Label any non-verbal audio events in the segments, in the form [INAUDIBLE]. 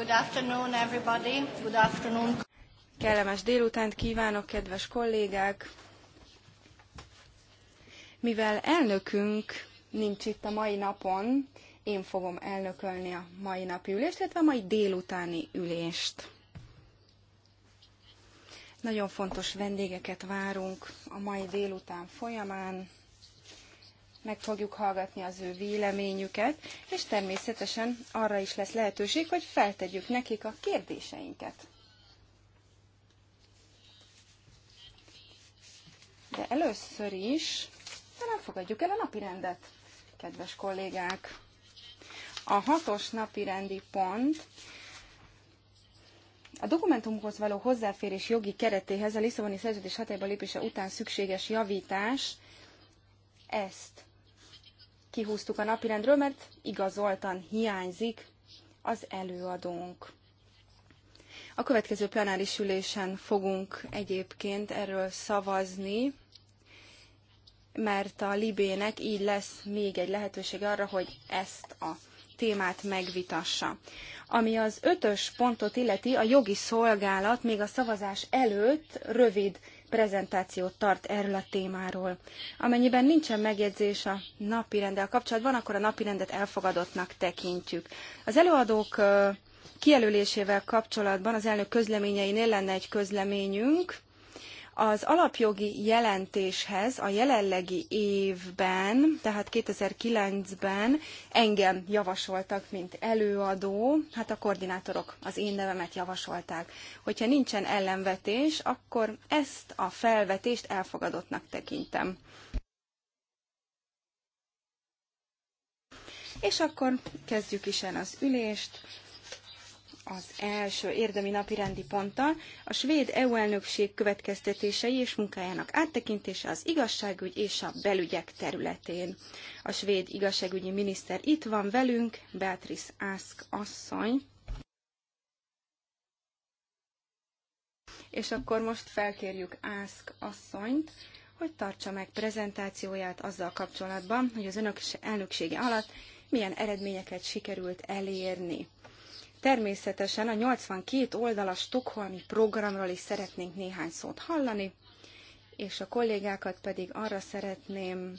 Good afternoon, everybody. Good afternoon. Kellemes délutánt kívánok, kedves kollégák! Mivel elnökünk nincs itt a mai napon, én fogom elnökölni a mai napi ülést, illetve a mai délutáni ülést. Nagyon fontos vendégeket várunk a mai délután folyamán meg fogjuk hallgatni az ő véleményüket, és természetesen arra is lesz lehetőség, hogy feltegyük nekik a kérdéseinket. De először is talán fogadjuk el a napirendet, kedves kollégák. A hatos napirendi pont a dokumentumhoz való hozzáférés jogi keretéhez a Lisszaboni szerződés hatályba lépése után szükséges javítás, ezt kihúztuk a napirendről, mert igazoltan hiányzik az előadónk. A következő plenáris ülésen fogunk egyébként erről szavazni, mert a Libének így lesz még egy lehetőség arra, hogy ezt a témát megvitassa. Ami az ötös pontot illeti, a jogi szolgálat még a szavazás előtt rövid prezentációt tart erről a témáról. Amennyiben nincsen megjegyzés a napirenddel kapcsolatban, akkor a napirendet elfogadottnak tekintjük. Az előadók kijelölésével kapcsolatban az elnök közleményeinél lenne egy közleményünk, az alapjogi jelentéshez a jelenlegi évben, tehát 2009-ben engem javasoltak, mint előadó, hát a koordinátorok az én nevemet javasolták. Hogyha nincsen ellenvetés, akkor ezt a felvetést elfogadottnak tekintem. És akkor kezdjük is el az ülést az első érdemi napirendi ponttal, a svéd EU elnökség következtetései és munkájának áttekintése az igazságügy és a belügyek területén. A svéd igazságügyi miniszter itt van velünk, Beatrice Ask asszony. És akkor most felkérjük Ask asszonyt, hogy tartsa meg prezentációját azzal kapcsolatban, hogy az önök elnöksége alatt milyen eredményeket sikerült elérni. Természetesen a 82 oldalas stokholmi programról is szeretnénk néhány szót hallani, és a kollégákat pedig arra szeretném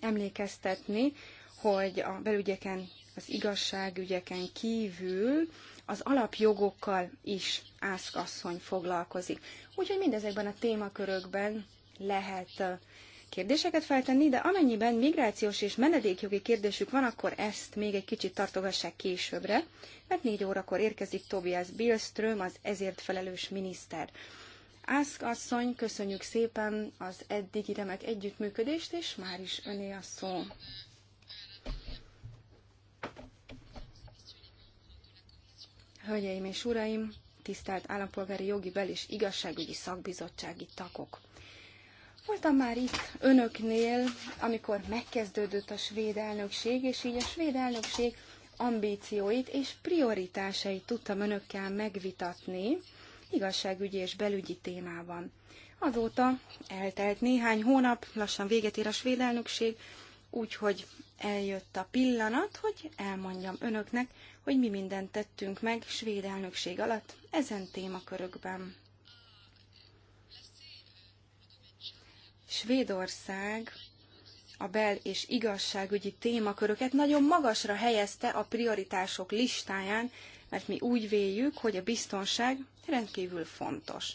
emlékeztetni, hogy a belügyeken, az igazságügyeken kívül az alapjogokkal is Ászkasszony foglalkozik. Úgyhogy mindezekben a témakörökben lehet kérdéseket feltenni, de amennyiben migrációs és menedékjogi kérdésük van, akkor ezt még egy kicsit tartogassák későbbre, mert négy órakor érkezik Tobias Billström, az ezért felelős miniszter. Ászk asszony, köszönjük szépen az eddigi remek együttműködést, és már is öné a szó. Hölgyeim és uraim, tisztelt állampolgári jogi bel és igazságügyi szakbizottsági takok! Voltam már itt önöknél, amikor megkezdődött a svéd elnökség, és így a svéd elnökség ambícióit és prioritásait tudtam önökkel megvitatni igazságügyi és belügyi témában. Azóta eltelt néhány hónap, lassan véget ér a svéd elnökség, úgyhogy eljött a pillanat, hogy elmondjam önöknek, hogy mi mindent tettünk meg svéd elnökség alatt ezen témakörökben. Svédország a bel- és igazságügyi témaköröket nagyon magasra helyezte a prioritások listáján, mert mi úgy véljük, hogy a biztonság rendkívül fontos.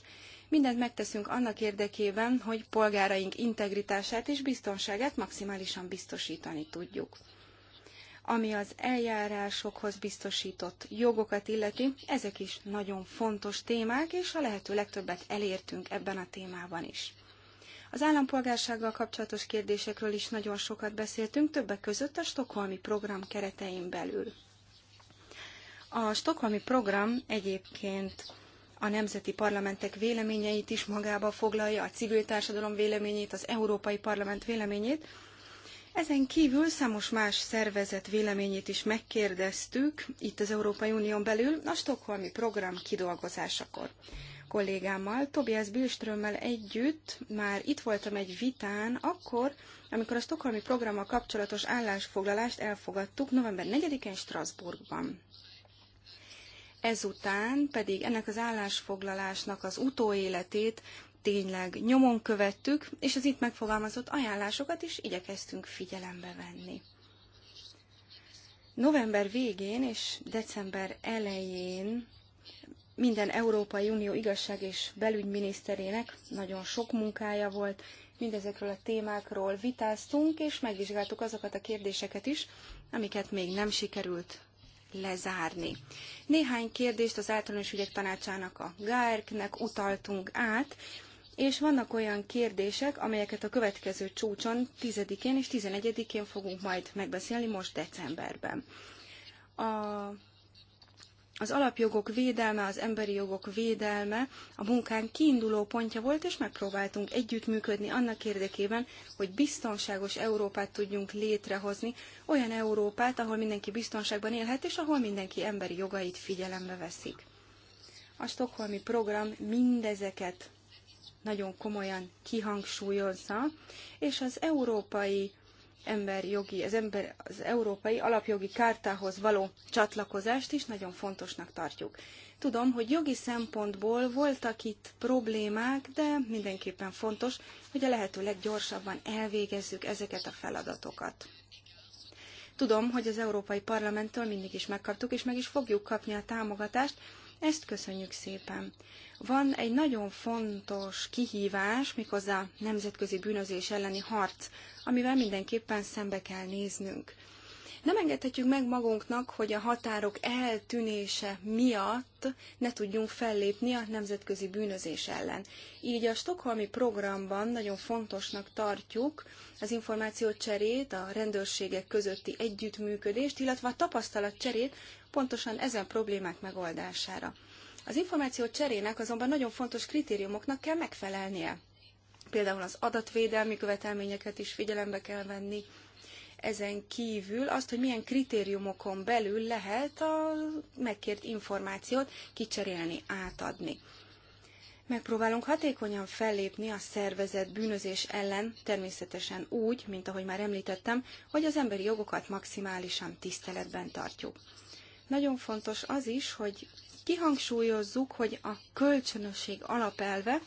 Mindent megteszünk annak érdekében, hogy polgáraink integritását és biztonságát maximálisan biztosítani tudjuk. Ami az eljárásokhoz biztosított jogokat illeti, ezek is nagyon fontos témák, és a lehető legtöbbet elértünk ebben a témában is. Az állampolgársággal kapcsolatos kérdésekről is nagyon sokat beszéltünk, többek között a Stokholmi program keretein belül. A Stokholmi program egyébként a nemzeti parlamentek véleményeit is magába foglalja, a civil társadalom véleményét, az Európai Parlament véleményét. Ezen kívül számos más szervezet véleményét is megkérdeztük itt az Európai Unión belül a Stokholmi program kidolgozásakor kollégámmal, Tobias Bülströmmel együtt már itt voltam egy vitán, akkor, amikor a Stokholmi programmal kapcsolatos állásfoglalást elfogadtuk november 4-én Strasbourgban. Ezután pedig ennek az állásfoglalásnak az utóéletét tényleg nyomon követtük, és az itt megfogalmazott ajánlásokat is igyekeztünk figyelembe venni. November végén és december elején minden Európai Unió igazság és belügyminiszterének nagyon sok munkája volt, mindezekről a témákról vitáztunk, és megvizsgáltuk azokat a kérdéseket is, amiket még nem sikerült lezárni. Néhány kérdést az általános ügyek tanácsának, a GÁRK-nek utaltunk át, és vannak olyan kérdések, amelyeket a következő csúcson 10-én és 11-én fogunk majd megbeszélni most decemberben. A az alapjogok védelme, az emberi jogok védelme a munkánk kiinduló pontja volt, és megpróbáltunk együttműködni annak érdekében, hogy biztonságos Európát tudjunk létrehozni, olyan Európát, ahol mindenki biztonságban élhet, és ahol mindenki emberi jogait figyelembe veszik. A Stockholmi program mindezeket nagyon komolyan kihangsúlyozza, és az európai emberjogi, az, ember, az Európai Alapjogi Kártához való csatlakozást is nagyon fontosnak tartjuk. Tudom, hogy jogi szempontból voltak itt problémák, de mindenképpen fontos, hogy a lehető leggyorsabban elvégezzük ezeket a feladatokat. Tudom, hogy az Európai Parlamenttől mindig is megkaptuk, és meg is fogjuk kapni a támogatást, ezt köszönjük szépen. Van egy nagyon fontos kihívás, méghozzá nemzetközi bűnözés elleni harc, amivel mindenképpen szembe kell néznünk. Nem engedhetjük meg magunknak, hogy a határok eltűnése miatt ne tudjunk fellépni a nemzetközi bűnözés ellen. Így a stokholmi programban nagyon fontosnak tartjuk az információcserét, a rendőrségek közötti együttműködést, illetve a tapasztalatcserét pontosan ezen problémák megoldására. Az információ cserének azonban nagyon fontos kritériumoknak kell megfelelnie. Például az adatvédelmi követelményeket is figyelembe kell venni, ezen kívül azt, hogy milyen kritériumokon belül lehet a megkért információt kicserélni, átadni. Megpróbálunk hatékonyan fellépni a szervezet bűnözés ellen, természetesen úgy, mint ahogy már említettem, hogy az emberi jogokat maximálisan tiszteletben tartjuk. Nagyon fontos az is, hogy kihangsúlyozzuk, hogy a kölcsönösség alapelve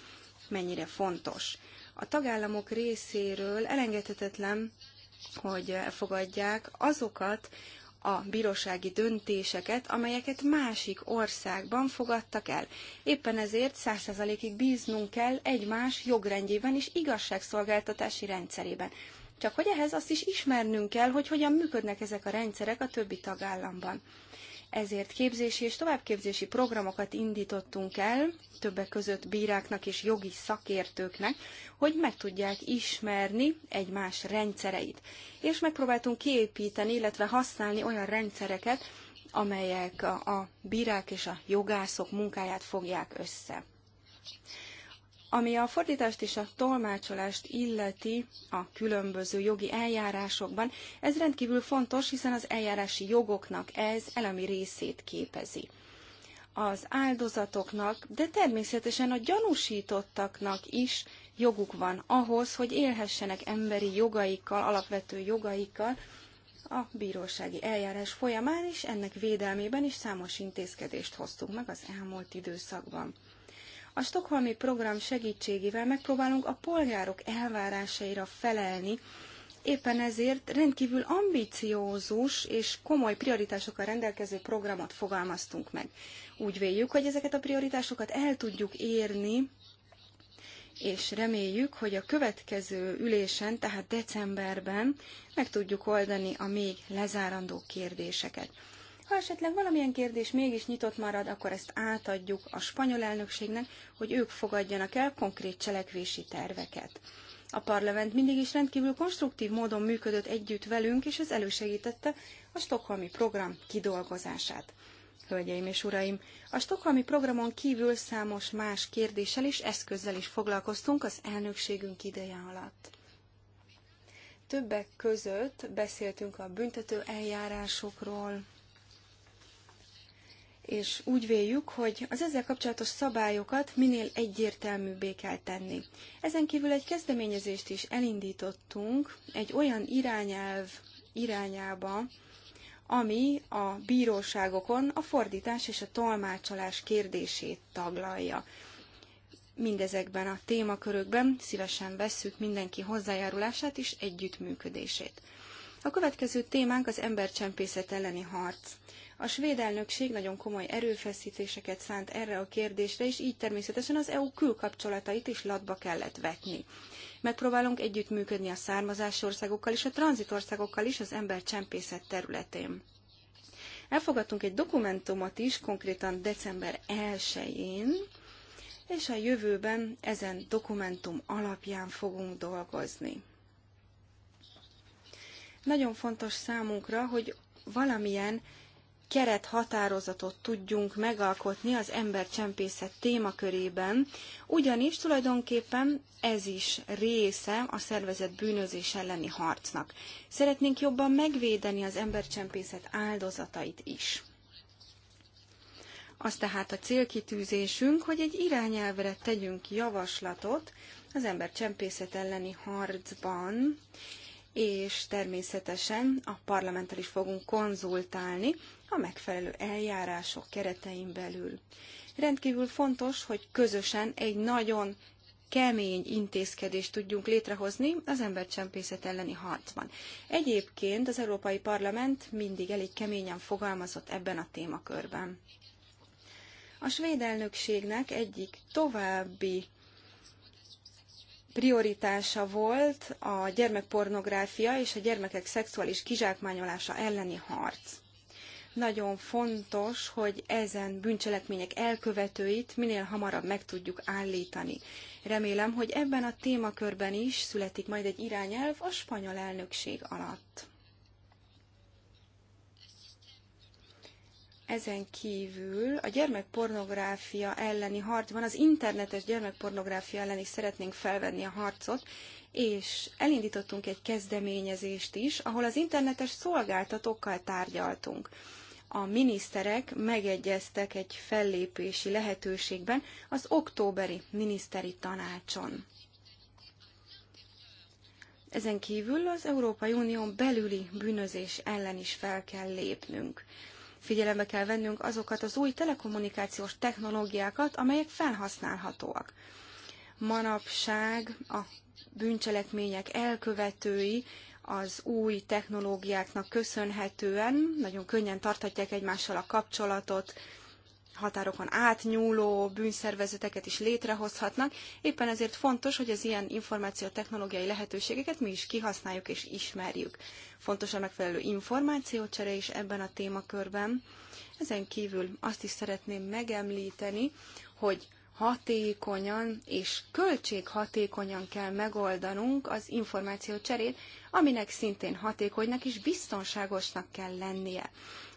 mennyire fontos. A tagállamok részéről elengedhetetlen, hogy elfogadják azokat a bírósági döntéseket, amelyeket másik országban fogadtak el. Éppen ezért százszerzalékig bíznunk kell egymás jogrendjében és igazságszolgáltatási rendszerében. Csak hogy ehhez azt is ismernünk kell, hogy hogyan működnek ezek a rendszerek a többi tagállamban. Ezért képzési és továbbképzési programokat indítottunk el, többek között bíráknak és jogi szakértőknek, hogy meg tudják ismerni egymás rendszereit. És megpróbáltunk kiépíteni, illetve használni olyan rendszereket, amelyek a bírák és a jogászok munkáját fogják össze. Ami a fordítást és a tolmácsolást illeti a különböző jogi eljárásokban, ez rendkívül fontos, hiszen az eljárási jogoknak ez elemi részét képezi az áldozatoknak, de természetesen a gyanúsítottaknak is joguk van ahhoz, hogy élhessenek emberi jogaikkal, alapvető jogaikkal a bírósági eljárás folyamán, és ennek védelmében is számos intézkedést hoztunk meg az elmúlt időszakban. A stokholmi program segítségével megpróbálunk a polgárok elvárásaira felelni, Éppen ezért rendkívül ambiciózus és komoly prioritásokkal rendelkező programot fogalmaztunk meg. Úgy véljük, hogy ezeket a prioritásokat el tudjuk érni, és reméljük, hogy a következő ülésen, tehát decemberben meg tudjuk oldani a még lezárandó kérdéseket. Ha esetleg valamilyen kérdés mégis nyitott marad, akkor ezt átadjuk a spanyol elnökségnek, hogy ők fogadjanak el konkrét cselekvési terveket. A parlament mindig is rendkívül konstruktív módon működött együtt velünk, és ez elősegítette a stokholmi program kidolgozását. Hölgyeim és uraim, a stokholmi programon kívül számos más kérdéssel és eszközzel is foglalkoztunk az elnökségünk ideje alatt. Többek között beszéltünk a büntető eljárásokról, és úgy véljük, hogy az ezzel kapcsolatos szabályokat minél egyértelműbbé kell tenni. Ezen kívül egy kezdeményezést is elindítottunk egy olyan irányelv irányába, ami a bíróságokon a fordítás és a tolmácsolás kérdését taglalja. Mindezekben a témakörökben szívesen vesszük mindenki hozzájárulását és együttműködését. A következő témánk az embercsempészet elleni harc. A svéd elnökség nagyon komoly erőfeszítéseket szánt erre a kérdésre, és így természetesen az EU külkapcsolatait is latba kellett vetni. Megpróbálunk együttműködni a származási országokkal és a tranzitországokkal is az embercsempészet területén. Elfogadtunk egy dokumentumot is, konkrétan december 1-én, és a jövőben ezen dokumentum alapján fogunk dolgozni. Nagyon fontos számunkra, hogy valamilyen keret határozatot tudjunk megalkotni az embercsempészet témakörében, ugyanis tulajdonképpen ez is része a szervezet bűnözés elleni harcnak. Szeretnénk jobban megvédeni az embercsempészet áldozatait is. Az tehát a célkitűzésünk, hogy egy irányelvre tegyünk javaslatot az embercsempészet elleni harcban, és természetesen a parlamenttel is fogunk konzultálni a megfelelő eljárások keretein belül. Rendkívül fontos, hogy közösen egy nagyon kemény intézkedést tudjunk létrehozni az embercsempészet elleni harcban. Egyébként az Európai Parlament mindig elég keményen fogalmazott ebben a témakörben. A svéd elnökségnek egyik további prioritása volt a gyermekpornográfia és a gyermekek szexuális kizsákmányolása elleni harc. Nagyon fontos, hogy ezen bűncselekmények elkövetőit minél hamarabb meg tudjuk állítani. Remélem, hogy ebben a témakörben is születik majd egy irányelv a spanyol elnökség alatt. Ezen kívül a gyermekpornográfia elleni harcban, az internetes gyermekpornográfia ellen is szeretnénk felvenni a harcot, és elindítottunk egy kezdeményezést is, ahol az internetes szolgáltatókkal tárgyaltunk. A miniszterek megegyeztek egy fellépési lehetőségben az októberi miniszteri tanácson. Ezen kívül az Európai Unión belüli bűnözés ellen is fel kell lépnünk. Figyelembe kell vennünk azokat az új telekommunikációs technológiákat, amelyek felhasználhatóak. Manapság a bűncselekmények elkövetői az új technológiáknak köszönhetően nagyon könnyen tarthatják egymással a kapcsolatot, határokon átnyúló bűnszervezeteket is létrehozhatnak. Éppen ezért fontos, hogy az ilyen információtechnológiai lehetőségeket mi is kihasználjuk és ismerjük. Fontos a megfelelő információcsere is ebben a témakörben. Ezen kívül azt is szeretném megemlíteni, hogy hatékonyan és költséghatékonyan kell megoldanunk az információ cserét, aminek szintén hatékonynak és biztonságosnak kell lennie.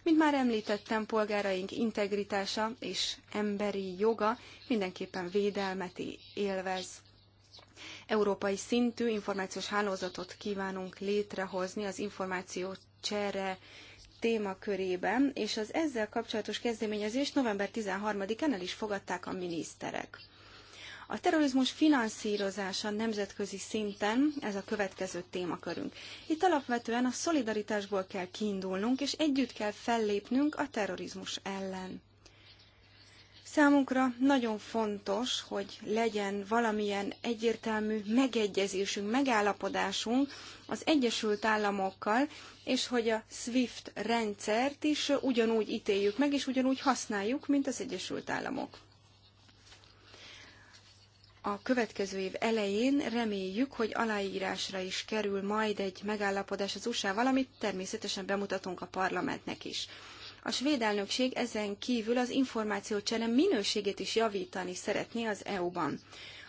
Mint már említettem, polgáraink integritása és emberi joga mindenképpen védelmet élvez. Európai szintű információs hálózatot kívánunk létrehozni az információ csere témakörében, és az ezzel kapcsolatos kezdeményezést november 13-án el is fogadták a miniszterek. A terrorizmus finanszírozása nemzetközi szinten, ez a következő témakörünk. Itt alapvetően a szolidaritásból kell kiindulnunk, és együtt kell fellépnünk a terrorizmus ellen. Számunkra nagyon fontos, hogy legyen valamilyen egyértelmű megegyezésünk, megállapodásunk az Egyesült Államokkal, és hogy a SWIFT rendszert is ugyanúgy ítéljük meg, és ugyanúgy használjuk, mint az Egyesült Államok a következő év elején reméljük, hogy aláírásra is kerül majd egy megállapodás az USA-val, amit természetesen bemutatunk a parlamentnek is. A svéd elnökség ezen kívül az információcsere minőségét is javítani szeretné az EU-ban.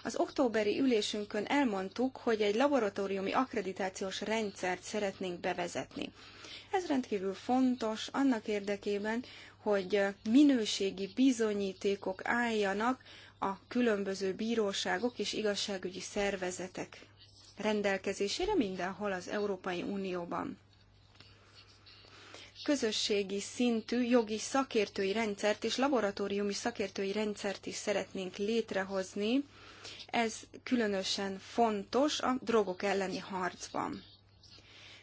Az októberi ülésünkön elmondtuk, hogy egy laboratóriumi akkreditációs rendszert szeretnénk bevezetni. Ez rendkívül fontos annak érdekében, hogy minőségi bizonyítékok álljanak a különböző bíróságok és igazságügyi szervezetek rendelkezésére mindenhol az Európai Unióban. Közösségi szintű jogi szakértői rendszert és laboratóriumi szakértői rendszert is szeretnénk létrehozni. Ez különösen fontos a drogok elleni harcban.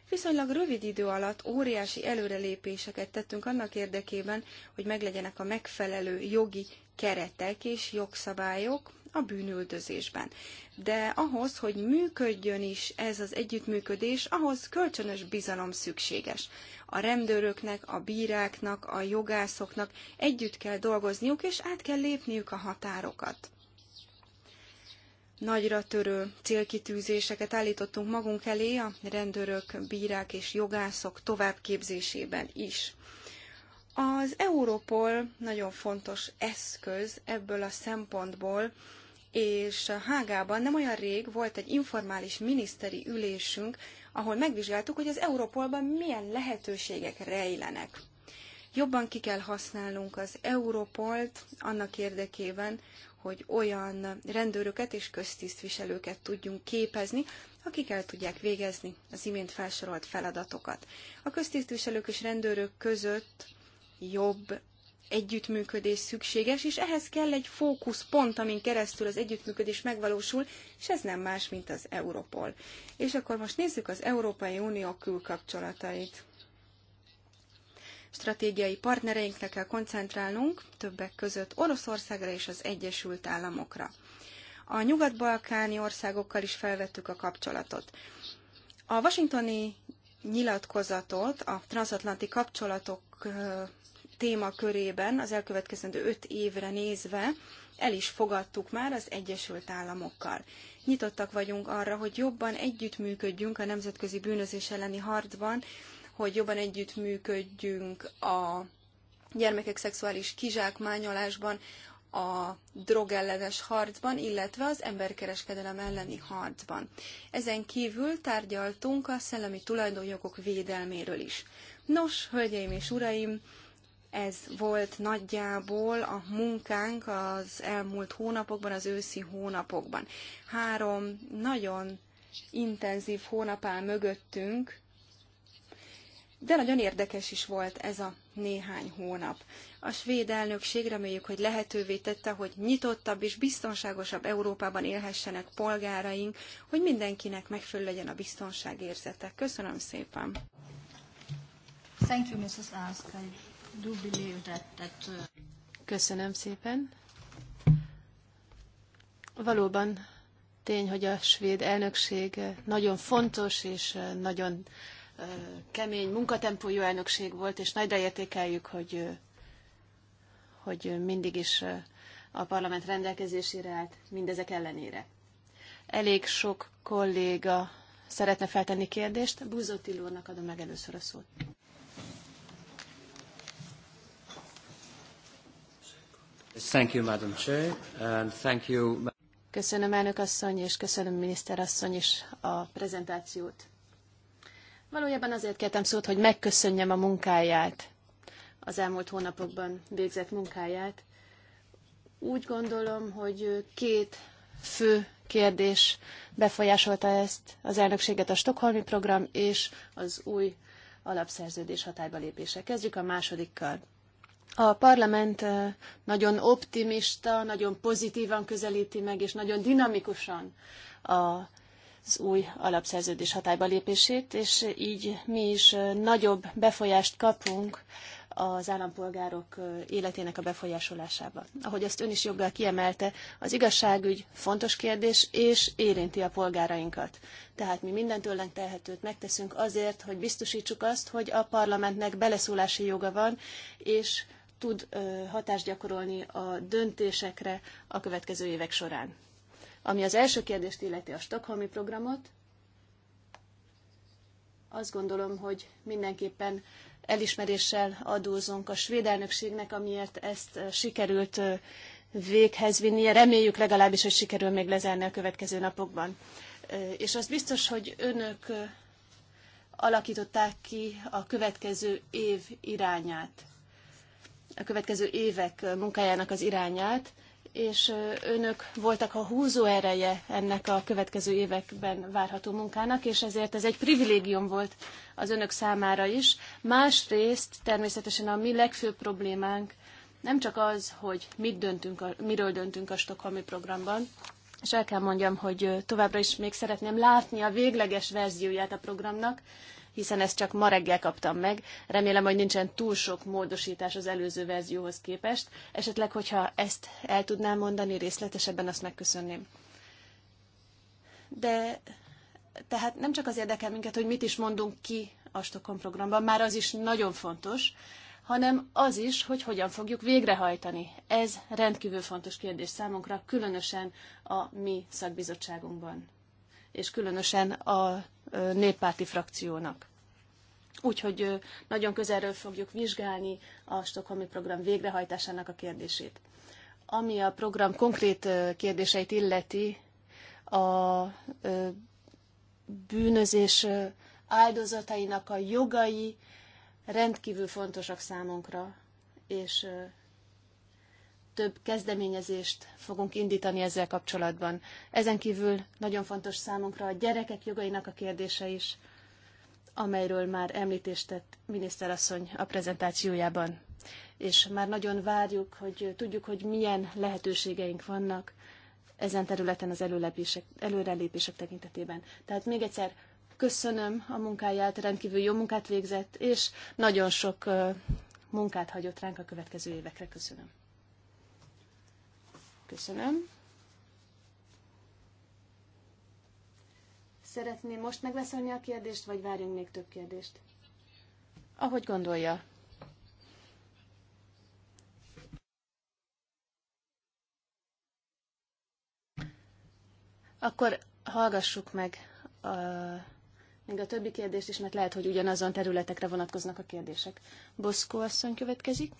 Viszonylag rövid idő alatt óriási előrelépéseket tettünk annak érdekében, hogy meglegyenek a megfelelő jogi keretek és jogszabályok a bűnüldözésben. De ahhoz, hogy működjön is ez az együttműködés, ahhoz kölcsönös bizalom szükséges. A rendőröknek, a bíráknak, a jogászoknak együtt kell dolgozniuk, és át kell lépniük a határokat nagyra törő célkitűzéseket állítottunk magunk elé a rendőrök, bírák és jogászok továbbképzésében is. Az Europol nagyon fontos eszköz ebből a szempontból, és Hágában nem olyan rég volt egy informális miniszteri ülésünk, ahol megvizsgáltuk, hogy az Europolban milyen lehetőségek rejlenek. Jobban ki kell használnunk az Europolt annak érdekében, hogy olyan rendőröket és köztisztviselőket tudjunk képezni, akik el tudják végezni az imént felsorolt feladatokat. A köztisztviselők és rendőrök között jobb együttműködés szükséges, és ehhez kell egy fókuszpont, amin keresztül az együttműködés megvalósul, és ez nem más, mint az Europol. És akkor most nézzük az Európai Unió külkapcsolatait. Stratégiai partnereinkre kell koncentrálnunk, többek között Oroszországra és az Egyesült Államokra. A nyugat-balkáni országokkal is felvettük a kapcsolatot. A washingtoni nyilatkozatot a transatlanti kapcsolatok témakörében az elkövetkezendő öt évre nézve el is fogadtuk már az Egyesült Államokkal. Nyitottak vagyunk arra, hogy jobban együttműködjünk a nemzetközi bűnözés elleni harcban, hogy jobban együttműködjünk a gyermekek szexuális kizsákmányolásban, a drogellenes harcban, illetve az emberkereskedelem elleni harcban. Ezen kívül tárgyaltunk a szellemi tulajdonjogok védelméről is. Nos, hölgyeim és uraim, ez volt nagyjából a munkánk az elmúlt hónapokban, az őszi hónapokban. Három nagyon intenzív hónap áll mögöttünk, de nagyon érdekes is volt ez a néhány hónap. A svéd elnökség reméljük, hogy lehetővé tette, hogy nyitottabb és biztonságosabb Európában élhessenek polgáraink, hogy mindenkinek megfelelő legyen a biztonságérzete. Köszönöm szépen! Thank you, Mrs. Askai do believe that, that, Köszönöm szépen. Valóban tény, hogy a svéd elnökség nagyon fontos és nagyon kemény munkatempójú elnökség volt, és nagyra értékeljük, hogy, hogy mindig is a parlament rendelkezésére állt mindezek ellenére. Elég sok kolléga szeretne feltenni kérdést. Búzó Tilónak adom meg először a szót. Thank you, Madam Chair, and thank you. Köszönöm elnök asszony, és köszönöm miniszter asszony is a prezentációt. Valójában azért kértem szót, hogy megköszönjem a munkáját, az elmúlt hónapokban végzett munkáját. Úgy gondolom, hogy két fő kérdés befolyásolta ezt az elnökséget a Stockholmi program és az új alapszerződés hatályba lépése. Kezdjük a másodikkal. A parlament nagyon optimista, nagyon pozitívan közelíti meg, és nagyon dinamikusan az új alapszerződés hatályba lépését, és így mi is nagyobb befolyást kapunk az állampolgárok életének a befolyásolásába. Ahogy azt ön is joggal kiemelte, az igazságügy fontos kérdés, és érinti a polgárainkat. Tehát mi minden tőlünk telhetőt megteszünk azért, hogy biztosítsuk azt, hogy a parlamentnek beleszólási joga van, és tud hatást gyakorolni a döntésekre a következő évek során. Ami az első kérdést illeti a Stockholmi programot, azt gondolom, hogy mindenképpen elismeréssel adózunk a svéd elnökségnek, amiért ezt sikerült véghez vinnie. Reméljük legalábbis, hogy sikerül még lezárni a következő napokban. És az biztos, hogy önök alakították ki a következő év irányát a következő évek munkájának az irányát, és önök voltak a húzó ereje ennek a következő években várható munkának, és ezért ez egy privilégium volt az önök számára is. Másrészt természetesen a mi legfőbb problémánk nem csak az, hogy mit döntünk a, miről döntünk a Stockholmi programban, és el kell mondjam, hogy továbbra is még szeretném látni a végleges verzióját a programnak, hiszen ezt csak ma reggel kaptam meg. Remélem, hogy nincsen túl sok módosítás az előző verzióhoz képest. Esetleg, hogyha ezt el tudnám mondani részletesebben, azt megköszönném. De tehát nem csak az érdekel minket, hogy mit is mondunk ki a Stockholm programban, már az is nagyon fontos, hanem az is, hogy hogyan fogjuk végrehajtani. Ez rendkívül fontos kérdés számunkra, különösen a mi szakbizottságunkban, és különösen a néppárti frakciónak. Úgyhogy nagyon közelről fogjuk vizsgálni a Stockholmi program végrehajtásának a kérdését. Ami a program konkrét kérdéseit illeti, a bűnözés áldozatainak a jogai rendkívül fontosak számunkra, és több kezdeményezést fogunk indítani ezzel kapcsolatban. Ezen kívül nagyon fontos számunkra a gyerekek jogainak a kérdése is, amelyről már említést tett miniszterasszony a prezentációjában. És már nagyon várjuk, hogy tudjuk, hogy milyen lehetőségeink vannak ezen területen az előrelépések tekintetében. Tehát még egyszer köszönöm a munkáját, rendkívül jó munkát végzett, és nagyon sok munkát hagyott ránk a következő évekre. Köszönöm. Köszönöm. Szeretné most megveszélni a kérdést, vagy várjunk még több kérdést? Ahogy gondolja. Akkor hallgassuk meg a, még a többi kérdést is, mert lehet, hogy ugyanazon területekre vonatkoznak a kérdések. Boszkó asszony következik.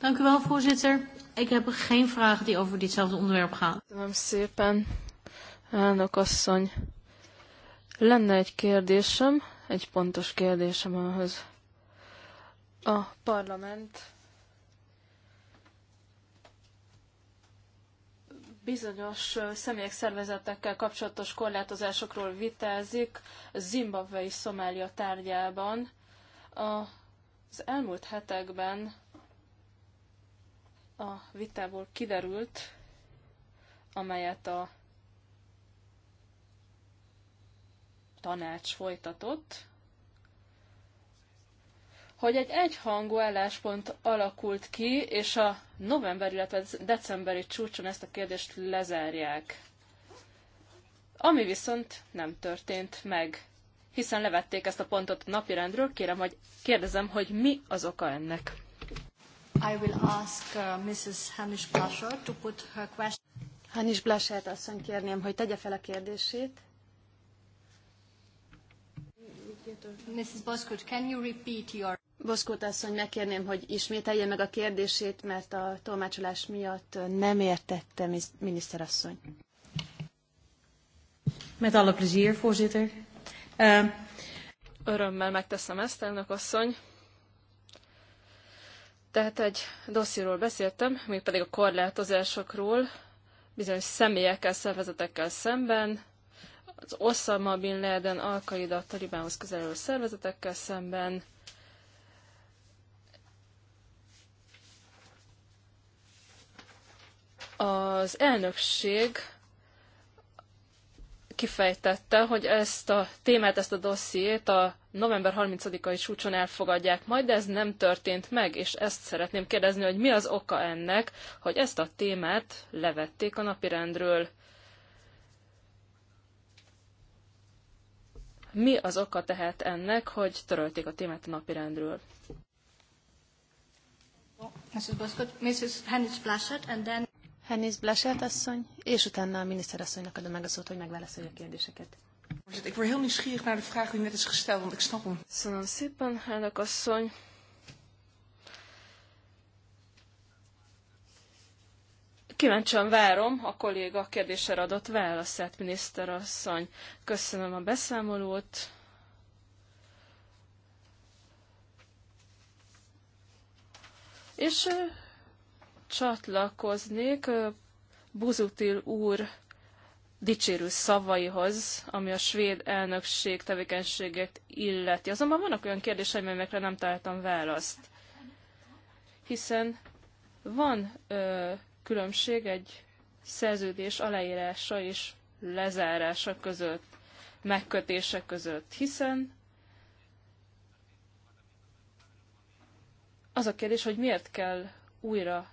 Dank u wel, voorzitter. Ik heb geen vragen die over ditzelfde onderwerp gaan. Köszönöm szépen, Elnök asszony, lenne egy kérdésem, egy pontos kérdésem ahhoz. A parlament bizonyos személyek szervezetekkel kapcsolatos korlátozásokról vitázik Zimbabwe és Szomália tárgyában. Az elmúlt hetekben a vitából kiderült, amelyet a tanács folytatott, hogy egy egyhangú álláspont alakult ki, és a november, illetve decemberi csúcson ezt a kérdést lezárják. Ami viszont nem történt meg, hiszen levették ezt a pontot a napirendről. Kérem, hogy kérdezem, hogy mi az oka ennek. I will ask uh, Mrs. Hamish Blasher to put her question. Hanis Blasert asszony kérném, hogy tegye fel a kérdését. Boszkót asszony, megkérném, hogy ismételje meg a kérdését, mert a tolmácsolás miatt nem értette asszony. Met alle plezier, voorzitter. Uh... Örömmel megteszem ezt, elnök asszony. Tehát egy dossziról beszéltem, mégpedig a korlátozásokról, bizonyos személyekkel, szervezetekkel szemben, az Osama Bin Laden, al qaeda Talibánhoz közelülő szervezetekkel szemben, az elnökség kifejtette, hogy ezt a témát, ezt a dossziét a november 30-ai csúcson elfogadják majd, de ez nem történt meg, és ezt szeretném kérdezni, hogy mi az oka ennek, hogy ezt a témát levették a napirendről. Mi az oka tehát ennek, hogy törölték a témát a napirendről? Mrs. Boszkot, Mrs. Hennis Blaschert, asszony, és utána a miniszterasszonynak adom meg a szót, hogy megválaszolja a kérdéseket. Ik word heel nieuwsgierig naar de vraag die net is gesteld, want ik snap hem. Köszönöm szépen, elnök asszony. Kíváncsian várom a kolléga kérdésre adott válaszát, miniszterasszony. Köszönöm a beszámolót. És csatlakoznék Buzutil úr dicsérő szavaihoz, ami a svéd elnökség tevékenységét illeti. Azonban vannak olyan kérdéseim, amelyekre nem találtam választ. Hiszen van ö, különbség egy szerződés aláírása és lezárása között, megkötése között, hiszen az a kérdés, hogy miért kell újra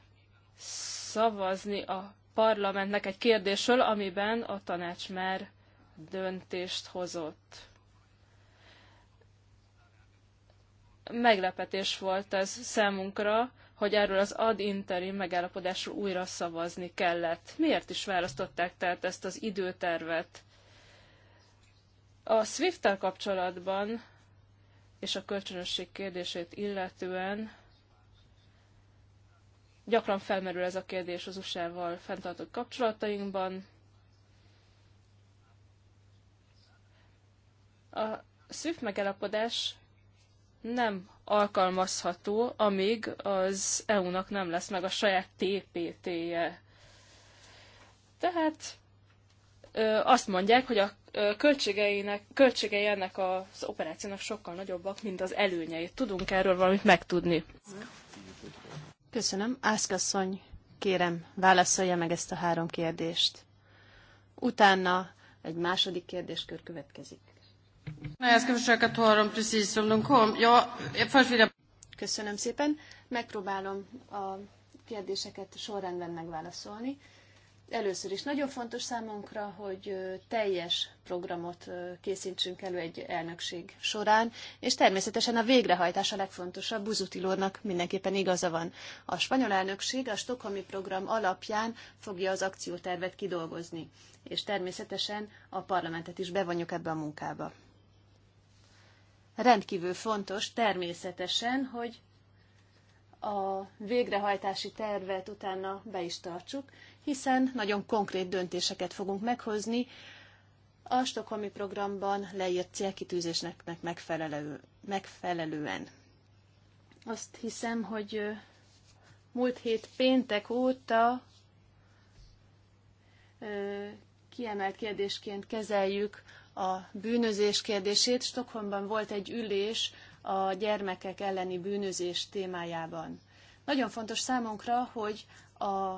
szavazni a parlamentnek egy kérdésről, amiben a tanács már döntést hozott. Meglepetés volt ez számunkra, hogy erről az ad interim megállapodásról újra szavazni kellett. Miért is választották tehát ezt az időtervet? A swift kapcsolatban és a kölcsönösség kérdését illetően gyakran felmerül ez a kérdés az USA-val fenntartott kapcsolatainkban. A SWIFT megállapodás nem alkalmazható, amíg az EU-nak nem lesz meg a saját TPT-je. Tehát ö, azt mondják, hogy a költségeinek, költségei ennek az operációnak sokkal nagyobbak, mint az előnyei. Tudunk erről valamit megtudni. Köszönöm. Ászkasszony, kérem, válaszolja meg ezt a három kérdést. Utána egy második kérdéskör következik. Köszönöm szépen. Megpróbálom a kérdéseket sorrendben megválaszolni. Először is nagyon fontos számunkra, hogy teljes programot készítsünk elő egy elnökség során, és természetesen a végrehajtás a legfontosabb. Buzutilónak mindenképpen igaza van. A spanyol elnökség a Stokholmi program alapján fogja az akciótervet kidolgozni, és természetesen a parlamentet is bevonjuk ebbe a munkába rendkívül fontos természetesen, hogy a végrehajtási tervet utána be is tartsuk, hiszen nagyon konkrét döntéseket fogunk meghozni a Stokholmi programban leírt célkitűzésnek megfelelő, megfelelően. Azt hiszem, hogy múlt hét péntek óta kiemelt kérdésként kezeljük a bűnözés kérdését. Stockholmban volt egy ülés a gyermekek elleni bűnözés témájában. Nagyon fontos számunkra, hogy a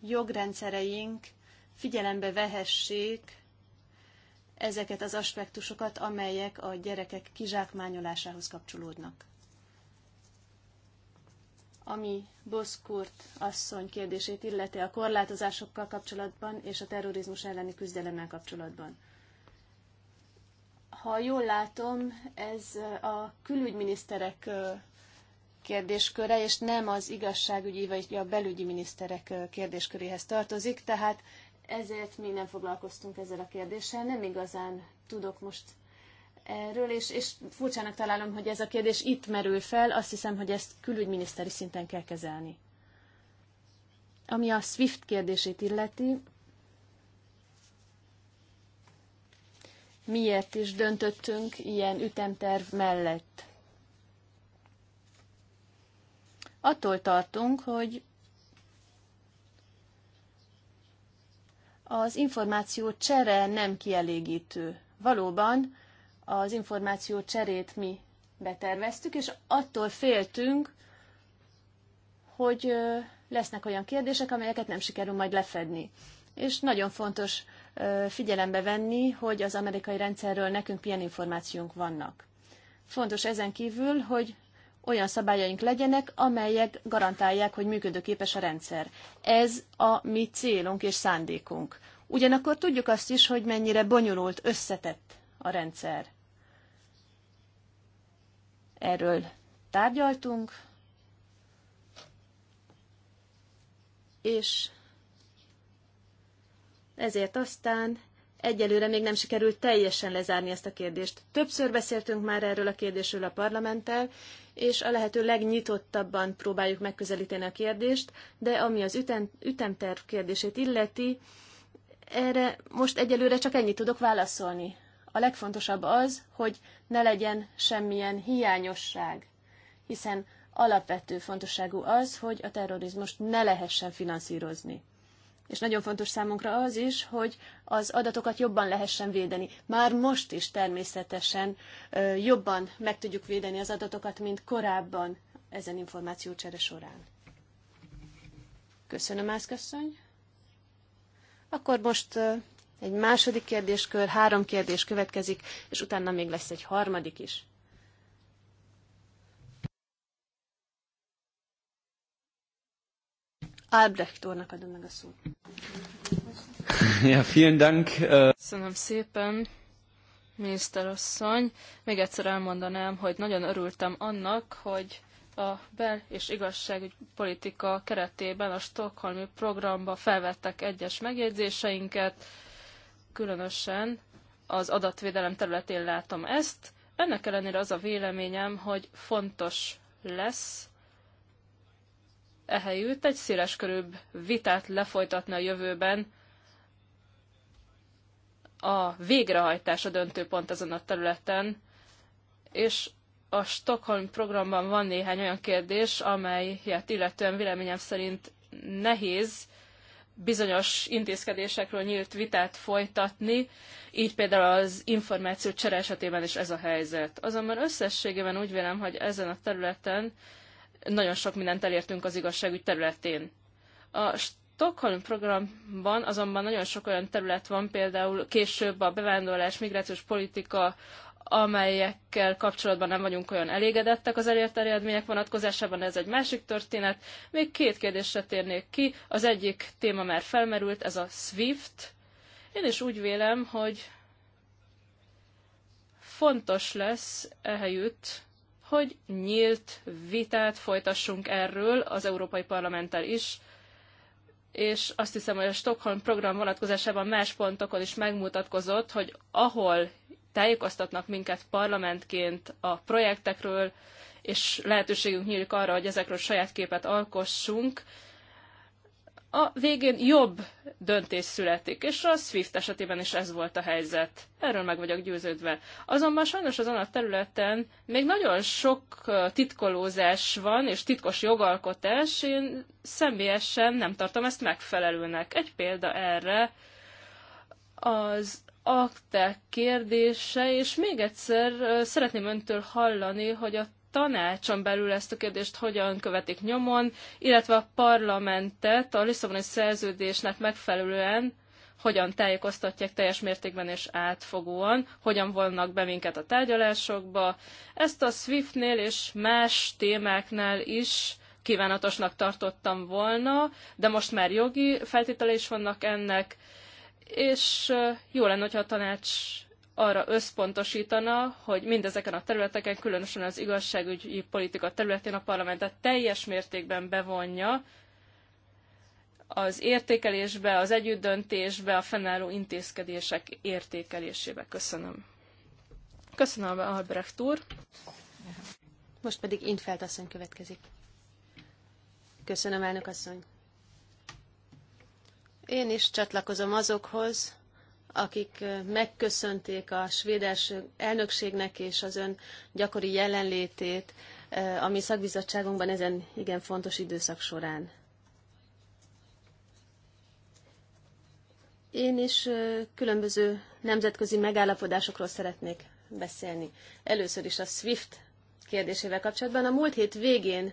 jogrendszereink figyelembe vehessék ezeket az aspektusokat, amelyek a gyerekek kizsákmányolásához kapcsolódnak. Ami Boszkurt asszony kérdését illeti a korlátozásokkal kapcsolatban és a terrorizmus elleni küzdelemmel kapcsolatban. Ha jól látom, ez a külügyminiszterek kérdésköre, és nem az igazságügyi vagy a belügyi miniszterek kérdésköréhez tartozik, tehát ezért mi nem foglalkoztunk ezzel a kérdéssel. Nem igazán tudok most erről, és, és furcsának találom, hogy ez a kérdés itt merül fel, azt hiszem, hogy ezt külügyminiszteri szinten kell kezelni. Ami a SWIFT kérdését illeti, miért is döntöttünk ilyen ütemterv mellett. Attól tartunk, hogy az információ csere nem kielégítő. Valóban az információ cserét mi beterveztük, és attól féltünk, hogy lesznek olyan kérdések, amelyeket nem sikerül majd lefedni. És nagyon fontos figyelembe venni, hogy az amerikai rendszerről nekünk milyen információnk vannak. Fontos ezen kívül, hogy olyan szabályaink legyenek, amelyek garantálják, hogy működőképes a rendszer. Ez a mi célunk és szándékunk. Ugyanakkor tudjuk azt is, hogy mennyire bonyolult, összetett a rendszer. Erről tárgyaltunk, és ezért aztán egyelőre még nem sikerült teljesen lezárni ezt a kérdést. Többször beszéltünk már erről a kérdésről a parlamenttel, és a lehető legnyitottabban próbáljuk megközelíteni a kérdést, de ami az ütem, ütemterv kérdését illeti, erre most egyelőre csak ennyit tudok válaszolni. A legfontosabb az, hogy ne legyen semmilyen hiányosság, hiszen alapvető fontosságú az, hogy a terrorizmust ne lehessen finanszírozni és nagyon fontos számunkra az is, hogy az adatokat jobban lehessen védeni. Már most is természetesen jobban meg tudjuk védeni az adatokat, mint korábban ezen információcsere során. Köszönöm, köszönj. Akkor most egy második kérdéskör, három kérdés következik, és utána még lesz egy harmadik is. Albrecht úrnak adom meg a szót. Ja, vielen Dank. Äh, Köszönöm szépen, asszony. Még egyszer elmondanám, hogy nagyon örültem annak, hogy a bel- és igazságügy politika keretében a Stockholmi programba felvettek egyes megjegyzéseinket, különösen az adatvédelem területén látom ezt. Ennek ellenére az a véleményem, hogy fontos lesz, ehelyütt egy körűbb vitát lefolytatni a jövőben. A végrehajtás a döntő pont ezen a területen, és a Stockholm programban van néhány olyan kérdés, amelyet illetően véleményem szerint nehéz bizonyos intézkedésekről nyílt vitát folytatni, így például az információ csere esetében is ez a helyzet. Azonban összességében úgy vélem, hogy ezen a területen nagyon sok mindent elértünk az igazságügy területén. A Stockholm programban azonban nagyon sok olyan terület van, például később a bevándorlás, migrációs politika, amelyekkel kapcsolatban nem vagyunk olyan elégedettek az elért eredmények vonatkozásában, ez egy másik történet. Még két kérdésre térnék ki. Az egyik téma már felmerült, ez a SWIFT. Én is úgy vélem, hogy fontos lesz ehelyütt hogy nyílt vitát folytassunk erről az Európai Parlamenttel is, és azt hiszem, hogy a Stockholm program vonatkozásában más pontokon is megmutatkozott, hogy ahol tájékoztatnak minket parlamentként a projektekről, és lehetőségünk nyílik arra, hogy ezekről saját képet alkossunk, a végén jobb döntés születik, és a SWIFT esetében is ez volt a helyzet. Erről meg vagyok győződve. Azonban sajnos azon a területen még nagyon sok titkolózás van, és titkos jogalkotás, én személyesen nem tartom ezt megfelelőnek. Egy példa erre az akták kérdése, és még egyszer szeretném öntől hallani, hogy a tanácson belül ezt a kérdést hogyan követik nyomon, illetve a parlamentet a Lisszaboni szerződésnek megfelelően hogyan tájékoztatják teljes mértékben és átfogóan, hogyan vonnak be minket a tárgyalásokba. Ezt a SWIFT-nél és más témáknál is kívánatosnak tartottam volna, de most már jogi feltétele is vannak ennek, és jó lenne, hogyha a tanács arra összpontosítana, hogy mindezeken a területeken, különösen az igazságügyi politika területén a parlamentet teljes mértékben bevonja az értékelésbe, az együttdöntésbe, a fennálló intézkedések értékelésébe. Köszönöm. Köszönöm, Albrecht úr. Most pedig Intfeld asszony következik. Köszönöm, elnök asszony. Én is csatlakozom azokhoz, akik megköszönték a svéd elnökségnek és az ön gyakori jelenlétét a mi szakbizottságunkban ezen igen fontos időszak során. Én is különböző nemzetközi megállapodásokról szeretnék beszélni. Először is a SWIFT kérdésével kapcsolatban. A múlt hét végén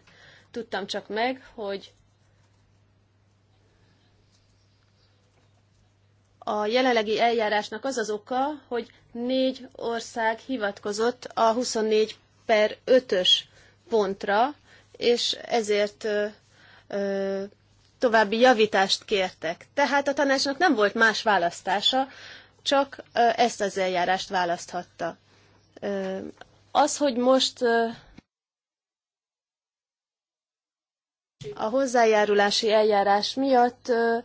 tudtam csak meg, hogy a jelenlegi eljárásnak az az oka, hogy négy ország hivatkozott a 24 per 5-ös pontra, és ezért ö, ö, további javítást kértek. Tehát a tanácsnak nem volt más választása, csak ö, ezt az eljárást választhatta. Ö, az, hogy most ö, a hozzájárulási eljárás miatt ö,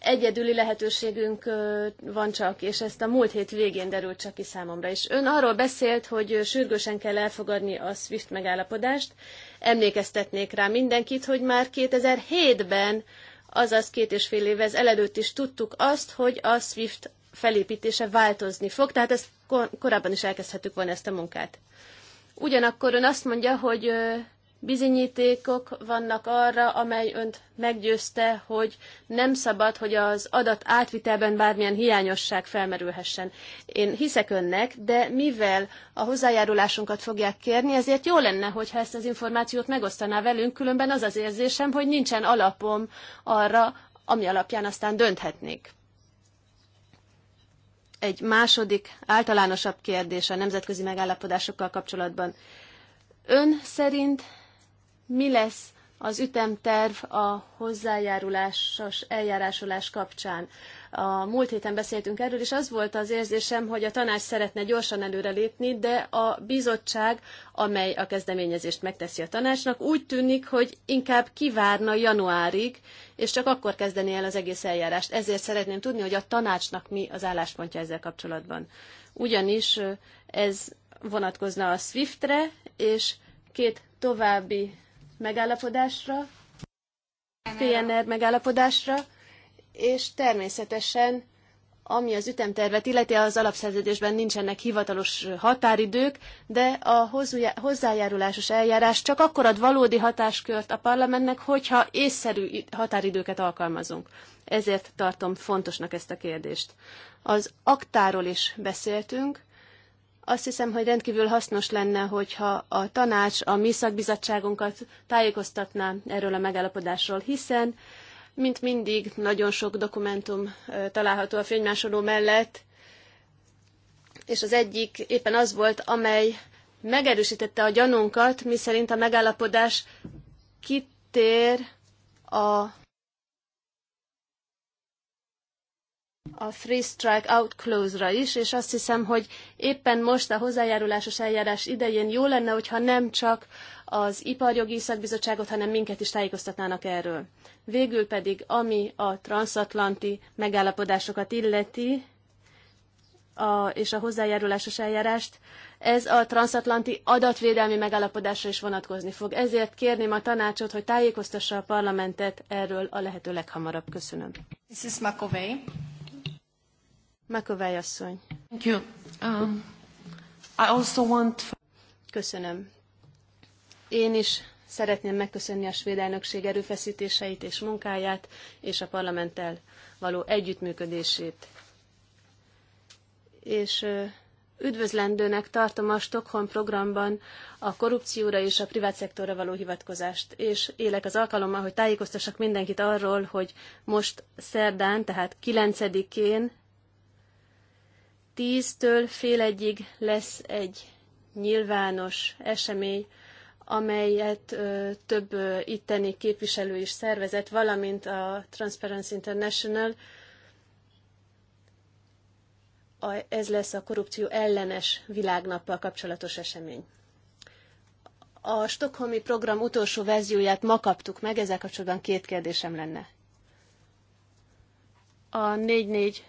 egyedüli lehetőségünk van csak, és ezt a múlt hét végén derült csak ki számomra. És ön arról beszélt, hogy sürgősen kell elfogadni a SWIFT megállapodást. Emlékeztetnék rá mindenkit, hogy már 2007-ben, azaz két és fél évvel előtt is tudtuk azt, hogy a SWIFT felépítése változni fog, tehát ezt korábban is elkezdhettük volna ezt a munkát. Ugyanakkor ön azt mondja, hogy bizonyítékok vannak arra, amely önt meggyőzte, hogy nem szabad, hogy az adat átvitelben bármilyen hiányosság felmerülhessen. Én hiszek önnek, de mivel a hozzájárulásunkat fogják kérni, ezért jó lenne, hogyha ezt az információt megosztaná velünk, különben az az érzésem, hogy nincsen alapom arra, ami alapján aztán dönthetnék. Egy második általánosabb kérdés a nemzetközi megállapodásokkal kapcsolatban. Ön szerint mi lesz az ütemterv a hozzájárulásos eljárásolás kapcsán. A múlt héten beszéltünk erről, és az volt az érzésem, hogy a tanács szeretne gyorsan előrelépni, de a bizottság, amely a kezdeményezést megteszi a tanácsnak, úgy tűnik, hogy inkább kivárna januárig, és csak akkor kezdeni el az egész eljárást. Ezért szeretném tudni, hogy a tanácsnak mi az álláspontja ezzel kapcsolatban. Ugyanis ez vonatkozna a SWIFT-re, és két további megállapodásra, PNR megállapodásra, és természetesen ami az ütemtervet illeti, az alapszerződésben nincsenek hivatalos határidők, de a hozzájárulásos eljárás csak akkor ad valódi hatáskört a parlamentnek, hogyha észszerű határidőket alkalmazunk. Ezért tartom fontosnak ezt a kérdést. Az aktáról is beszéltünk, azt hiszem, hogy rendkívül hasznos lenne, hogyha a tanács a mi szakbizottságunkat tájékoztatná erről a megállapodásról, hiszen, mint mindig, nagyon sok dokumentum található a fénymásoló mellett, és az egyik éppen az volt, amely megerősítette a gyanunkat, miszerint a megállapodás kitér a a Free Strike Out Close-ra is, és azt hiszem, hogy éppen most a hozzájárulásos eljárás idején jó lenne, hogyha nem csak az Iparjogi Szakbizottságot, hanem minket is tájékoztatnának erről. Végül pedig, ami a transatlanti megállapodásokat illeti, a, és a hozzájárulásos eljárást, ez a transatlanti adatvédelmi megállapodásra is vonatkozni fog. Ezért kérném a tanácsot, hogy tájékoztassa a parlamentet erről a lehető leghamarabb. Köszönöm. Mrs. McAvey. McAvey asszony. Thank you. Um, I also want... Köszönöm. Én is szeretném megköszönni a svéd elnökség erőfeszítéseit és munkáját, és a parlamenttel való együttműködését. És üdvözlendőnek tartom a Stockholm programban a korrupcióra és a privát szektorra való hivatkozást, és élek az alkalommal, hogy tájékoztassak mindenkit arról, hogy most szerdán, tehát 9-én tíztől fél egyig lesz egy nyilvános esemény, amelyet több itteni képviselő is szervezett, valamint a Transparency International. ez lesz a korrupció ellenes világnappal kapcsolatos esemény. A Stockholmi program utolsó verzióját ma kaptuk meg, ezzel kapcsolatban két kérdésem lenne. A 445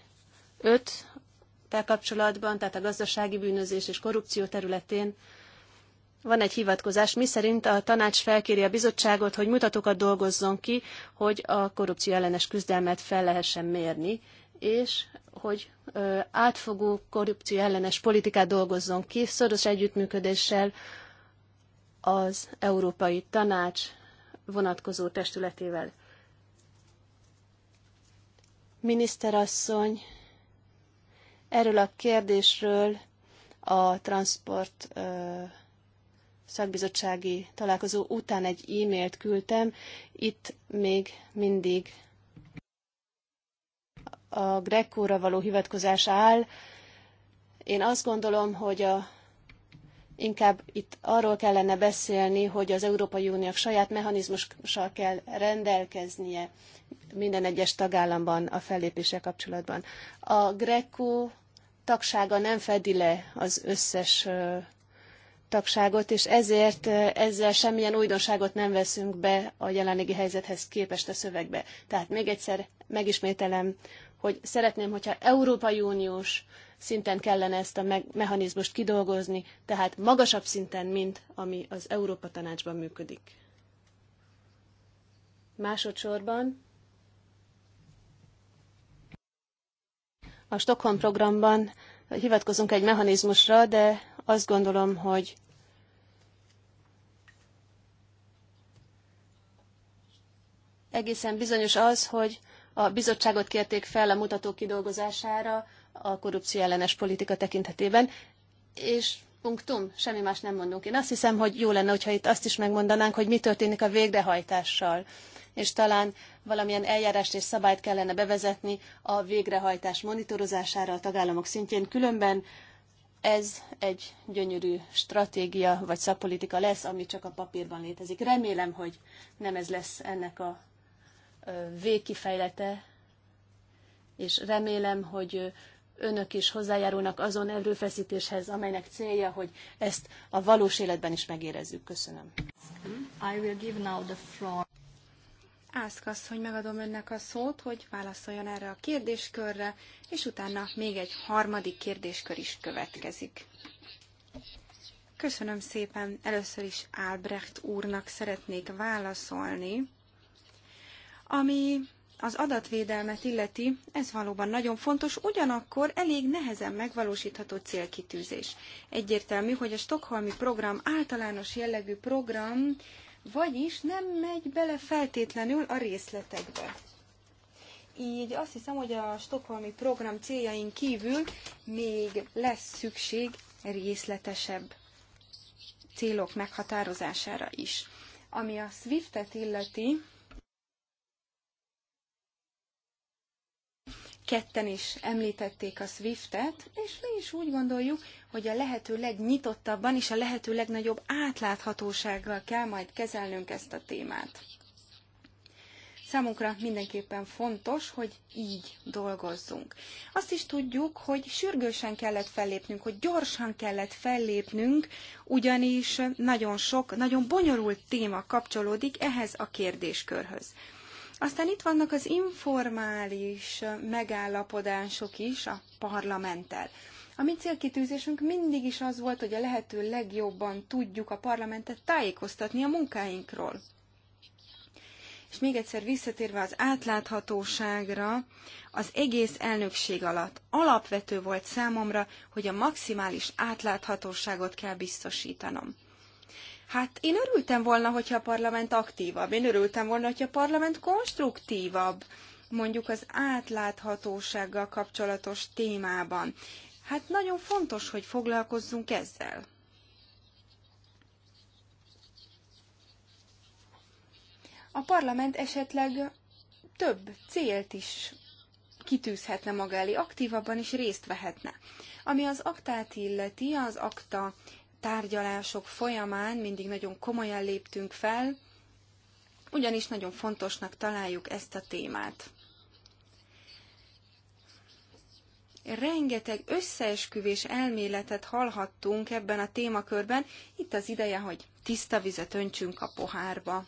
kapcsolatban, tehát a gazdasági bűnözés és korrupció területén van egy hivatkozás, szerint a tanács felkéri a bizottságot, hogy mutatókat dolgozzon ki, hogy a korrupció ellenes küzdelmet fel lehessen mérni, és hogy átfogó korrupció ellenes politikát dolgozzon ki, szoros együttműködéssel az Európai Tanács vonatkozó testületével. Miniszterasszony Erről a kérdésről a transport szakbizottsági találkozó után egy e-mailt küldtem. Itt még mindig a Grekóra való hivatkozás áll. Én azt gondolom, hogy a, inkább itt arról kellene beszélni, hogy az Európai Uniók saját mechanizmussal kell rendelkeznie minden egyes tagállamban a fellépéssel kapcsolatban. A Grekó tagsága nem fedi le az összes tagságot, és ezért ezzel semmilyen újdonságot nem veszünk be a jelenlegi helyzethez képest a szövegbe. Tehát még egyszer megismételem, hogy szeretném, hogyha Európai Uniós szinten kellene ezt a mechanizmust kidolgozni, tehát magasabb szinten, mint ami az Európa Tanácsban működik. Másodszorban A Stockholm programban hivatkozunk egy mechanizmusra, de azt gondolom, hogy egészen bizonyos az, hogy a bizottságot kérték fel a mutatók kidolgozására a korrupció ellenes politika tekintetében, és Punktum, semmi más nem mondunk. Én azt hiszem, hogy jó lenne, hogyha itt azt is megmondanánk, hogy mi történik a végrehajtással. És talán valamilyen eljárást és szabályt kellene bevezetni a végrehajtás monitorozására a tagállamok szintjén. Különben ez egy gyönyörű stratégia vagy szakpolitika lesz, ami csak a papírban létezik. Remélem, hogy nem ez lesz ennek a végkifejlete, és remélem, hogy önök is hozzájárulnak azon erőfeszítéshez, amelynek célja, hogy ezt a valós életben is megérezzük. Köszönöm. I will give now the floor. Ászkasz, hogy megadom önnek a szót, hogy válaszoljon erre a kérdéskörre, és utána még egy harmadik kérdéskör is következik. Köszönöm szépen. Először is Albrecht úrnak szeretnék válaszolni, ami az adatvédelmet illeti, ez valóban nagyon fontos, ugyanakkor elég nehezen megvalósítható célkitűzés. Egyértelmű, hogy a Stockholmi program általános jellegű program, vagyis nem megy bele feltétlenül a részletekbe. Így azt hiszem, hogy a stokholmi program céljain kívül még lesz szükség részletesebb célok meghatározására is. Ami a SWIFT-et illeti, ketten is említették a SWIFT-et, és mi is úgy gondoljuk, hogy a lehető legnyitottabban és a lehető legnagyobb átláthatósággal kell majd kezelnünk ezt a témát. Számunkra mindenképpen fontos, hogy így dolgozzunk. Azt is tudjuk, hogy sürgősen kellett fellépnünk, hogy gyorsan kellett fellépnünk, ugyanis nagyon sok, nagyon bonyolult téma kapcsolódik ehhez a kérdéskörhöz. Aztán itt vannak az informális megállapodások is a parlamenttel. A mi célkitűzésünk mindig is az volt, hogy a lehető legjobban tudjuk a parlamentet tájékoztatni a munkáinkról. És még egyszer visszatérve az átláthatóságra, az egész elnökség alatt alapvető volt számomra, hogy a maximális átláthatóságot kell biztosítanom. Hát én örültem volna, hogyha a parlament aktívabb, én örültem volna, hogyha a parlament konstruktívabb, mondjuk az átláthatósággal kapcsolatos témában. Hát nagyon fontos, hogy foglalkozzunk ezzel. A parlament esetleg több célt is kitűzhetne maga elé, aktívabban is részt vehetne. Ami az aktát illeti, az akta tárgyalások folyamán mindig nagyon komolyan léptünk fel, ugyanis nagyon fontosnak találjuk ezt a témát. Rengeteg összeesküvés elméletet hallhattunk ebben a témakörben, itt az ideje, hogy tiszta vizet öntsünk a pohárba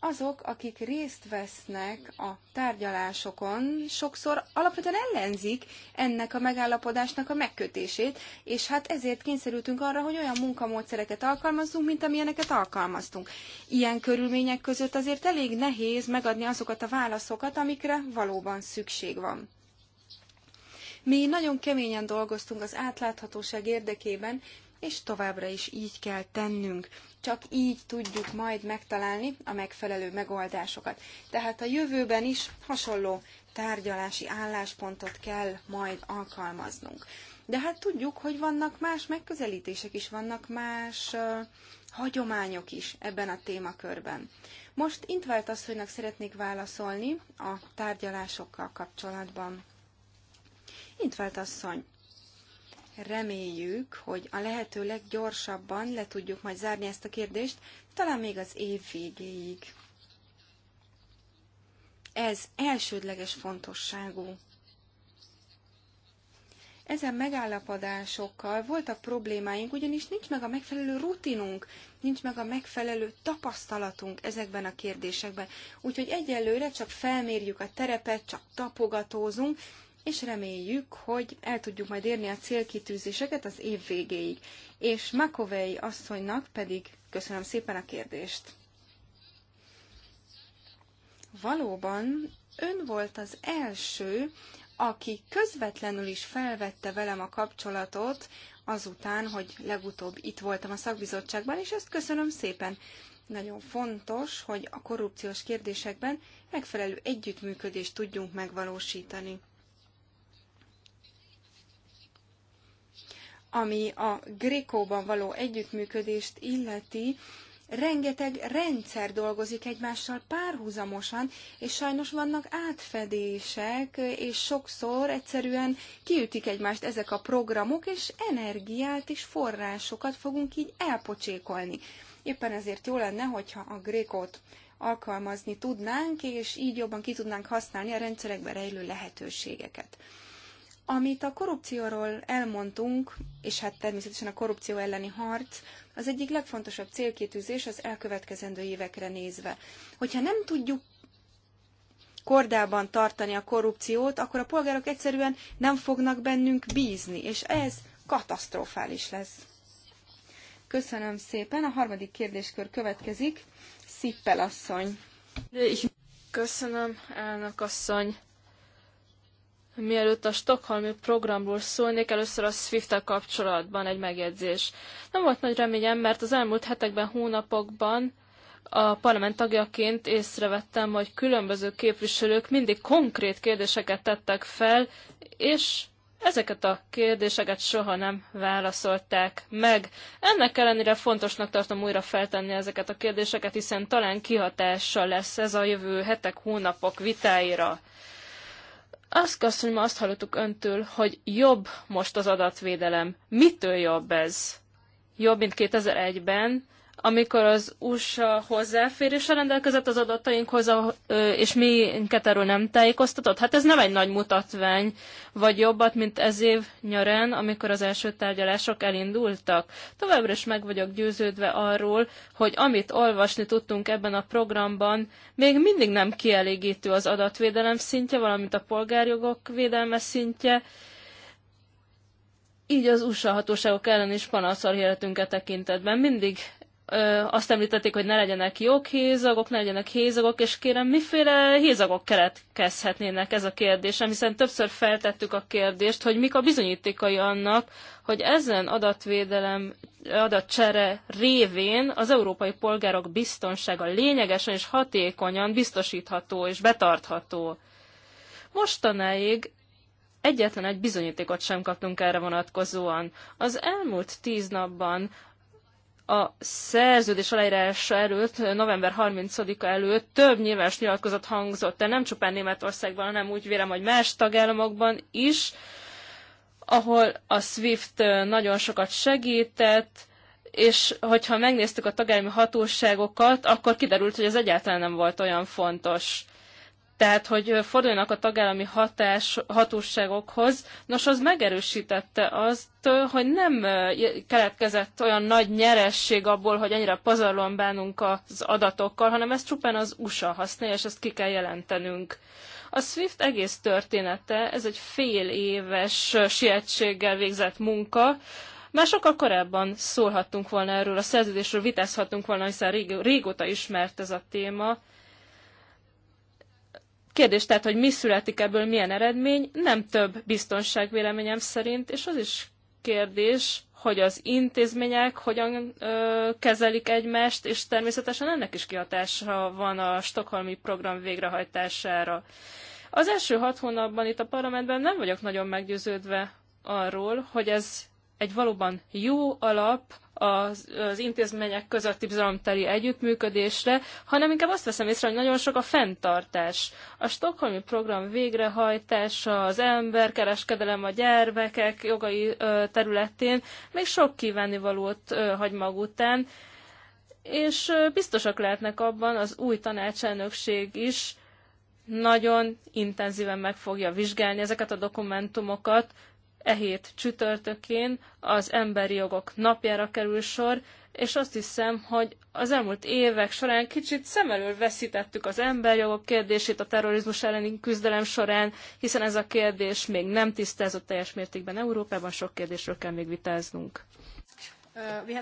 azok, akik részt vesznek a tárgyalásokon, sokszor alapvetően ellenzik ennek a megállapodásnak a megkötését, és hát ezért kényszerültünk arra, hogy olyan munkamódszereket alkalmazzunk, mint amilyeneket alkalmaztunk. Ilyen körülmények között azért elég nehéz megadni azokat a válaszokat, amikre valóban szükség van. Mi nagyon keményen dolgoztunk az átláthatóság érdekében, és továbbra is így kell tennünk. Csak így tudjuk majd megtalálni a megfelelő megoldásokat. Tehát a jövőben is hasonló tárgyalási álláspontot kell majd alkalmaznunk. De hát tudjuk, hogy vannak más megközelítések is, vannak más uh, hagyományok is ebben a témakörben. Most Intvált asszonynak szeretnék válaszolni a tárgyalásokkal kapcsolatban. Intvált asszony, Reméljük, hogy a lehető leggyorsabban le tudjuk majd zárni ezt a kérdést, talán még az év végéig. Ez elsődleges fontosságú. Ezen megállapodásokkal voltak problémáink, ugyanis nincs meg a megfelelő rutinunk, nincs meg a megfelelő tapasztalatunk ezekben a kérdésekben. Úgyhogy egyelőre csak felmérjük a terepet, csak tapogatózunk, és reméljük, hogy el tudjuk majd érni a célkitűzéseket az év végéig. És Makovei asszonynak pedig köszönöm szépen a kérdést. Valóban ön volt az első, aki közvetlenül is felvette velem a kapcsolatot azután, hogy legutóbb itt voltam a szakbizottságban, és ezt köszönöm szépen. Nagyon fontos, hogy a korrupciós kérdésekben megfelelő együttműködést tudjunk megvalósítani. Ami a Grékóban való együttműködést illeti, rengeteg rendszer dolgozik egymással párhuzamosan, és sajnos vannak átfedések, és sokszor egyszerűen kiütik egymást ezek a programok, és energiát és forrásokat fogunk így elpocsékolni. Éppen ezért jó lenne, hogyha a Grékót alkalmazni tudnánk, és így jobban ki tudnánk használni a rendszerekben rejlő lehetőségeket. Amit a korrupcióról elmondtunk, és hát természetesen a korrupció elleni harc, az egyik legfontosabb célkitűzés az elkövetkezendő évekre nézve. Hogyha nem tudjuk kordában tartani a korrupciót, akkor a polgárok egyszerűen nem fognak bennünk bízni, és ez katasztrofális lesz. Köszönöm szépen. A harmadik kérdéskör következik. Szippel asszony. Köszönöm, elnök asszony. Mielőtt a Stockholmi programról szólnék, először a swift kapcsolatban egy megjegyzés. Nem volt nagy reményem, mert az elmúlt hetekben, hónapokban a parlament tagjaként észrevettem, hogy különböző képviselők mindig konkrét kérdéseket tettek fel, és ezeket a kérdéseket soha nem válaszolták meg. Ennek ellenére fontosnak tartom újra feltenni ezeket a kérdéseket, hiszen talán kihatással lesz ez a jövő hetek, hónapok vitáira. Azt köszönöm, azt hallottuk öntől, hogy jobb most az adatvédelem. Mitől jobb ez? Jobb, mint 2001-ben, amikor az USA hozzáférése rendelkezett az adatainkhoz, és minket erről nem tájékoztatott. Hát ez nem egy nagy mutatvány, vagy jobbat, mint ez év nyarán, amikor az első tárgyalások elindultak. Továbbra is meg vagyok győződve arról, hogy amit olvasni tudtunk ebben a programban, még mindig nem kielégítő az adatvédelem szintje, valamint a polgárjogok védelme szintje, így az USA hatóságok ellen is panaszol életünket tekintetben. Mindig azt említették, hogy ne legyenek hézagok, ne legyenek hézagok, és kérem, miféle hézagok keletkezhetnének ez a kérdésem, hiszen többször feltettük a kérdést, hogy mik a bizonyítékai annak, hogy ezen adatvédelem, adatcsere révén az európai polgárok biztonsága lényegesen és hatékonyan biztosítható és betartható. Mostanáig egyetlen egy bizonyítékot sem kaptunk erre vonatkozóan. Az elmúlt tíz napban a szerződés aláírása előtt, november 30-a előtt több nyilvános nyilatkozat hangzott el, nem csupán Németországban, hanem úgy vélem, hogy más tagállamokban is, ahol a SWIFT nagyon sokat segített, és hogyha megnéztük a tagállami hatóságokat, akkor kiderült, hogy ez egyáltalán nem volt olyan fontos tehát hogy forduljanak a tagállami hatás, hatóságokhoz. Nos, az megerősítette azt, hogy nem keletkezett olyan nagy nyeresség abból, hogy ennyire pazarlóan bánunk az adatokkal, hanem ezt csupán az USA használja, és ezt ki kell jelentenünk. A SWIFT egész története, ez egy fél éves sietséggel végzett munka, már sokkal korábban szólhattunk volna erről, a szerződésről vitázhattunk volna, hiszen rég, régóta ismert ez a téma, Kérdés tehát, hogy mi születik ebből, milyen eredmény, nem több biztonság véleményem szerint, és az is kérdés, hogy az intézmények hogyan ö, kezelik egymást, és természetesen ennek is kihatása van a stokholmi program végrehajtására. Az első hat hónapban itt a parlamentben nem vagyok nagyon meggyőződve arról, hogy ez egy valóban jó alap az, az intézmények közötti bizalomteli együttműködésre, hanem inkább azt veszem észre, hogy nagyon sok a fenntartás. A stokholmi program végrehajtása, az emberkereskedelem a gyermekek jogai területén még sok kívánivalót hagy mag után, és biztosak lehetnek abban az új tanácselnökség is, nagyon intenzíven meg fogja vizsgálni ezeket a dokumentumokat, e hét csütörtökén az emberi jogok napjára kerül sor, és azt hiszem, hogy az elmúlt évek során kicsit szem elől veszítettük az emberjogok kérdését a terrorizmus elleni küzdelem során, hiszen ez a kérdés még nem tisztázott teljes mértékben Európában, sok kérdésről kell még vitáznunk. Uh,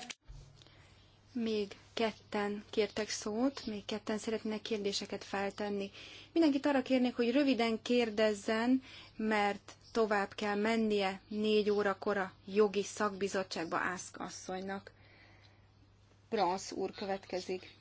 még ketten kértek szót, még ketten szeretnének kérdéseket feltenni. Mindenkit arra kérnék, hogy röviden kérdezzen, mert tovább kell mennie négy órakor a jogi szakbizottságba Ászk asszonynak. Prasz úr következik.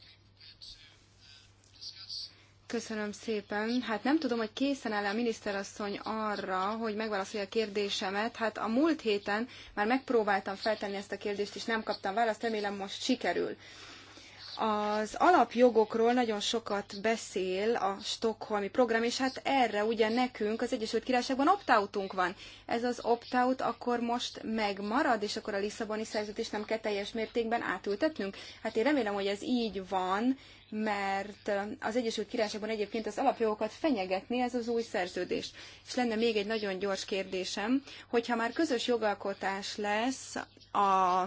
Köszönöm szépen. Hát nem tudom, hogy készen áll -e a miniszterasszony arra, hogy megválaszolja a kérdésemet. Hát a múlt héten már megpróbáltam feltenni ezt a kérdést, és nem kaptam választ. Remélem most sikerül. Az alapjogokról nagyon sokat beszél a Stockholmi program, és hát erre ugye nekünk az Egyesült Királyságban opt-outunk van. Ez az opt-out akkor most megmarad, és akkor a Lisszaboni szerződést nem kell teljes mértékben átültetnünk? Hát én remélem, hogy ez így van, mert az Egyesült Királyságban egyébként az alapjogokat fenyegetni ez az új szerződés. És lenne még egy nagyon gyors kérdésem, hogyha már közös jogalkotás lesz a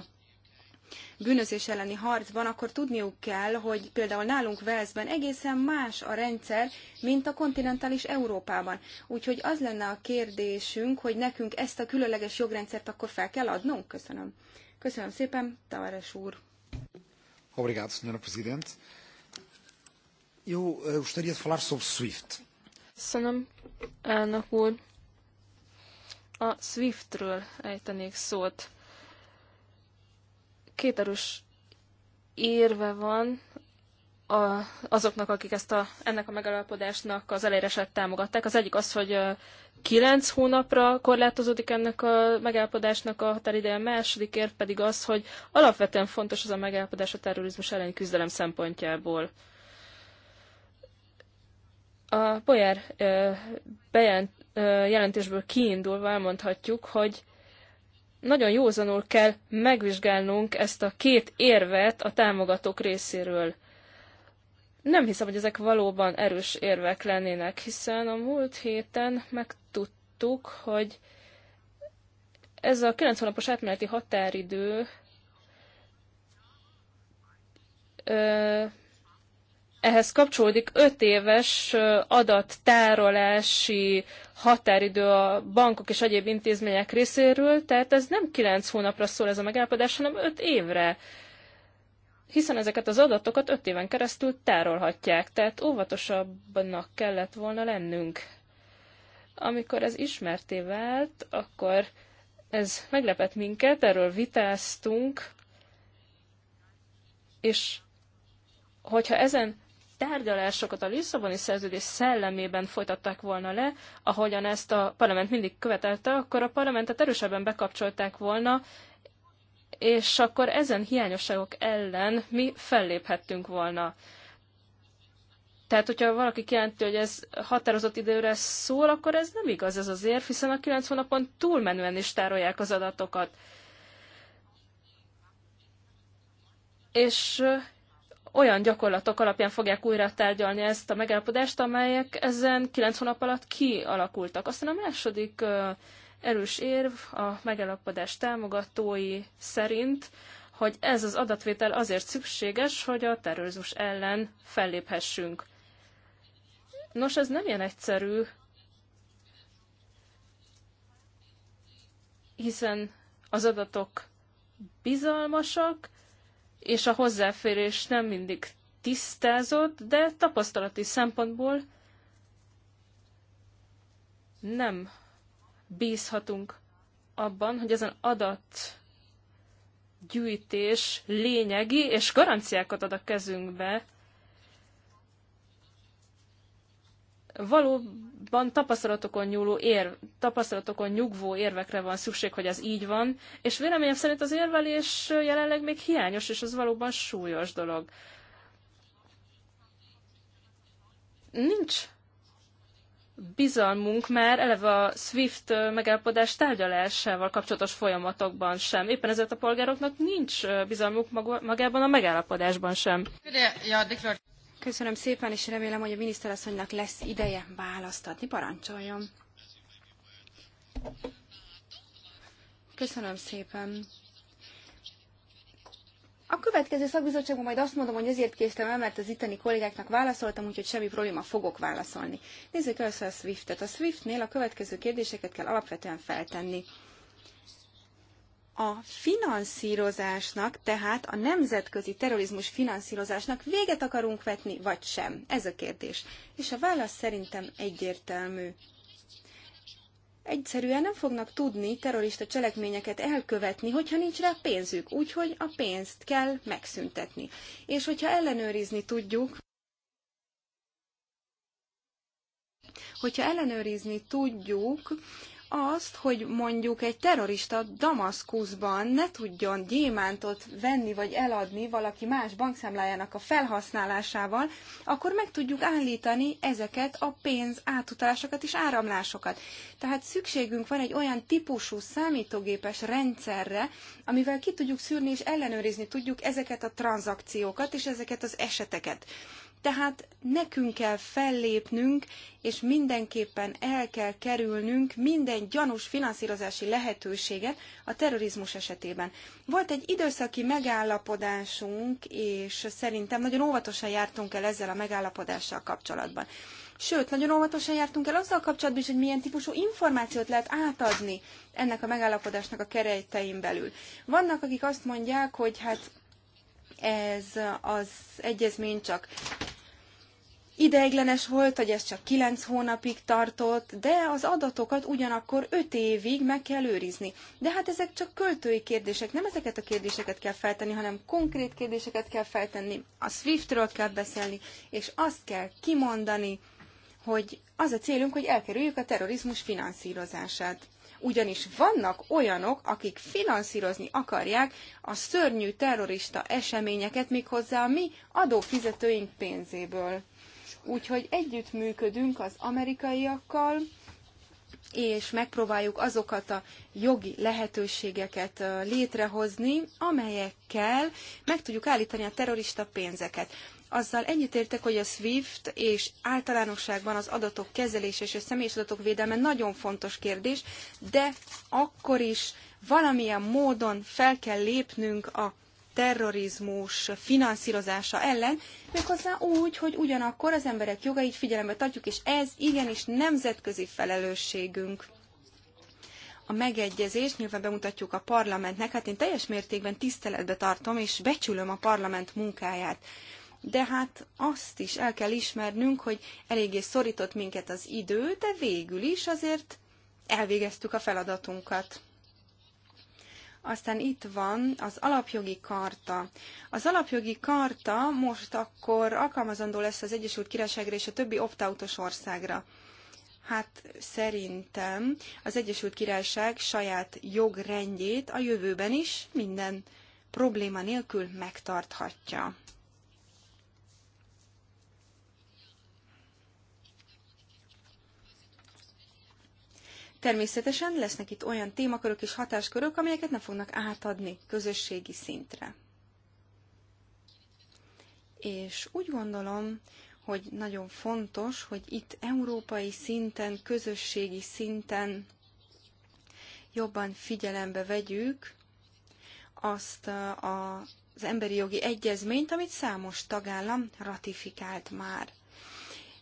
bűnözés elleni harcban, akkor tudniuk kell, hogy például nálunk Velszben egészen más a rendszer, mint a kontinentális Európában. Úgyhogy az lenne a kérdésünk, hogy nekünk ezt a különleges jogrendszert akkor fel kell adnunk? Köszönöm. Köszönöm szépen, Tavares úr. Obrigado, senhora Presidente. Eu eh, gostaria de falar sobre SWIFT. Köszönöm, elnök úr. A SWIFT-ről ejtenék szót. Két erős érve van a, azoknak, akik ezt a, ennek a megalapodásnak az elérését támogatták. Az egyik az, hogy kilenc hónapra korlátozódik ennek a megállapodásnak a határideje, a második ér pedig az, hogy alapvetően fontos az a megállapodás a terrorizmus elleni küzdelem szempontjából. A Boyer bejelentésből kiindulva elmondhatjuk, hogy nagyon józanul kell megvizsgálnunk ezt a két érvet a támogatók részéről. Nem hiszem, hogy ezek valóban erős érvek lennének, hiszen a múlt héten megtudtuk, hogy ez a 9 hónapos átmeneti határidő ehhez kapcsolódik 5 éves adattárolási határidő a bankok és egyéb intézmények részéről, tehát ez nem 9 hónapra szól ez a megállapodás, hanem 5 évre. Hiszen ezeket az adatokat 5 éven keresztül tárolhatják, tehát óvatosabbnak kellett volna lennünk. Amikor ez ismerté vált, akkor ez meglepett minket, erről vitáztunk, és hogyha ezen tárgyalásokat a Lisszaboni szerződés szellemében folytatták volna le, ahogyan ezt a parlament mindig követelte, akkor a parlamentet erősebben bekapcsolták volna, és akkor ezen hiányosságok ellen mi felléphettünk volna. Tehát, hogyha valaki kijelenti, hogy ez határozott időre szól, akkor ez nem igaz ez az érv, hiszen a 9 hónapon túlmenően is tárolják az adatokat. És olyan gyakorlatok alapján fogják újra tárgyalni ezt a megállapodást, amelyek ezen kilenc hónap alatt kialakultak. Aztán a második erős érv a megállapodás támogatói szerint, hogy ez az adatvétel azért szükséges, hogy a terrorizmus ellen felléphessünk. Nos, ez nem ilyen egyszerű, hiszen az adatok bizalmasak, és a hozzáférés nem mindig tisztázott, de tapasztalati szempontból nem bízhatunk abban, hogy ezen adat gyűjtés lényegi, és garanciákat ad a kezünkbe. Valóban van tapasztalatokon nyúló ér, tapasztalatokon nyugvó érvekre van szükség, hogy ez így van, és véleményem szerint az érvelés jelenleg még hiányos, és az valóban súlyos dolog. Nincs bizalmunk már eleve a SWIFT megállapodás tárgyalásával kapcsolatos folyamatokban sem. Éppen ezért a polgároknak nincs bizalmuk magában a megállapodásban sem. Köszönöm szépen, és remélem, hogy a miniszterasszonynak lesz ideje választ adni. Parancsoljon! Köszönöm szépen! A következő szakbizottságban majd azt mondom, hogy ezért késtem el, mert az itteni kollégáknak válaszoltam, úgyhogy semmi probléma fogok válaszolni. Nézzük először a Swift-et. A Swift-nél a következő kérdéseket kell alapvetően feltenni a finanszírozásnak, tehát a nemzetközi terrorizmus finanszírozásnak véget akarunk vetni, vagy sem? Ez a kérdés. És a válasz szerintem egyértelmű. Egyszerűen nem fognak tudni terrorista cselekményeket elkövetni, hogyha nincs rá pénzük, úgyhogy a pénzt kell megszüntetni. És hogyha ellenőrizni tudjuk, hogyha ellenőrizni tudjuk azt, hogy mondjuk egy terrorista Damaszkuszban ne tudjon gyémántot venni vagy eladni valaki más bankszámlájának a felhasználásával, akkor meg tudjuk állítani ezeket a pénz átutalásokat és áramlásokat. Tehát szükségünk van egy olyan típusú számítógépes rendszerre, amivel ki tudjuk szűrni és ellenőrizni tudjuk ezeket a tranzakciókat és ezeket az eseteket. Tehát nekünk kell fellépnünk, és mindenképpen el kell kerülnünk minden gyanús finanszírozási lehetőséget a terrorizmus esetében. Volt egy időszaki megállapodásunk, és szerintem nagyon óvatosan jártunk el ezzel a megállapodással kapcsolatban. Sőt, nagyon óvatosan jártunk el azzal kapcsolatban is, hogy milyen típusú információt lehet átadni ennek a megállapodásnak a keretein belül. Vannak, akik azt mondják, hogy hát ez az egyezmény csak ideiglenes volt, hogy ez csak 9 hónapig tartott, de az adatokat ugyanakkor 5 évig meg kell őrizni. De hát ezek csak költői kérdések, nem ezeket a kérdéseket kell feltenni, hanem konkrét kérdéseket kell feltenni, a Swiftről kell beszélni, és azt kell kimondani, hogy az a célunk, hogy elkerüljük a terrorizmus finanszírozását ugyanis vannak olyanok, akik finanszírozni akarják a szörnyű terrorista eseményeket méghozzá a mi adófizetőink pénzéből. Úgyhogy együttműködünk az amerikaiakkal, és megpróbáljuk azokat a jogi lehetőségeket létrehozni, amelyekkel meg tudjuk állítani a terrorista pénzeket azzal egyetértek, hogy a SWIFT és általánosságban az adatok kezelése és a személyes adatok védelme nagyon fontos kérdés, de akkor is valamilyen módon fel kell lépnünk a terrorizmus finanszírozása ellen, méghozzá úgy, hogy ugyanakkor az emberek jogait figyelembe tartjuk, és ez igenis nemzetközi felelősségünk a megegyezést nyilván bemutatjuk a parlamentnek, hát én teljes mértékben tiszteletbe tartom és becsülöm a parlament munkáját de hát azt is el kell ismernünk, hogy eléggé szorított minket az idő, de végül is azért elvégeztük a feladatunkat. Aztán itt van az alapjogi karta. Az alapjogi karta most akkor alkalmazandó lesz az Egyesült Királyságra és a többi optautos országra. Hát szerintem az Egyesült Királyság saját jogrendjét a jövőben is minden probléma nélkül megtarthatja. Természetesen lesznek itt olyan témakörök és hatáskörök, amelyeket nem fognak átadni közösségi szintre. És úgy gondolom, hogy nagyon fontos, hogy itt európai szinten, közösségi szinten jobban figyelembe vegyük azt a, az emberi jogi egyezményt, amit számos tagállam ratifikált már.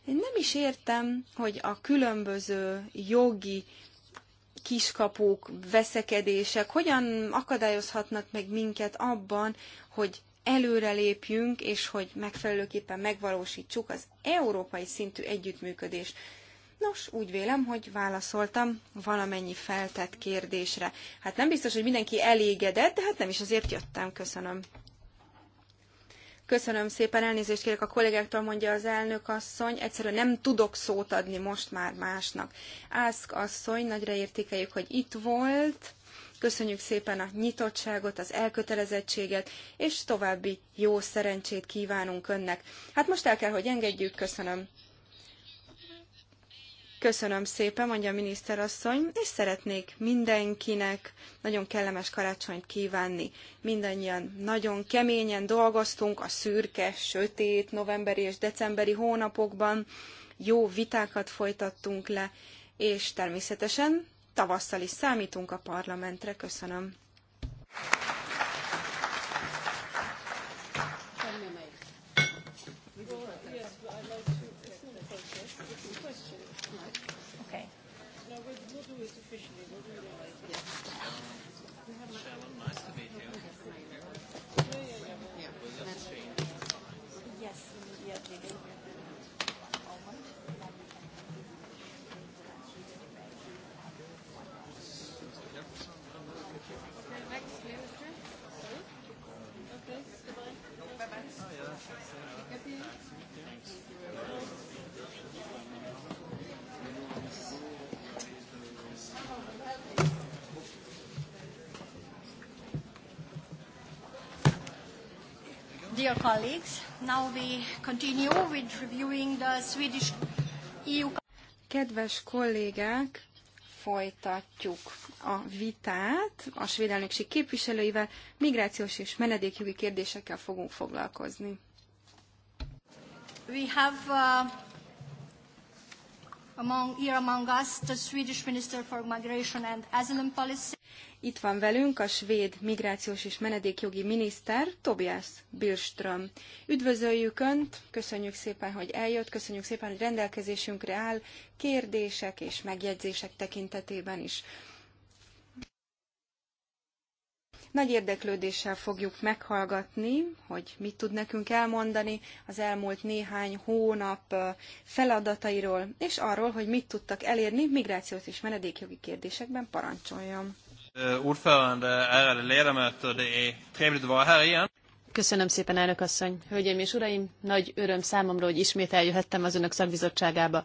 Én nem is értem, hogy a különböző jogi kiskapuk, veszekedések hogyan akadályozhatnak meg minket abban, hogy előrelépjünk, és hogy megfelelőképpen megvalósítsuk az európai szintű együttműködést. Nos, úgy vélem, hogy válaszoltam valamennyi feltett kérdésre. Hát nem biztos, hogy mindenki elégedett, de hát nem is azért jöttem. Köszönöm. Köszönöm szépen, elnézést kérek a kollégáktól, mondja az elnök asszony. Egyszerűen nem tudok szót adni most már másnak. Ászk asszony, nagyra értékeljük, hogy itt volt. Köszönjük szépen a nyitottságot, az elkötelezettséget, és további jó szerencsét kívánunk önnek. Hát most el kell, hogy engedjük. Köszönöm. Köszönöm szépen, mondja a miniszterasszony, és szeretnék mindenkinek nagyon kellemes karácsonyt kívánni. Mindannyian nagyon keményen dolgoztunk a szürke, sötét novemberi és decemberi hónapokban, jó vitákat folytattunk le, és természetesen tavasszal is számítunk a parlamentre. Köszönöm. We'll do it officially. We'll do it Yeah. Sharon, nice to meet you. colleagues, now we continue with reviewing the Swedish EU... Kedves kollégák, folytatjuk a vitát a svéd elnökség képviselőivel, migrációs és menedékjogi kérdésekkel fogunk foglalkozni. We have uh, among, here among us the Swedish Minister for Migration and Asylum Policy. Itt van velünk a svéd migrációs és menedékjogi miniszter Tobias Billström. Üdvözöljük Önt, köszönjük szépen, hogy eljött, köszönjük szépen, hogy rendelkezésünkre áll kérdések és megjegyzések tekintetében is. Nagy érdeklődéssel fogjuk meghallgatni, hogy mit tud nekünk elmondani az elmúlt néhány hónap feladatairól, és arról, hogy mit tudtak elérni migrációs és menedékjogi kérdésekben parancsoljon. Eh, ordförande, ärade ledamöter, det är trevligt att vara här igen. Köszönöm szépen, elnök asszony. Hölgyeim és uraim, nagy öröm számomra, hogy ismét eljöhettem az önök szakbizottságába.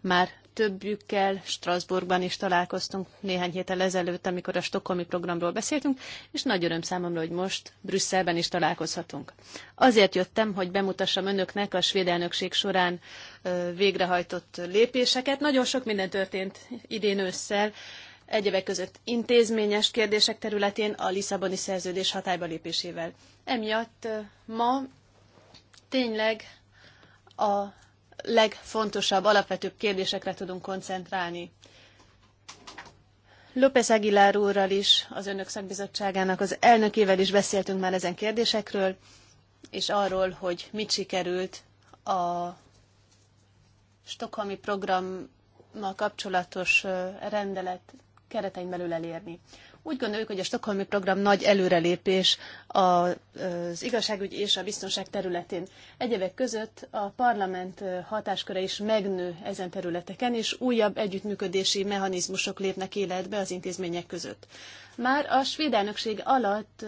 Már többjükkel Strasbourgban is találkoztunk néhány héttel ezelőtt, amikor a stokholmi programról beszéltünk, és nagy öröm számomra, hogy most Brüsszelben is találkozhatunk. Azért jöttem, hogy bemutassam önöknek a svéd elnökség során végrehajtott lépéseket. Nagyon sok minden történt idén ősszel, egyebek között intézményes kérdések területén a Lisszaboni szerződés hatályba lépésével. Emiatt ma tényleg a legfontosabb, alapvetőbb kérdésekre tudunk koncentrálni. López Aguilar úrral is, az Önök Szakbizottságának az elnökével is beszéltünk már ezen kérdésekről, és arról, hogy mit sikerült a Stockholmi programmal kapcsolatos rendelet keretein belül elérni. Úgy gondoljuk, hogy a Stockholmi program nagy előrelépés az igazságügy és a biztonság területén. Egyebek között a parlament hatásköre is megnő ezen területeken, és újabb együttműködési mechanizmusok lépnek életbe az intézmények között. Már a svéd elnökség alatt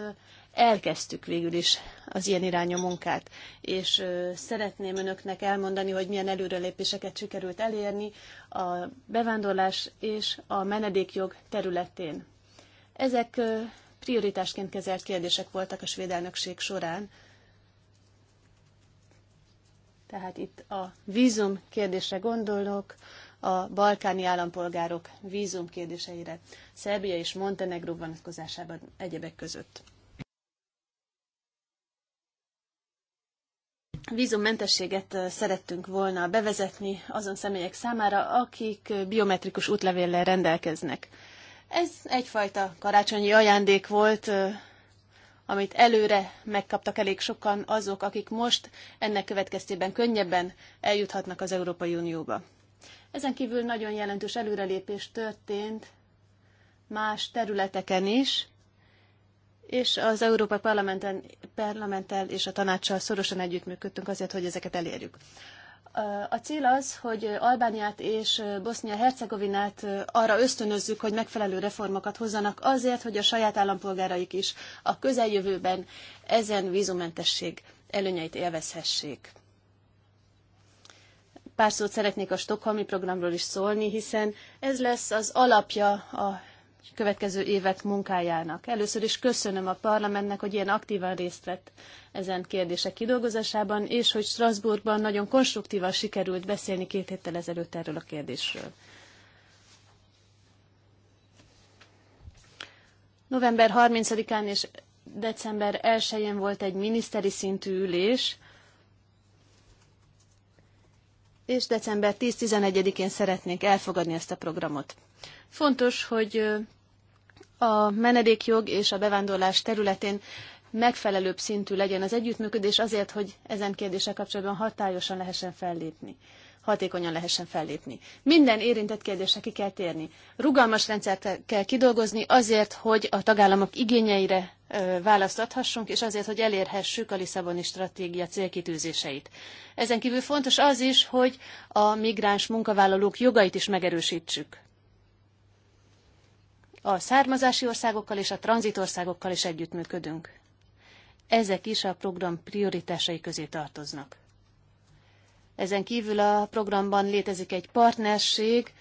elkezdtük végül is az ilyen irányú munkát, és szeretném önöknek elmondani, hogy milyen előrelépéseket sikerült elérni a bevándorlás és a menedékjog területén. Ezek prioritásként kezelt kérdések voltak a svéd elnökség során, tehát itt a vízum kérdésre gondolok, a balkáni állampolgárok vízum kérdéseire, Szerbia és Montenegro vonatkozásában egyebek között. vízummentességet szerettünk volna bevezetni azon személyek számára, akik biometrikus útlevéllel rendelkeznek. Ez egyfajta karácsonyi ajándék volt, amit előre megkaptak elég sokan azok, akik most ennek következtében könnyebben eljuthatnak az Európai Unióba. Ezen kívül nagyon jelentős előrelépés történt más területeken is, és az Európai Parlamenten, Parlamenttel és a tanácssal szorosan együttműködtünk azért, hogy ezeket elérjük. A cél az, hogy Albániát és Bosznia-Hercegovinát arra ösztönözzük, hogy megfelelő reformokat hozzanak azért, hogy a saját állampolgáraik is a közeljövőben ezen vízumentesség előnyeit élvezhessék. Pár szót szeretnék a Stockholmi programról is szólni, hiszen ez lesz az alapja a következő évek munkájának. Először is köszönöm a parlamentnek, hogy ilyen aktívan részt vett ezen kérdések kidolgozásában, és hogy Strasbourgban nagyon konstruktívan sikerült beszélni két héttel ezelőtt erről a kérdésről. November 30-án és december 1-én volt egy miniszteri szintű ülés, és december 10-11-én szeretnénk elfogadni ezt a programot. Fontos, hogy a menedékjog és a bevándorlás területén megfelelőbb szintű legyen az együttműködés azért, hogy ezen kérdések kapcsolatban hatályosan lehessen fellépni hatékonyan lehessen fellépni. Minden érintett kérdésre ki kell térni. Rugalmas rendszert kell kidolgozni azért, hogy a tagállamok igényeire választ adhassunk, és azért, hogy elérhessük a Lisszaboni stratégia célkitűzéseit. Ezen kívül fontos az is, hogy a migráns munkavállalók jogait is megerősítsük a származási országokkal és a tranzitországokkal is együttműködünk. Ezek is a program prioritásai közé tartoznak. Ezen kívül a programban létezik egy partnerség,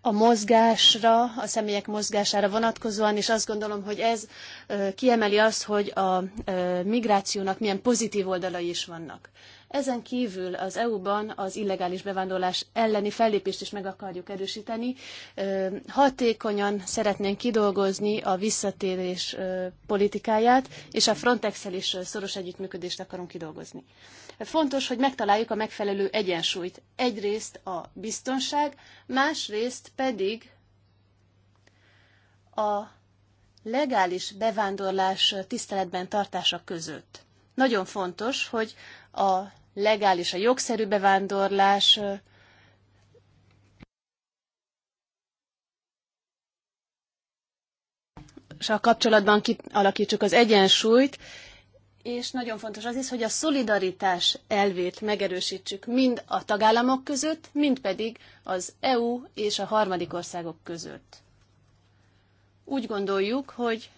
a mozgásra, a személyek mozgására vonatkozóan, és azt gondolom, hogy ez kiemeli azt, hogy a migrációnak milyen pozitív oldalai is vannak. Ezen kívül az EU-ban az illegális bevándorlás elleni fellépést is meg akarjuk erősíteni. Hatékonyan szeretnénk kidolgozni a visszatérés politikáját, és a Frontex-el is szoros együttműködést akarunk kidolgozni. Fontos, hogy megtaláljuk a megfelelő egyensúlyt. Egyrészt a biztonság, másrészt pedig a legális bevándorlás tiszteletben tartása között. Nagyon fontos, hogy a legális, a jogszerű bevándorlás és a kapcsolatban kialakítsuk az egyensúlyt, és nagyon fontos az is, hogy a szolidaritás elvét megerősítsük mind a tagállamok között, mind pedig az EU és a harmadik országok között. Úgy gondoljuk, hogy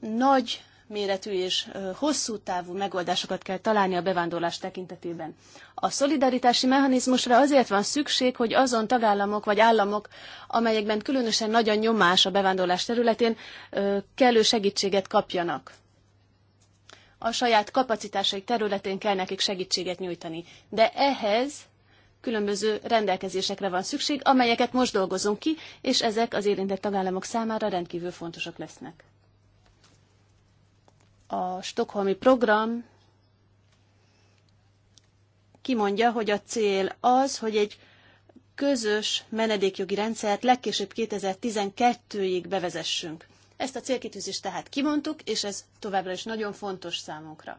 nagy méretű és hosszú távú megoldásokat kell találni a bevándorlás tekintetében. A szolidaritási mechanizmusra azért van szükség, hogy azon tagállamok vagy államok, amelyekben különösen nagy a nyomás a bevándorlás területén, kellő segítséget kapjanak. A saját kapacitásaik területén kell nekik segítséget nyújtani. De ehhez különböző rendelkezésekre van szükség, amelyeket most dolgozunk ki, és ezek az érintett tagállamok számára rendkívül fontosak lesznek a stokholmi program kimondja, hogy a cél az, hogy egy közös menedékjogi rendszert legkésőbb 2012-ig bevezessünk. Ezt a célkitűzést tehát kimondtuk, és ez továbbra is nagyon fontos számunkra.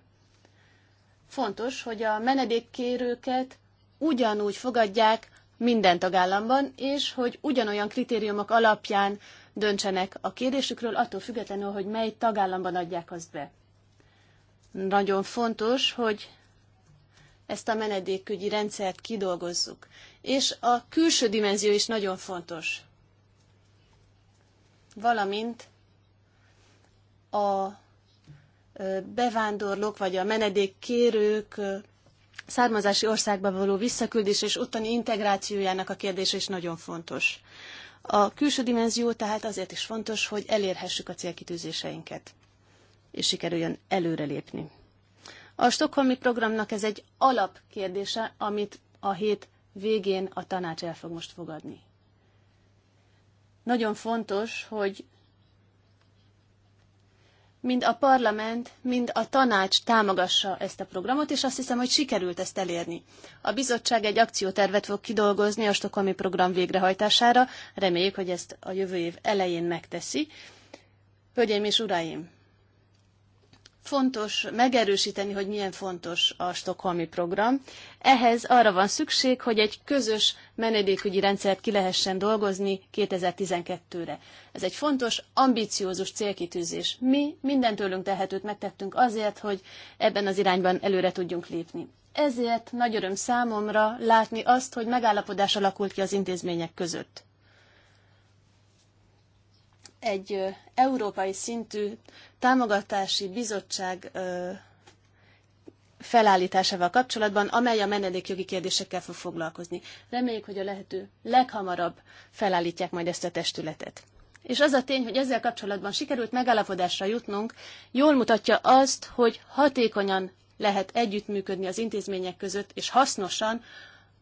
Fontos, hogy a menedékkérőket ugyanúgy fogadják minden tagállamban, és hogy ugyanolyan kritériumok alapján döntsenek a kérésükről, attól függetlenül, hogy mely tagállamban adják azt be. Nagyon fontos, hogy ezt a menedékügyi rendszert kidolgozzuk. És a külső dimenzió is nagyon fontos. Valamint a bevándorlók vagy a menedékkérők származási országba való visszaküldés és ottani integrációjának a kérdése is nagyon fontos. A külső dimenzió tehát azért is fontos, hogy elérhessük a célkitűzéseinket és sikerüljön előrelépni. A Stockholmi programnak ez egy alapkérdése, amit a hét végén a tanács el fog most fogadni. Nagyon fontos, hogy mind a parlament, mind a tanács támogassa ezt a programot, és azt hiszem, hogy sikerült ezt elérni. A bizottság egy akciótervet fog kidolgozni a Stokholmi program végrehajtására, reméljük, hogy ezt a jövő év elején megteszi. Hölgyeim és uraim, fontos megerősíteni, hogy milyen fontos a stokholmi program. Ehhez arra van szükség, hogy egy közös menedékügyi rendszert ki lehessen dolgozni 2012-re. Ez egy fontos, ambiciózus célkitűzés. Mi minden tőlünk tehetőt megtettünk azért, hogy ebben az irányban előre tudjunk lépni. Ezért nagy öröm számomra látni azt, hogy megállapodás alakult ki az intézmények között egy európai szintű támogatási bizottság felállításával kapcsolatban, amely a menedékjogi kérdésekkel fog foglalkozni. Reméljük, hogy a lehető leghamarabb felállítják majd ezt a testületet. És az a tény, hogy ezzel kapcsolatban sikerült megállapodásra jutnunk, jól mutatja azt, hogy hatékonyan lehet együttműködni az intézmények között, és hasznosan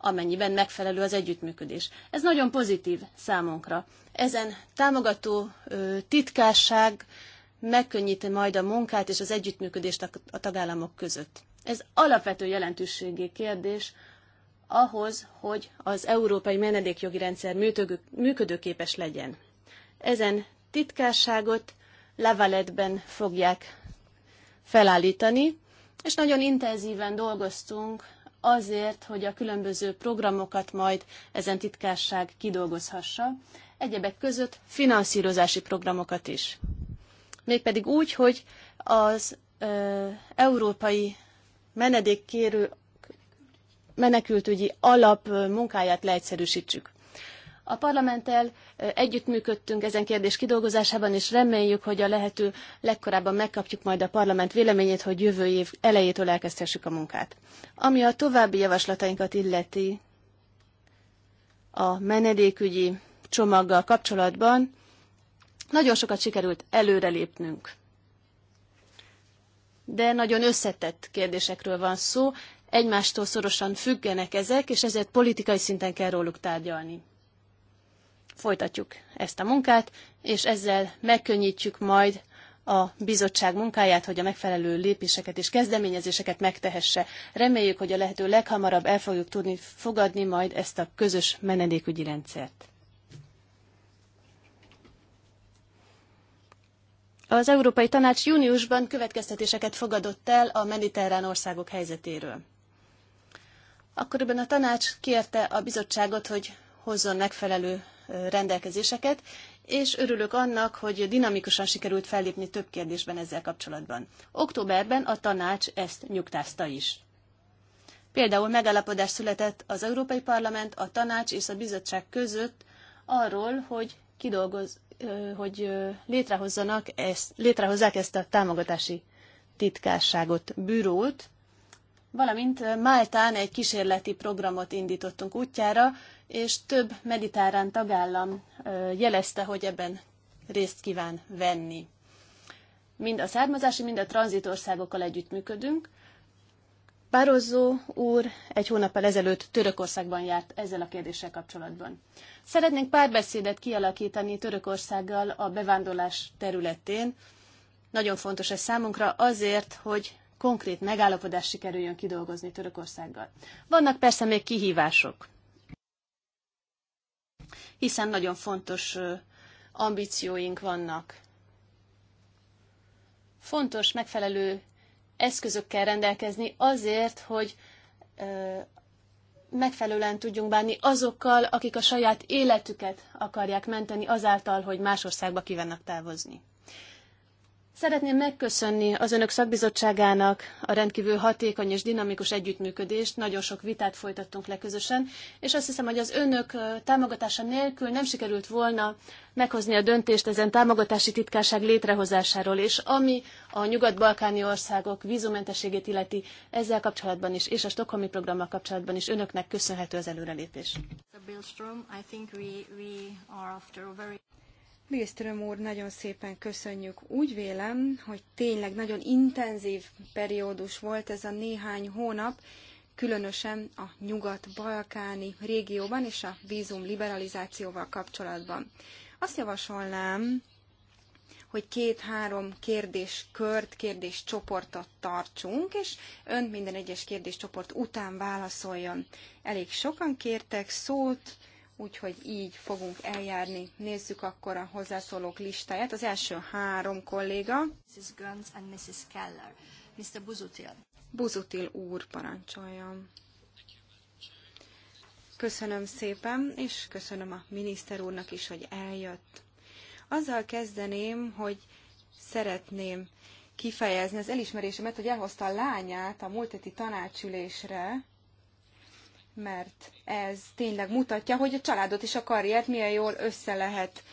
amennyiben megfelelő az együttműködés. Ez nagyon pozitív számunkra. Ezen támogató titkárság megkönnyíti majd a munkát és az együttműködést a tagállamok között. Ez alapvető jelentőségi kérdés ahhoz, hogy az európai menedékjogi rendszer működőképes legyen. Ezen titkárságot leveletben fogják felállítani, és nagyon intenzíven dolgoztunk azért, hogy a különböző programokat majd ezen titkárság kidolgozhassa, egyebek között finanszírozási programokat is. Mégpedig úgy, hogy az ö, európai menedékkérő menekültügyi alap munkáját leegyszerűsítsük. A parlamenttel együttműködtünk ezen kérdés kidolgozásában, és reméljük, hogy a lehető legkorábban megkapjuk majd a parlament véleményét, hogy jövő év elejétől elkezdhessük a munkát. Ami a további javaslatainkat illeti a menedékügyi csomaggal kapcsolatban, nagyon sokat sikerült előrelépnünk. De nagyon összetett kérdésekről van szó, egymástól szorosan függenek ezek, és ezért politikai szinten kell róluk tárgyalni folytatjuk ezt a munkát, és ezzel megkönnyítjük majd a bizottság munkáját, hogy a megfelelő lépéseket és kezdeményezéseket megtehesse. Reméljük, hogy a lehető leghamarabb el fogjuk tudni fogadni majd ezt a közös menedékügyi rendszert. Az Európai Tanács júniusban következtetéseket fogadott el a mediterrán országok helyzetéről. Akkoriban a tanács kérte a bizottságot, hogy hozzon megfelelő rendelkezéseket, és örülök annak, hogy dinamikusan sikerült fellépni több kérdésben ezzel kapcsolatban. Októberben a tanács ezt nyugtázta is. Például megállapodás született az Európai Parlament, a tanács és a bizottság között arról, hogy kidolgoz, hogy létrehozzanak ezt, létrehozzák ezt a támogatási titkárságot, bűrót, valamint Máltán egy kísérleti programot indítottunk útjára, és több mediterrán tagállam jelezte, hogy ebben részt kíván venni. Mind a származási, mind a tranzitországokkal együttműködünk. Bározó úr egy hónappal ezelőtt Törökországban járt ezzel a kérdéssel kapcsolatban. Szeretnénk párbeszédet kialakítani Törökországgal a bevándorlás területén. Nagyon fontos ez számunkra azért, hogy konkrét megállapodás sikerüljön kidolgozni Törökországgal. Vannak persze még kihívások hiszen nagyon fontos ambícióink vannak. Fontos megfelelő eszközökkel rendelkezni azért, hogy megfelelően tudjunk bánni azokkal, akik a saját életüket akarják menteni azáltal, hogy más országba kívánnak távozni. Szeretném megköszönni az önök szakbizottságának a rendkívül hatékony és dinamikus együttműködést. Nagyon sok vitát folytattunk le közösen, és azt hiszem, hogy az önök támogatása nélkül nem sikerült volna meghozni a döntést ezen támogatási titkárság létrehozásáról, és ami a nyugat-balkáni országok vízumentességét illeti ezzel kapcsolatban is, és a Stockholmi programmal kapcsolatban is önöknek köszönhető az előrelépés. Bilström úr, nagyon szépen köszönjük. Úgy vélem, hogy tényleg nagyon intenzív periódus volt ez a néhány hónap, különösen a nyugat-balkáni régióban és a vízum liberalizációval kapcsolatban. Azt javasolnám, hogy két-három kérdéskört, kérdéscsoportot tartsunk, és ön minden egyes kérdéscsoport után válaszoljon. Elég sokan kértek szót, úgyhogy így fogunk eljárni. Nézzük akkor a hozzászólók listáját. Az első három kolléga. Mrs. Guns and Mrs. Keller. Mr. Buzutil. Buzutil úr parancsoljon. Köszönöm szépen, és köszönöm a miniszter úrnak is, hogy eljött. Azzal kezdeném, hogy szeretném kifejezni az elismerésemet, hogy elhozta a lányát a múlt heti tanácsülésre, mert ez tényleg mutatja, hogy a családot és a karriert milyen jól össze lehet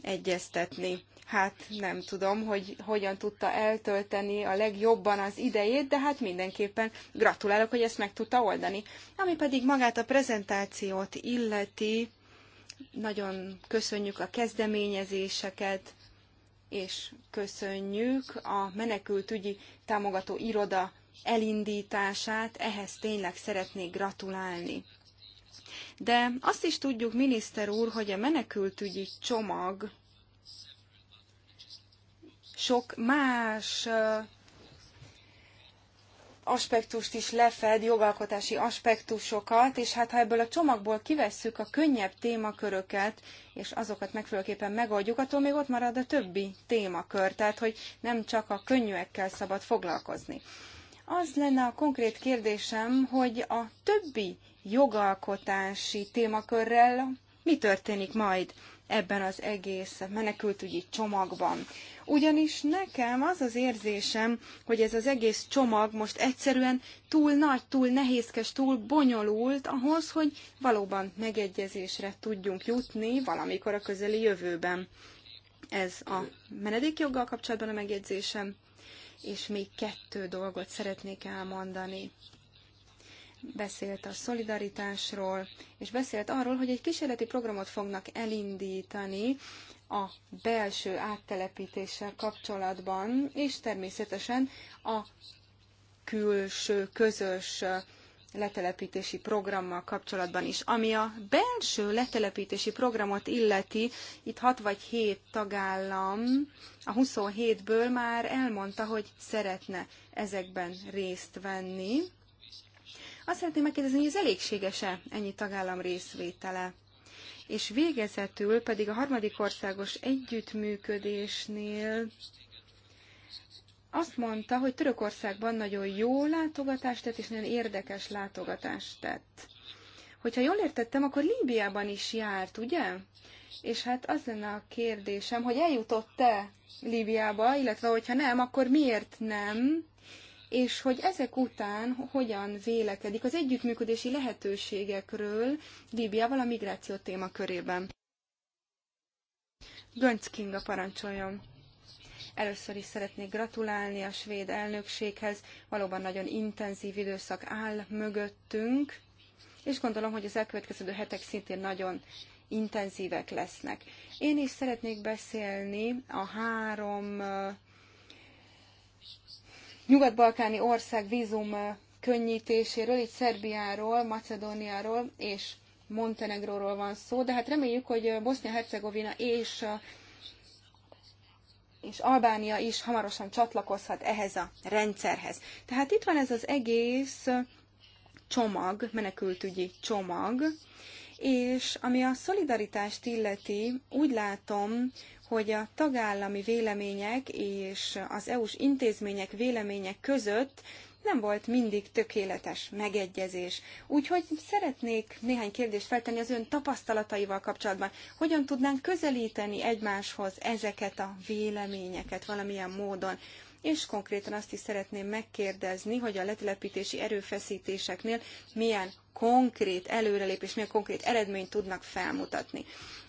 egyeztetni. Hát nem tudom, hogy hogyan tudta eltölteni a legjobban az idejét, de hát mindenképpen gratulálok, hogy ezt meg tudta oldani. Ami pedig magát a prezentációt illeti, nagyon köszönjük a kezdeményezéseket, és köszönjük a menekültügyi támogató iroda elindítását, ehhez tényleg szeretnék gratulálni. De azt is tudjuk, miniszter úr, hogy a menekültügyi csomag sok más aspektust is lefed, jogalkotási aspektusokat, és hát ha ebből a csomagból kivesszük a könnyebb témaköröket, és azokat megfelelőképpen megoldjuk, attól még ott marad a többi témakör, tehát hogy nem csak a könnyűekkel szabad foglalkozni. Az lenne a konkrét kérdésem, hogy a többi jogalkotási témakörrel mi történik majd ebben az egész menekültügyi csomagban. Ugyanis nekem az az érzésem, hogy ez az egész csomag most egyszerűen túl nagy, túl nehézkes, túl bonyolult ahhoz, hogy valóban megegyezésre tudjunk jutni valamikor a közeli jövőben. Ez a menedékjoggal kapcsolatban a megjegyzésem és még kettő dolgot szeretnék elmondani. Beszélt a szolidaritásról, és beszélt arról, hogy egy kísérleti programot fognak elindítani a belső áttelepítéssel kapcsolatban, és természetesen a külső közös letelepítési programmal kapcsolatban is. Ami a belső letelepítési programot illeti, itt 6 vagy 7 tagállam a 27-ből már elmondta, hogy szeretne ezekben részt venni. Azt szeretném megkérdezni, hogy ez elégséges-e ennyi tagállam részvétele? És végezetül pedig a harmadik országos együttműködésnél azt mondta, hogy Törökországban nagyon jó látogatást tett, és nagyon érdekes látogatást tett. Hogyha jól értettem, akkor Líbiában is járt, ugye? És hát az lenne a kérdésem, hogy eljutott-e Líbiába, illetve hogyha nem, akkor miért nem? És hogy ezek után hogyan vélekedik az együttműködési lehetőségekről Líbiával a migráció témakörében? Gönc Kinga parancsoljon! Először is szeretnék gratulálni a svéd elnökséghez. Valóban nagyon intenzív időszak áll mögöttünk, és gondolom, hogy az elkövetkező hetek szintén nagyon intenzívek lesznek. Én is szeretnék beszélni a három nyugat-balkáni ország vízum könnyítéséről, itt Szerbiáról, Macedóniáról és Montenegróról van szó, de hát reméljük, hogy Bosznia-Hercegovina és és Albánia is hamarosan csatlakozhat ehhez a rendszerhez. Tehát itt van ez az egész csomag, menekültügyi csomag, és ami a szolidaritást illeti, úgy látom, hogy a tagállami vélemények és az EU-s intézmények vélemények között nem volt mindig tökéletes megegyezés. Úgyhogy szeretnék néhány kérdést feltenni az ön tapasztalataival kapcsolatban. Hogyan tudnánk közelíteni egymáshoz ezeket a véleményeket valamilyen módon? és konkrétan azt is szeretném megkérdezni, hogy a letelepítési erőfeszítéseknél milyen konkrét előrelépés, milyen konkrét eredményt tudnak felmutatni.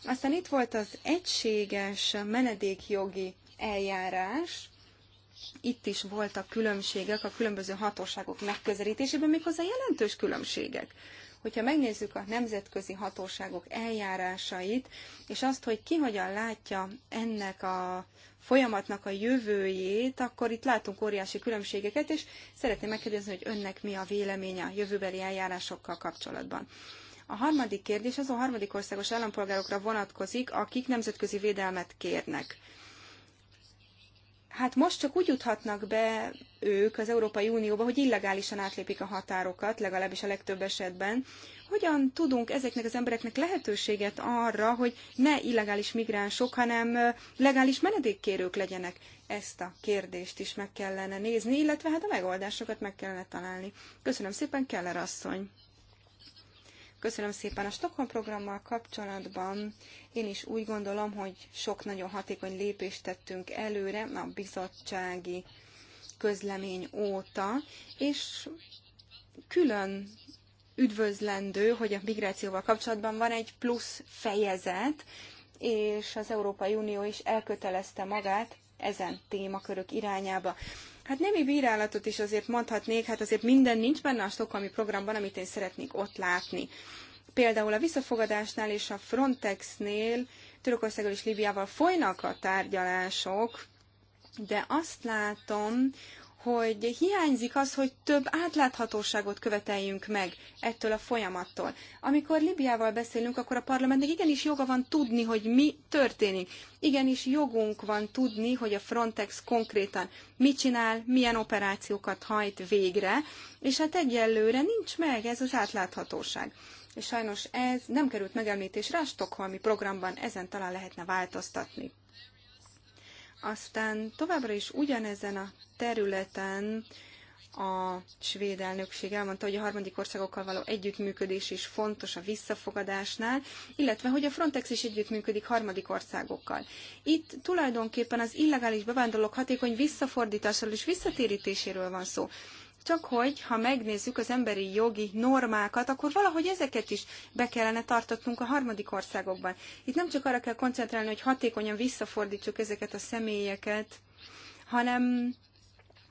Aztán itt volt az egységes menedékjogi eljárás, itt is voltak különbségek a különböző hatóságok megközelítésében, méghozzá jelentős különbségek. Hogyha megnézzük a nemzetközi hatóságok eljárásait, és azt, hogy ki hogyan látja ennek a folyamatnak a jövőjét, akkor itt látunk óriási különbségeket, és szeretném megkérdezni, hogy önnek mi a véleménye a jövőbeli eljárásokkal kapcsolatban. A harmadik kérdés azon harmadik országos állampolgárokra vonatkozik, akik nemzetközi védelmet kérnek hát most csak úgy juthatnak be ők az Európai Unióba, hogy illegálisan átlépik a határokat, legalábbis a legtöbb esetben. Hogyan tudunk ezeknek az embereknek lehetőséget arra, hogy ne illegális migránsok, hanem legális menedékkérők legyenek? Ezt a kérdést is meg kellene nézni, illetve hát a megoldásokat meg kellene találni. Köszönöm szépen, Keller asszony! Köszönöm szépen a Stockholm programmal kapcsolatban. Én is úgy gondolom, hogy sok nagyon hatékony lépést tettünk előre a bizottsági közlemény óta, és külön üdvözlendő, hogy a migrációval kapcsolatban van egy plusz fejezet, és az Európai Unió is elkötelezte magát ezen témakörök irányába. Hát nemi bírálatot is azért mondhatnék, hát azért minden nincs benne a stokholmi programban, amit én szeretnék ott látni. Például a visszafogadásnál és a Frontexnél, Törökországgal és Líbiával folynak a tárgyalások, de azt látom, hogy hiányzik az, hogy több átláthatóságot követeljünk meg ettől a folyamattól. Amikor Libiával beszélünk, akkor a parlamentnek igenis joga van tudni, hogy mi történik. Igenis jogunk van tudni, hogy a Frontex konkrétan mit csinál, milyen operációkat hajt végre, és hát egyelőre nincs meg ez az átláthatóság. És sajnos ez nem került megemlítésre a Stockholmi programban, ezen talán lehetne változtatni. Aztán továbbra is ugyanezen a területen a svéd elnökség elmondta, hogy a harmadik országokkal való együttműködés is fontos a visszafogadásnál, illetve hogy a Frontex is együttműködik harmadik országokkal. Itt tulajdonképpen az illegális bevándorlók hatékony visszafordításról és visszatérítéséről van szó csak hogy ha megnézzük az emberi jogi normákat, akkor valahogy ezeket is be kellene tartatnunk a harmadik országokban. Itt nem csak arra kell koncentrálni, hogy hatékonyan visszafordítsuk ezeket a személyeket, hanem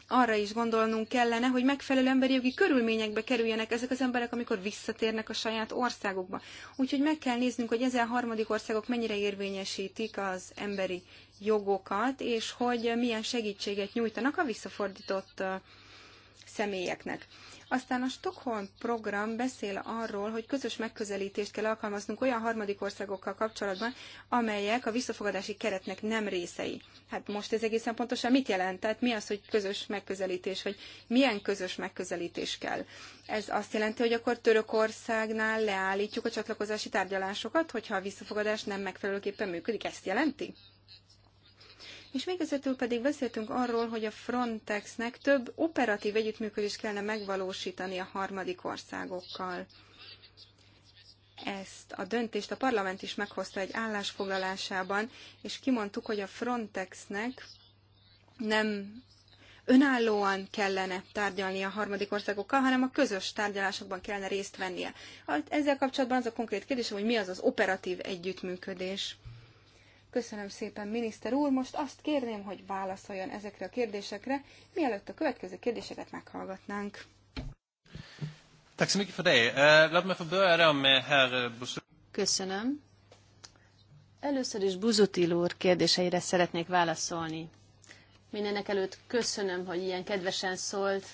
arra is gondolnunk kellene, hogy megfelelő emberi jogi körülményekbe kerüljenek ezek az emberek, amikor visszatérnek a saját országukba. Úgyhogy meg kell néznünk, hogy ezen harmadik országok mennyire érvényesítik az emberi jogokat, és hogy milyen segítséget nyújtanak a visszafordított személyeknek. Aztán a Stockholm program beszél arról, hogy közös megközelítést kell alkalmaznunk olyan harmadik országokkal kapcsolatban, amelyek a visszafogadási keretnek nem részei. Hát most ez egészen pontosan mit jelent? Tehát mi az, hogy közös megközelítés, vagy milyen közös megközelítés kell? Ez azt jelenti, hogy akkor Törökországnál leállítjuk a csatlakozási tárgyalásokat, hogyha a visszafogadás nem megfelelőképpen működik. Ezt jelenti? És végezetül pedig beszéltünk arról, hogy a Frontexnek több operatív együttműködést kellene megvalósítani a harmadik országokkal. Ezt a döntést a parlament is meghozta egy állásfoglalásában, és kimondtuk, hogy a Frontexnek nem önállóan kellene tárgyalni a harmadik országokkal, hanem a közös tárgyalásokban kellene részt vennie. Ezzel kapcsolatban az a konkrét kérdés, hogy mi az az operatív együttműködés. Köszönöm szépen, miniszter úr. Most azt kérném, hogy válaszoljon ezekre a kérdésekre, mielőtt a következő kérdéseket meghallgatnánk. Eh, eh, köszönöm. Először is Buzutil úr kérdéseire szeretnék válaszolni. Mindenek előtt köszönöm, hogy ilyen kedvesen szólt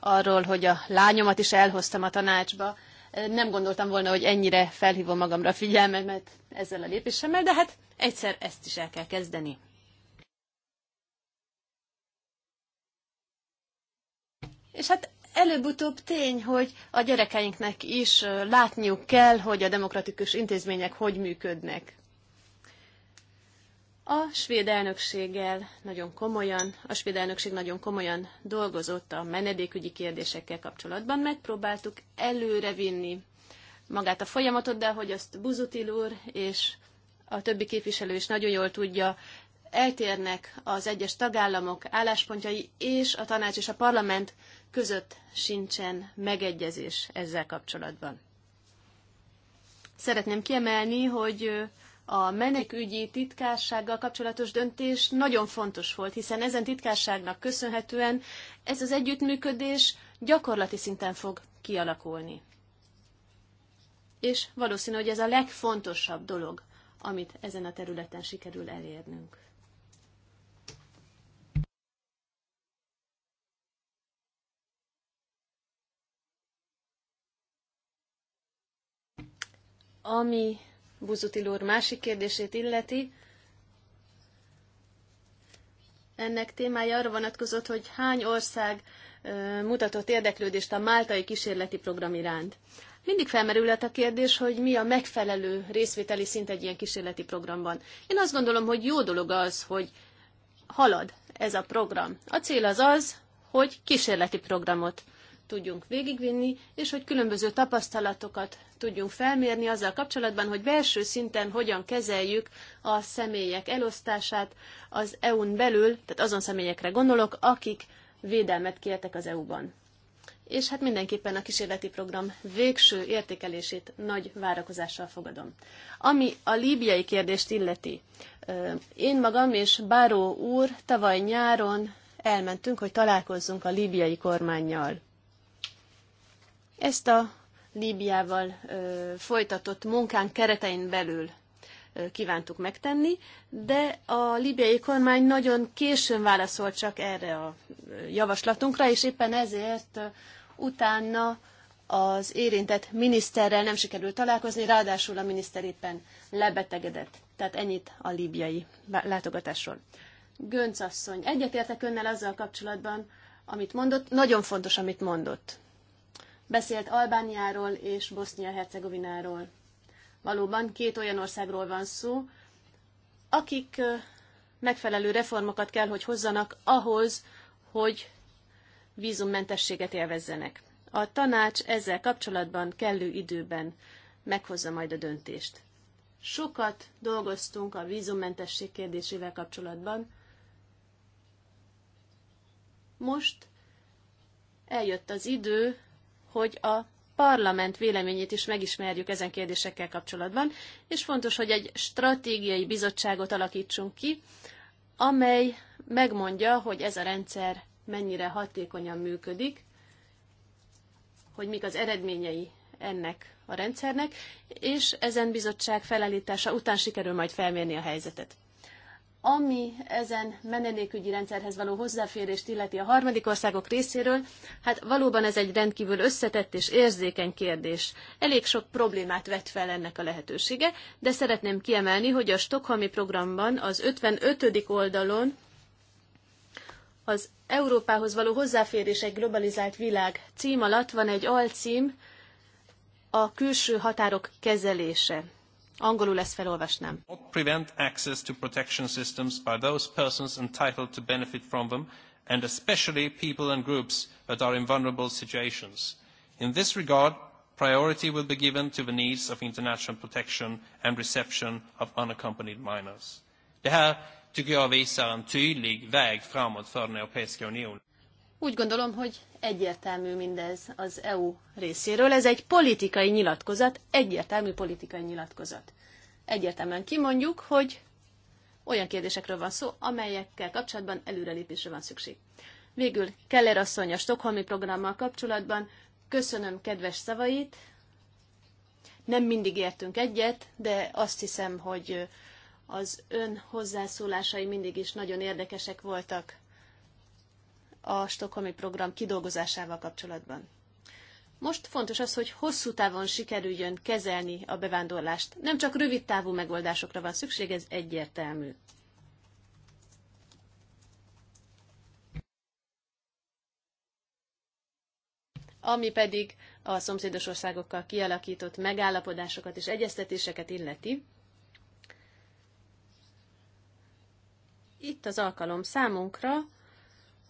arról, hogy a lányomat is elhoztam a tanácsba. Eh, nem gondoltam volna, hogy ennyire felhívom magamra a figyelmemet ezzel a lépésemmel, de hát Egyszer ezt is el kell kezdeni. És hát előbb-utóbb tény, hogy a gyerekeinknek is látniuk kell, hogy a demokratikus intézmények hogy működnek. A svéd elnökséggel nagyon komolyan, a svéd elnökség nagyon komolyan dolgozott a menedékügyi kérdésekkel kapcsolatban. Megpróbáltuk előrevinni magát a folyamatot, de hogy azt Buzutil úr és a többi képviselő is nagyon jól tudja, eltérnek az egyes tagállamok álláspontjai, és a tanács és a parlament között sincsen megegyezés ezzel kapcsolatban. Szeretném kiemelni, hogy a menekügyi titkársággal kapcsolatos döntés nagyon fontos volt, hiszen ezen titkárságnak köszönhetően ez az együttműködés gyakorlati szinten fog kialakulni. És valószínű, hogy ez a legfontosabb dolog amit ezen a területen sikerül elérnünk. Ami Buzutil úr másik kérdését illeti, ennek témája arra vonatkozott, hogy hány ország mutatott érdeklődést a máltai kísérleti program iránt mindig felmerülhet a kérdés, hogy mi a megfelelő részvételi szint egy ilyen kísérleti programban. Én azt gondolom, hogy jó dolog az, hogy halad ez a program. A cél az az, hogy kísérleti programot tudjunk végigvinni, és hogy különböző tapasztalatokat tudjunk felmérni azzal kapcsolatban, hogy belső szinten hogyan kezeljük a személyek elosztását az EU-n belül, tehát azon személyekre gondolok, akik védelmet kértek az EU-ban és hát mindenképpen a kísérleti program végső értékelését nagy várakozással fogadom. Ami a líbiai kérdést illeti, én magam és Báró úr tavaly nyáron elmentünk, hogy találkozzunk a líbiai kormányjal. Ezt a Líbiával folytatott munkánk keretein belül kívántuk megtenni, de a líbiai kormány nagyon későn válaszolt csak erre a javaslatunkra, és éppen ezért utána az érintett miniszterrel nem sikerült találkozni, ráadásul a miniszter éppen lebetegedett. Tehát ennyit a líbiai látogatásról. Gönc asszony, egyetértek önnel azzal kapcsolatban, amit mondott, nagyon fontos, amit mondott. Beszélt Albániáról és Bosznia-Hercegovináról. Valóban két olyan országról van szó, akik megfelelő reformokat kell, hogy hozzanak ahhoz, hogy vízummentességet élvezzenek. A tanács ezzel kapcsolatban kellő időben meghozza majd a döntést. Sokat dolgoztunk a vízummentesség kérdésével kapcsolatban. Most eljött az idő, hogy a parlament véleményét is megismerjük ezen kérdésekkel kapcsolatban, és fontos, hogy egy stratégiai bizottságot alakítsunk ki, amely megmondja, hogy ez a rendszer mennyire hatékonyan működik, hogy mik az eredményei ennek a rendszernek, és ezen bizottság felállítása után sikerül majd felmérni a helyzetet. Ami ezen menedékügyi rendszerhez való hozzáférést illeti a harmadik országok részéről, hát valóban ez egy rendkívül összetett és érzékeny kérdés. Elég sok problémát vet fel ennek a lehetősége, de szeretném kiemelni, hogy a Stockholmi programban az 55. oldalon az Európához való hozzáférés egy globalizált világ cím alatt van egy alcím, a külső határok kezelése. Angolul ezt felolvasnám. prevent access to protection systems by those persons entitled to benefit from them, and especially people and groups that are in vulnerable situations. In this regard, priority will be given to the needs of international protection and reception of unaccompanied minors. Det här tycker jag visar en tydlig väg framåt för den Europeiska unionen. Úgy gondolom, hogy egyértelmű mindez az EU részéről. Ez egy politikai nyilatkozat, egyértelmű politikai nyilatkozat. Egyértelműen kimondjuk, hogy olyan kérdésekről van szó, amelyekkel kapcsolatban előrelépésre van szükség. Végül Keller asszony a Stockholmi programmal kapcsolatban. Köszönöm kedves szavait. Nem mindig értünk egyet, de azt hiszem, hogy az ön hozzászólásai mindig is nagyon érdekesek voltak a Stokholmi program kidolgozásával kapcsolatban. Most fontos az, hogy hosszú távon sikerüljön kezelni a bevándorlást. Nem csak rövid távú megoldásokra van szükség, ez egyértelmű. Ami pedig a szomszédos országokkal kialakított megállapodásokat és egyeztetéseket illeti, itt az alkalom számunkra,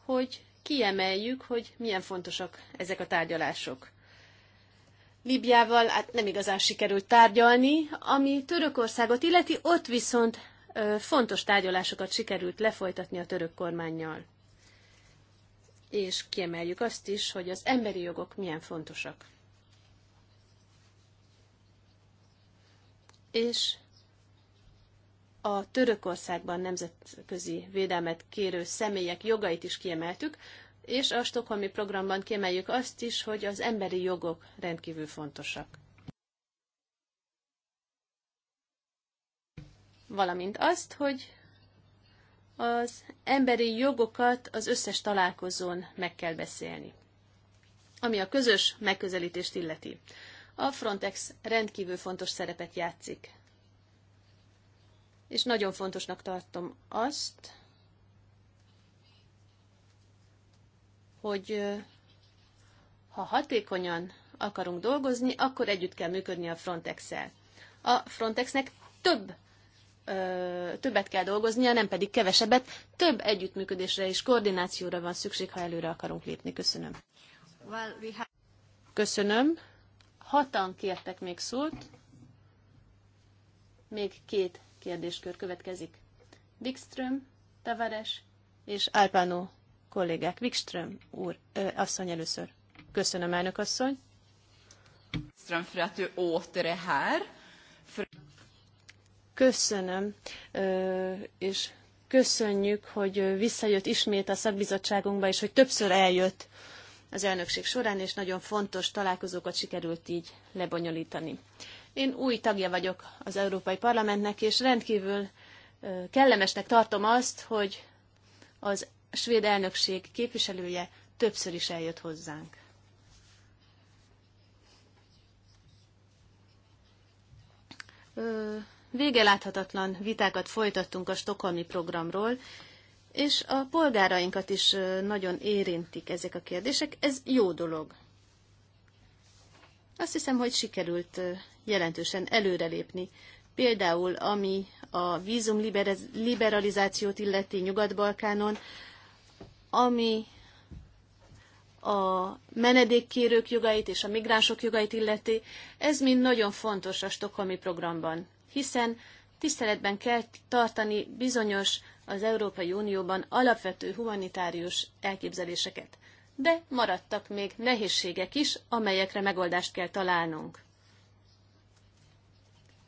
hogy kiemeljük, hogy milyen fontosak ezek a tárgyalások. Libyával hát nem igazán sikerült tárgyalni, ami Törökországot illeti, ott viszont fontos tárgyalásokat sikerült lefolytatni a török kormányjal. És kiemeljük azt is, hogy az emberi jogok milyen fontosak. És a Törökországban nemzetközi védelmet kérő személyek jogait is kiemeltük, és a Stockholmi programban kiemeljük azt is, hogy az emberi jogok rendkívül fontosak. Valamint azt, hogy az emberi jogokat az összes találkozón meg kell beszélni. Ami a közös megközelítést illeti. A Frontex rendkívül fontos szerepet játszik és nagyon fontosnak tartom azt, hogy ha hatékonyan akarunk dolgozni, akkor együtt kell működni a Frontex-el. A Frontexnek több többet kell dolgoznia, nem pedig kevesebbet. Több együttműködésre és koordinációra van szükség, ha előre akarunk lépni. Köszönöm. Köszönöm. Hatan kértek még szót. Még két kérdéskör következik. Wikström, Tavares és Alpano kollégák. Wikström úr, ö, asszony először. Köszönöm, elnök asszony. Wikström, frátő att hár. Köszönöm, ö, és köszönjük, hogy visszajött ismét a szakbizottságunkba, és hogy többször eljött az elnökség során, és nagyon fontos találkozókat sikerült így lebonyolítani. Én új tagja vagyok az Európai Parlamentnek, és rendkívül kellemesnek tartom azt, hogy az svéd elnökség képviselője többször is eljött hozzánk. Vége láthatatlan vitákat folytattunk a stokholmi programról, és a polgárainkat is nagyon érintik ezek a kérdések. Ez jó dolog. Azt hiszem, hogy sikerült jelentősen előrelépni. Például, ami a vízum liberalizációt illeti Nyugat-Balkánon, ami a menedékkérők jogait és a migránsok jogait illeti, ez mind nagyon fontos a stokholmi programban, hiszen tiszteletben kell tartani bizonyos az Európai Unióban alapvető humanitárius elképzeléseket de maradtak még nehézségek is, amelyekre megoldást kell találnunk.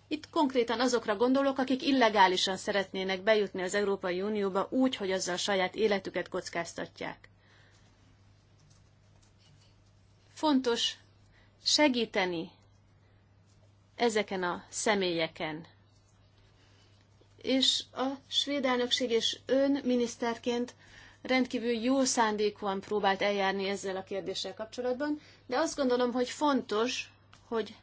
Itt konkrétan azokra gondolok, akik illegálisan szeretnének bejutni az Európai Unióba úgy, hogy azzal saját életüket kockáztatják. Fontos segíteni ezeken a személyeken. És a svéd elnökség és ön miniszterként rendkívül jó szándékúan próbált eljárni ezzel a kérdéssel kapcsolatban, de azt gondolom, hogy fontos, hogy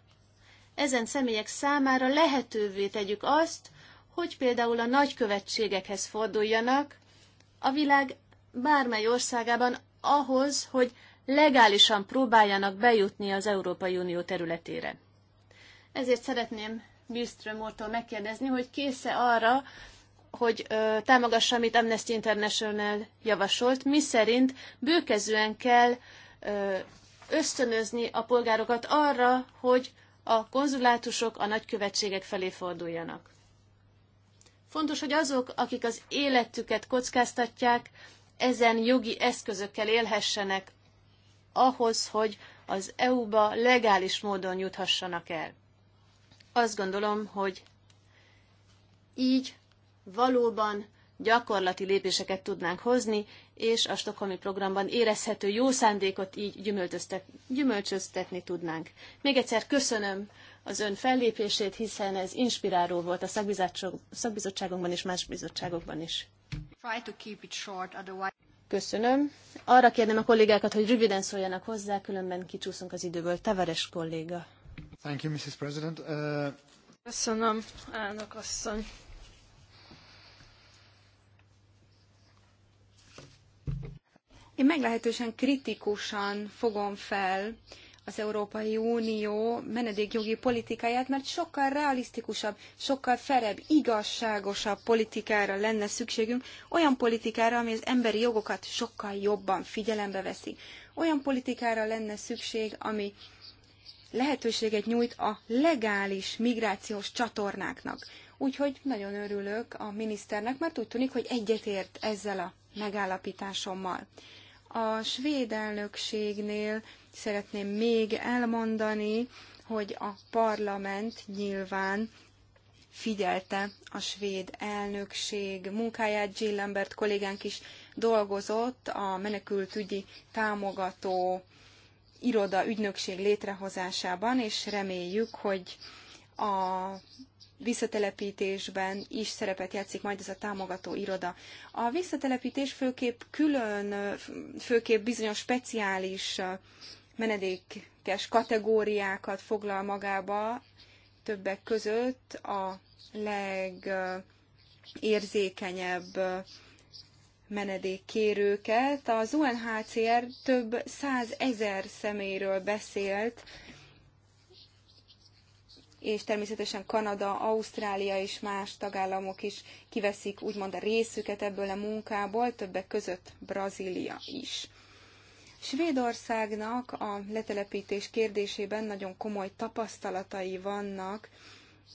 ezen személyek számára lehetővé tegyük azt, hogy például a nagykövetségekhez forduljanak a világ bármely országában ahhoz, hogy legálisan próbáljanak bejutni az Európai Unió területére. Ezért szeretném Bilström úrtól megkérdezni, hogy késze arra, hogy ö, támogassa, amit Amnesty International javasolt, mi szerint bőkezően kell ö, ösztönözni a polgárokat arra, hogy a konzulátusok a nagykövetségek felé forduljanak. Fontos, hogy azok, akik az életüket kockáztatják, ezen jogi eszközökkel élhessenek ahhoz, hogy az EU-ba legális módon juthassanak el. Azt gondolom, hogy így valóban gyakorlati lépéseket tudnánk hozni, és a stokholmi programban érezhető jó szándékot így gyümölcsöztetni tudnánk. Még egyszer köszönöm az ön fellépését, hiszen ez inspiráló volt a szakbizottságokban és más bizottságokban is. Köszönöm. Arra kérném a kollégákat, hogy röviden szóljanak hozzá, különben kicsúszunk az időből. Tavares kolléga. Thank you, Mrs. President. Uh... Köszönöm, elnök asszony. Én meglehetősen kritikusan fogom fel az Európai Unió menedékjogi politikáját, mert sokkal realisztikusabb, sokkal ferebb, igazságosabb politikára lenne szükségünk, olyan politikára, ami az emberi jogokat sokkal jobban figyelembe veszi. Olyan politikára lenne szükség, ami lehetőséget nyújt a legális migrációs csatornáknak. Úgyhogy nagyon örülök a miniszternek, mert úgy tűnik, hogy egyetért ezzel a megállapításommal. A svéd elnökségnél szeretném még elmondani, hogy a parlament nyilván figyelte a svéd elnökség munkáját. Jill Lambert kollégánk is dolgozott a menekültügyi támogató iroda ügynökség létrehozásában, és reméljük, hogy a visszatelepítésben is szerepet játszik majd ez a támogató iroda. A visszatelepítés főképp külön, főképp bizonyos speciális menedékes kategóriákat foglal magába, többek között a legérzékenyebb menedékkérőket. Az UNHCR több százezer személyről beszélt, és természetesen Kanada, Ausztrália és más tagállamok is kiveszik úgymond a részüket ebből a munkából, többek között Brazília is. Svédországnak a letelepítés kérdésében nagyon komoly tapasztalatai vannak,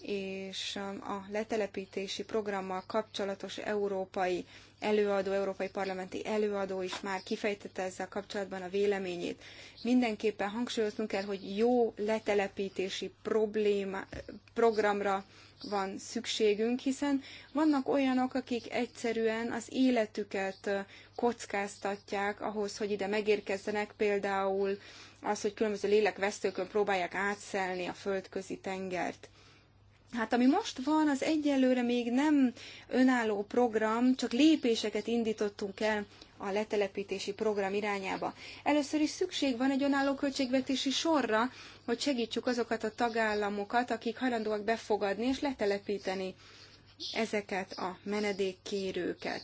és a letelepítési programmal kapcsolatos európai előadó, európai parlamenti előadó is már kifejtette ezzel kapcsolatban a véleményét. Mindenképpen hangsúlyoznunk kell, hogy jó letelepítési probléma, programra van szükségünk, hiszen vannak olyanok, akik egyszerűen az életüket kockáztatják ahhoz, hogy ide megérkezzenek, például az, hogy különböző lélekvesztőkön próbálják átszelni a földközi tengert. Hát ami most van, az egyelőre még nem önálló program, csak lépéseket indítottunk el a letelepítési program irányába. Először is szükség van egy önálló költségvetési sorra, hogy segítsük azokat a tagállamokat, akik hajlandóak befogadni és letelepíteni ezeket a menedékkérőket.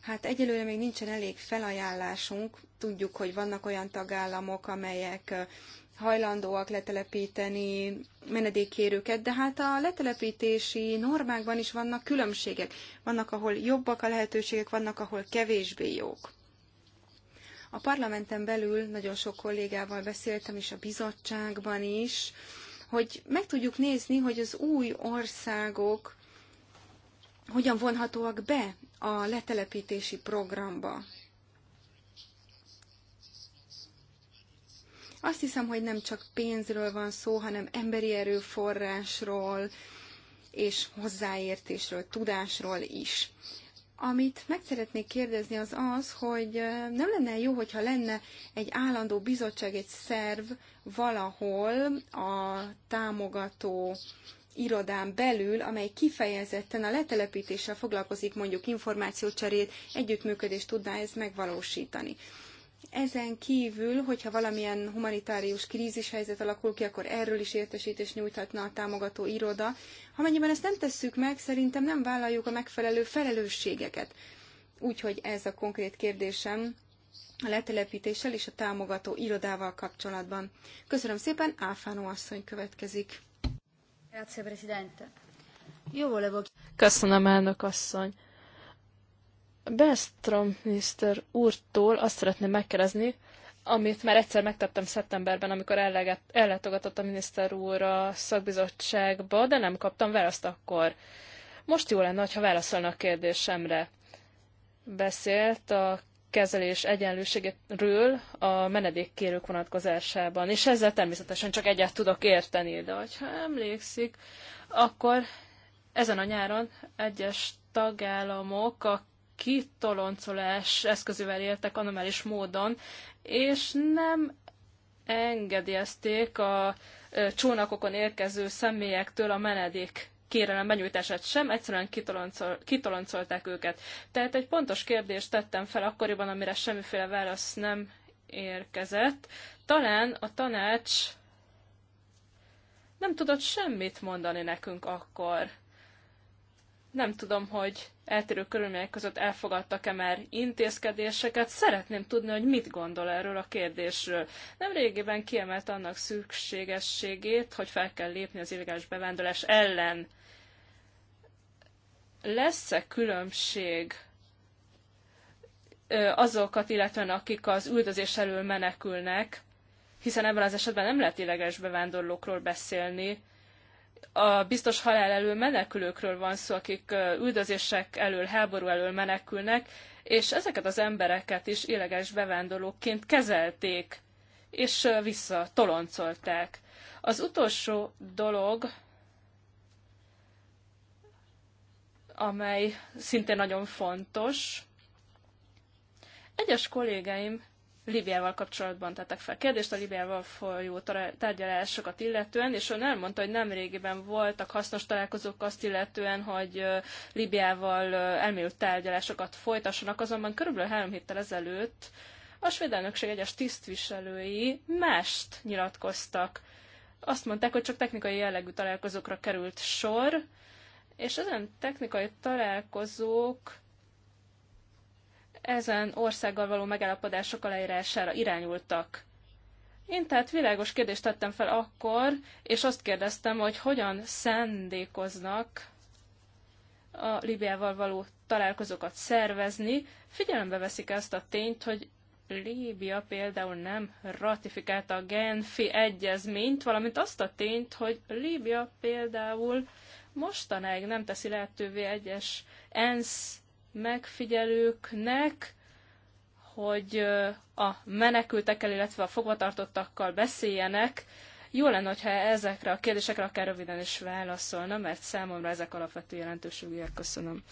Hát egyelőre még nincsen elég felajánlásunk. Tudjuk, hogy vannak olyan tagállamok, amelyek hajlandóak letelepíteni menedékkérőket, de hát a letelepítési normákban is vannak különbségek. Vannak, ahol jobbak a lehetőségek, vannak, ahol kevésbé jók. A parlamenten belül nagyon sok kollégával beszéltem, és a bizottságban is, hogy meg tudjuk nézni, hogy az új országok hogyan vonhatóak be a letelepítési programba. Azt hiszem, hogy nem csak pénzről van szó, hanem emberi erőforrásról és hozzáértésről, tudásról is. Amit meg szeretnék kérdezni az az, hogy nem lenne jó, hogyha lenne egy állandó bizottság, egy szerv valahol a támogató irodán belül, amely kifejezetten a letelepítéssel foglalkozik, mondjuk információcserét, együttműködést tudná ez megvalósítani. Ezen kívül, hogyha valamilyen humanitárius krízishelyzet alakul ki, akkor erről is értesítést nyújthatna a támogató iroda. Amennyiben ezt nem tesszük meg, szerintem nem vállaljuk a megfelelő felelősségeket. Úgyhogy ez a konkrét kérdésem a letelepítéssel és a támogató irodával kapcsolatban. Köszönöm szépen, Áfánó asszony következik. Grazie, Presidente. Jó volevo. Köszönöm, elnök asszony. Bestrom miniszter úrtól azt szeretném megkérdezni, amit már egyszer megtettem szeptemberben, amikor ellátogatott a miniszter úr a szakbizottságba, de nem kaptam választ akkor. Most jó lenne, ha válaszolna a kérdésemre. Beszélt a kezelés egyenlőségéről a menedékkérők vonatkozásában, és ezzel természetesen csak egyet tudok érteni, de ha emlékszik, akkor ezen a nyáron egyes tagállamok a kitoloncolás eszközével éltek anomális módon, és nem engedélyezték a csónakokon érkező személyektől a menedék kérelem benyújtását sem, egyszerűen kitoloncol, kitoloncolták őket. Tehát egy pontos kérdést tettem fel akkoriban, amire semmiféle válasz nem érkezett. Talán a tanács nem tudott semmit mondani nekünk akkor. Nem tudom, hogy eltérő körülmények között elfogadtak-e már intézkedéseket. Szeretném tudni, hogy mit gondol erről a kérdésről. Nem régiben kiemelt annak szükségességét, hogy fel kell lépni az illegális bevándorlás ellen. Lesz-e különbség azokat, illetve akik az üldözés elől menekülnek, hiszen ebben az esetben nem lehet illegális bevándorlókról beszélni, a biztos halál elől menekülőkről van szó, akik üldözések elől, háború elől menekülnek, és ezeket az embereket is illegális bevándorlóként kezelték, és vissza toloncolták. Az utolsó dolog, amely szintén nagyon fontos, egyes kollégáim Libiával kapcsolatban tettek fel kérdést a Libiával folyó tárgyalásokat illetően, és ön elmondta, hogy nem régiben voltak hasznos találkozók azt illetően, hogy Libiával elmélyült tárgyalásokat folytassanak, azonban körülbelül három héttel ezelőtt a svéd elnökség egyes tisztviselői mást nyilatkoztak. Azt mondták, hogy csak technikai jellegű találkozókra került sor, és ezen technikai találkozók ezen országgal való megállapodások aláírására irányultak. Én tehát világos kérdést tettem fel akkor, és azt kérdeztem, hogy hogyan szándékoznak a Libiával való találkozókat szervezni. Figyelembe veszik ezt a tényt, hogy Líbia például nem ratifikálta a Genfi egyezményt, valamint azt a tényt, hogy Líbia például mostanáig nem teszi lehetővé egyes ENSZ megfigyelőknek, hogy a menekültekkel, illetve a fogvatartottakkal beszéljenek. Jó lenne, hogyha ezekre a kérdésekre akár röviden is válaszolna, mert számomra ezek alapvető jelentőségűek. Köszönöm.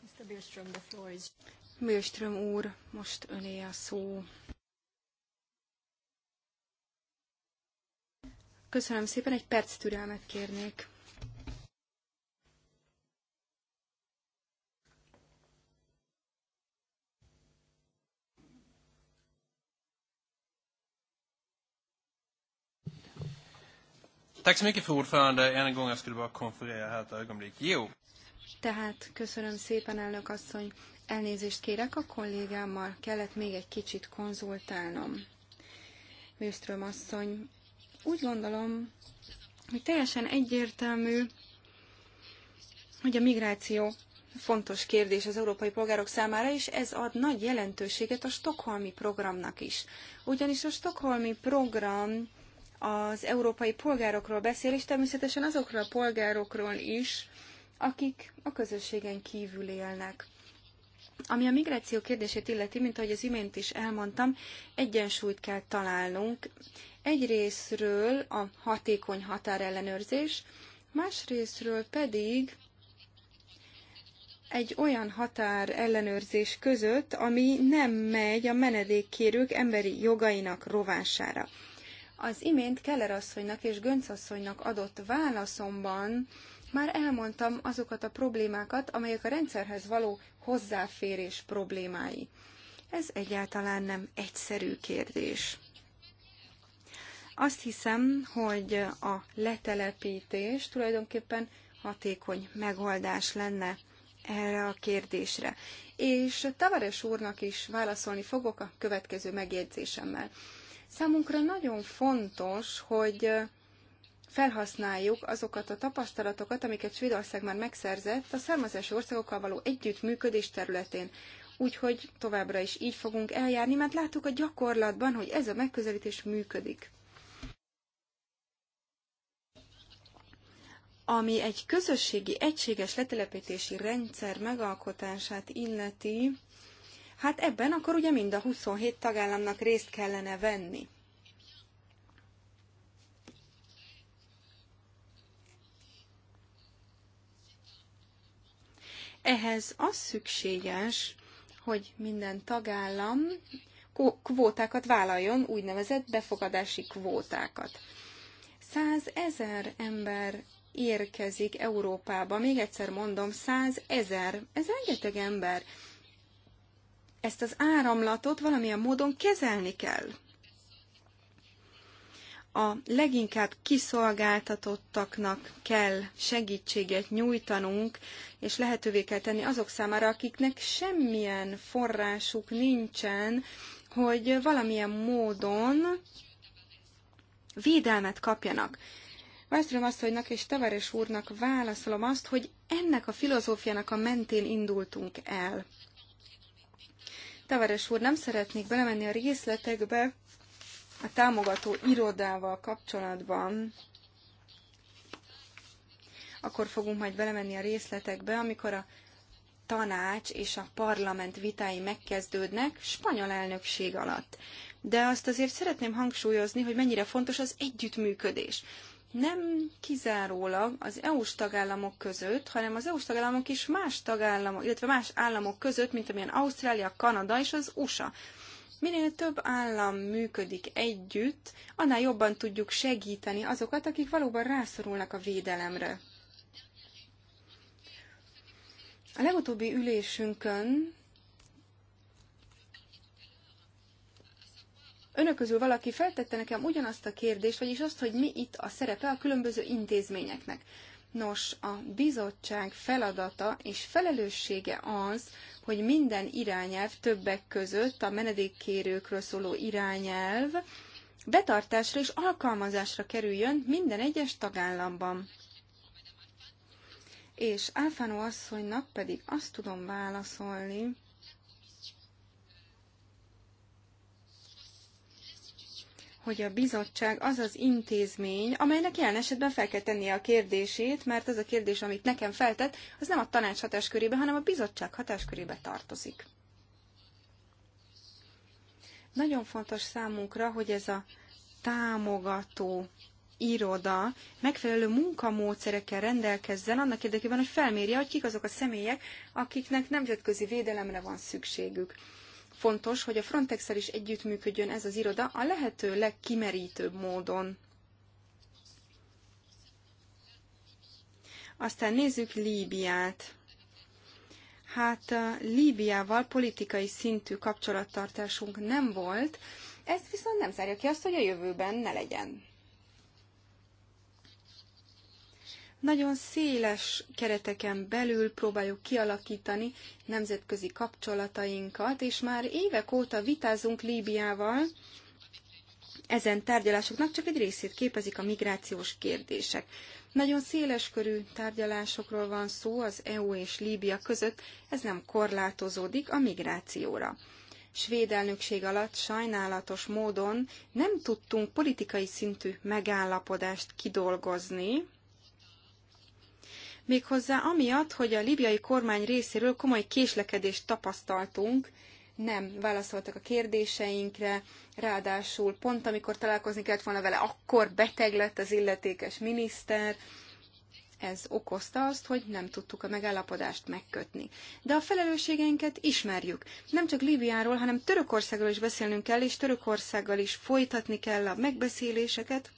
Mr. Billström, the floor is... úr, most öné a szó. Köszönöm szépen, egy perc türelmet kérnék. Tack så mycket för ordförande. en gång, jag skulle bara konferera här ett ögonblick. Jo. Tehát köszönöm szépen, elnök asszony. Elnézést kérek, a kollégámmal kellett még egy kicsit konzultálnom. Műström asszony, úgy gondolom, hogy teljesen egyértelmű, hogy a migráció fontos kérdés az európai polgárok számára, és ez ad nagy jelentőséget a stokholmi programnak is. Ugyanis a stokholmi program az európai polgárokról beszél, és természetesen azokról a polgárokról is, akik a közösségen kívül élnek. Ami a migráció kérdését illeti, mint ahogy az imént is elmondtam, egyensúlyt kell találnunk. Egyrésztről a hatékony határellenőrzés, másrésztről pedig egy olyan határ ellenőrzés között, ami nem megy a menedékkérők emberi jogainak rovására. Az imént Keller asszonynak és Gönc asszonynak adott válaszomban már elmondtam azokat a problémákat, amelyek a rendszerhez való hozzáférés problémái. Ez egyáltalán nem egyszerű kérdés. Azt hiszem, hogy a letelepítés tulajdonképpen hatékony megoldás lenne erre a kérdésre. És Tavares úrnak is válaszolni fogok a következő megjegyzésemmel. Számunkra nagyon fontos, hogy felhasználjuk azokat a tapasztalatokat, amiket Svédország már megszerzett a származási országokkal való együttműködés területén. Úgyhogy továbbra is így fogunk eljárni, mert láttuk a gyakorlatban, hogy ez a megközelítés működik. Ami egy közösségi, egységes letelepítési rendszer megalkotását illeti, Hát ebben akkor ugye mind a 27 tagállamnak részt kellene venni. Ehhez az szükséges, hogy minden tagállam kvótákat vállaljon, úgynevezett befogadási kvótákat. 100 ezer ember érkezik Európába, még egyszer mondom, 100 ezer, ez rengeteg ember ezt az áramlatot valamilyen módon kezelni kell. A leginkább kiszolgáltatottaknak kell segítséget nyújtanunk, és lehetővé kell tenni azok számára, akiknek semmilyen forrásuk nincsen, hogy valamilyen módon védelmet kapjanak. azt, hogy és Tavares úrnak válaszolom azt, hogy ennek a filozófiának a mentén indultunk el. Tavares úr, nem szeretnék belemenni a részletekbe a támogató irodával kapcsolatban. Akkor fogunk majd belemenni a részletekbe, amikor a tanács és a parlament vitái megkezdődnek spanyol elnökség alatt. De azt azért szeretném hangsúlyozni, hogy mennyire fontos az együttműködés nem kizárólag az EU-s tagállamok között, hanem az EU-s tagállamok is más tagállamok, illetve más államok között, mint amilyen Ausztrália, Kanada és az USA. Minél több állam működik együtt, annál jobban tudjuk segíteni azokat, akik valóban rászorulnak a védelemre. A legutóbbi ülésünkön önök közül valaki feltette nekem ugyanazt a kérdést, vagyis azt, hogy mi itt a szerepe a különböző intézményeknek. Nos, a bizottság feladata és felelőssége az, hogy minden irányelv többek között a menedékkérőkről szóló irányelv betartásra és alkalmazásra kerüljön minden egyes tagállamban. És Áfánó asszonynak pedig azt tudom válaszolni, hogy a bizottság az az intézmény, amelynek jelen esetben fel kell tennie a kérdését, mert az a kérdés, amit nekem feltett, az nem a tanács hatáskörébe, hanem a bizottság hatáskörébe tartozik. Nagyon fontos számunkra, hogy ez a támogató iroda megfelelő munkamódszerekkel rendelkezzen annak érdekében, hogy felmérje, hogy kik azok a személyek, akiknek nemzetközi védelemre van szükségük. Fontos, hogy a frontex is együttműködjön ez az iroda a lehető legkimerítőbb módon. Aztán nézzük Líbiát. Hát Líbiával politikai szintű kapcsolattartásunk nem volt, ez viszont nem zárja ki azt, hogy a jövőben ne legyen. Nagyon széles kereteken belül próbáljuk kialakítani nemzetközi kapcsolatainkat, és már évek óta vitázunk Líbiával, ezen tárgyalásoknak csak egy részét képezik a migrációs kérdések. Nagyon széles körű tárgyalásokról van szó az EU és Líbia között, ez nem korlátozódik a migrációra. Svéd elnökség alatt sajnálatos módon nem tudtunk politikai szintű megállapodást kidolgozni, méghozzá amiatt, hogy a libiai kormány részéről komoly késlekedést tapasztaltunk, nem válaszoltak a kérdéseinkre, ráadásul pont amikor találkozni kellett volna vele, akkor beteg lett az illetékes miniszter, ez okozta azt, hogy nem tudtuk a megállapodást megkötni. De a felelősségeinket ismerjük. Nem csak Líbiáról, hanem Törökországról is beszélnünk kell, és Törökországgal is folytatni kell a megbeszéléseket,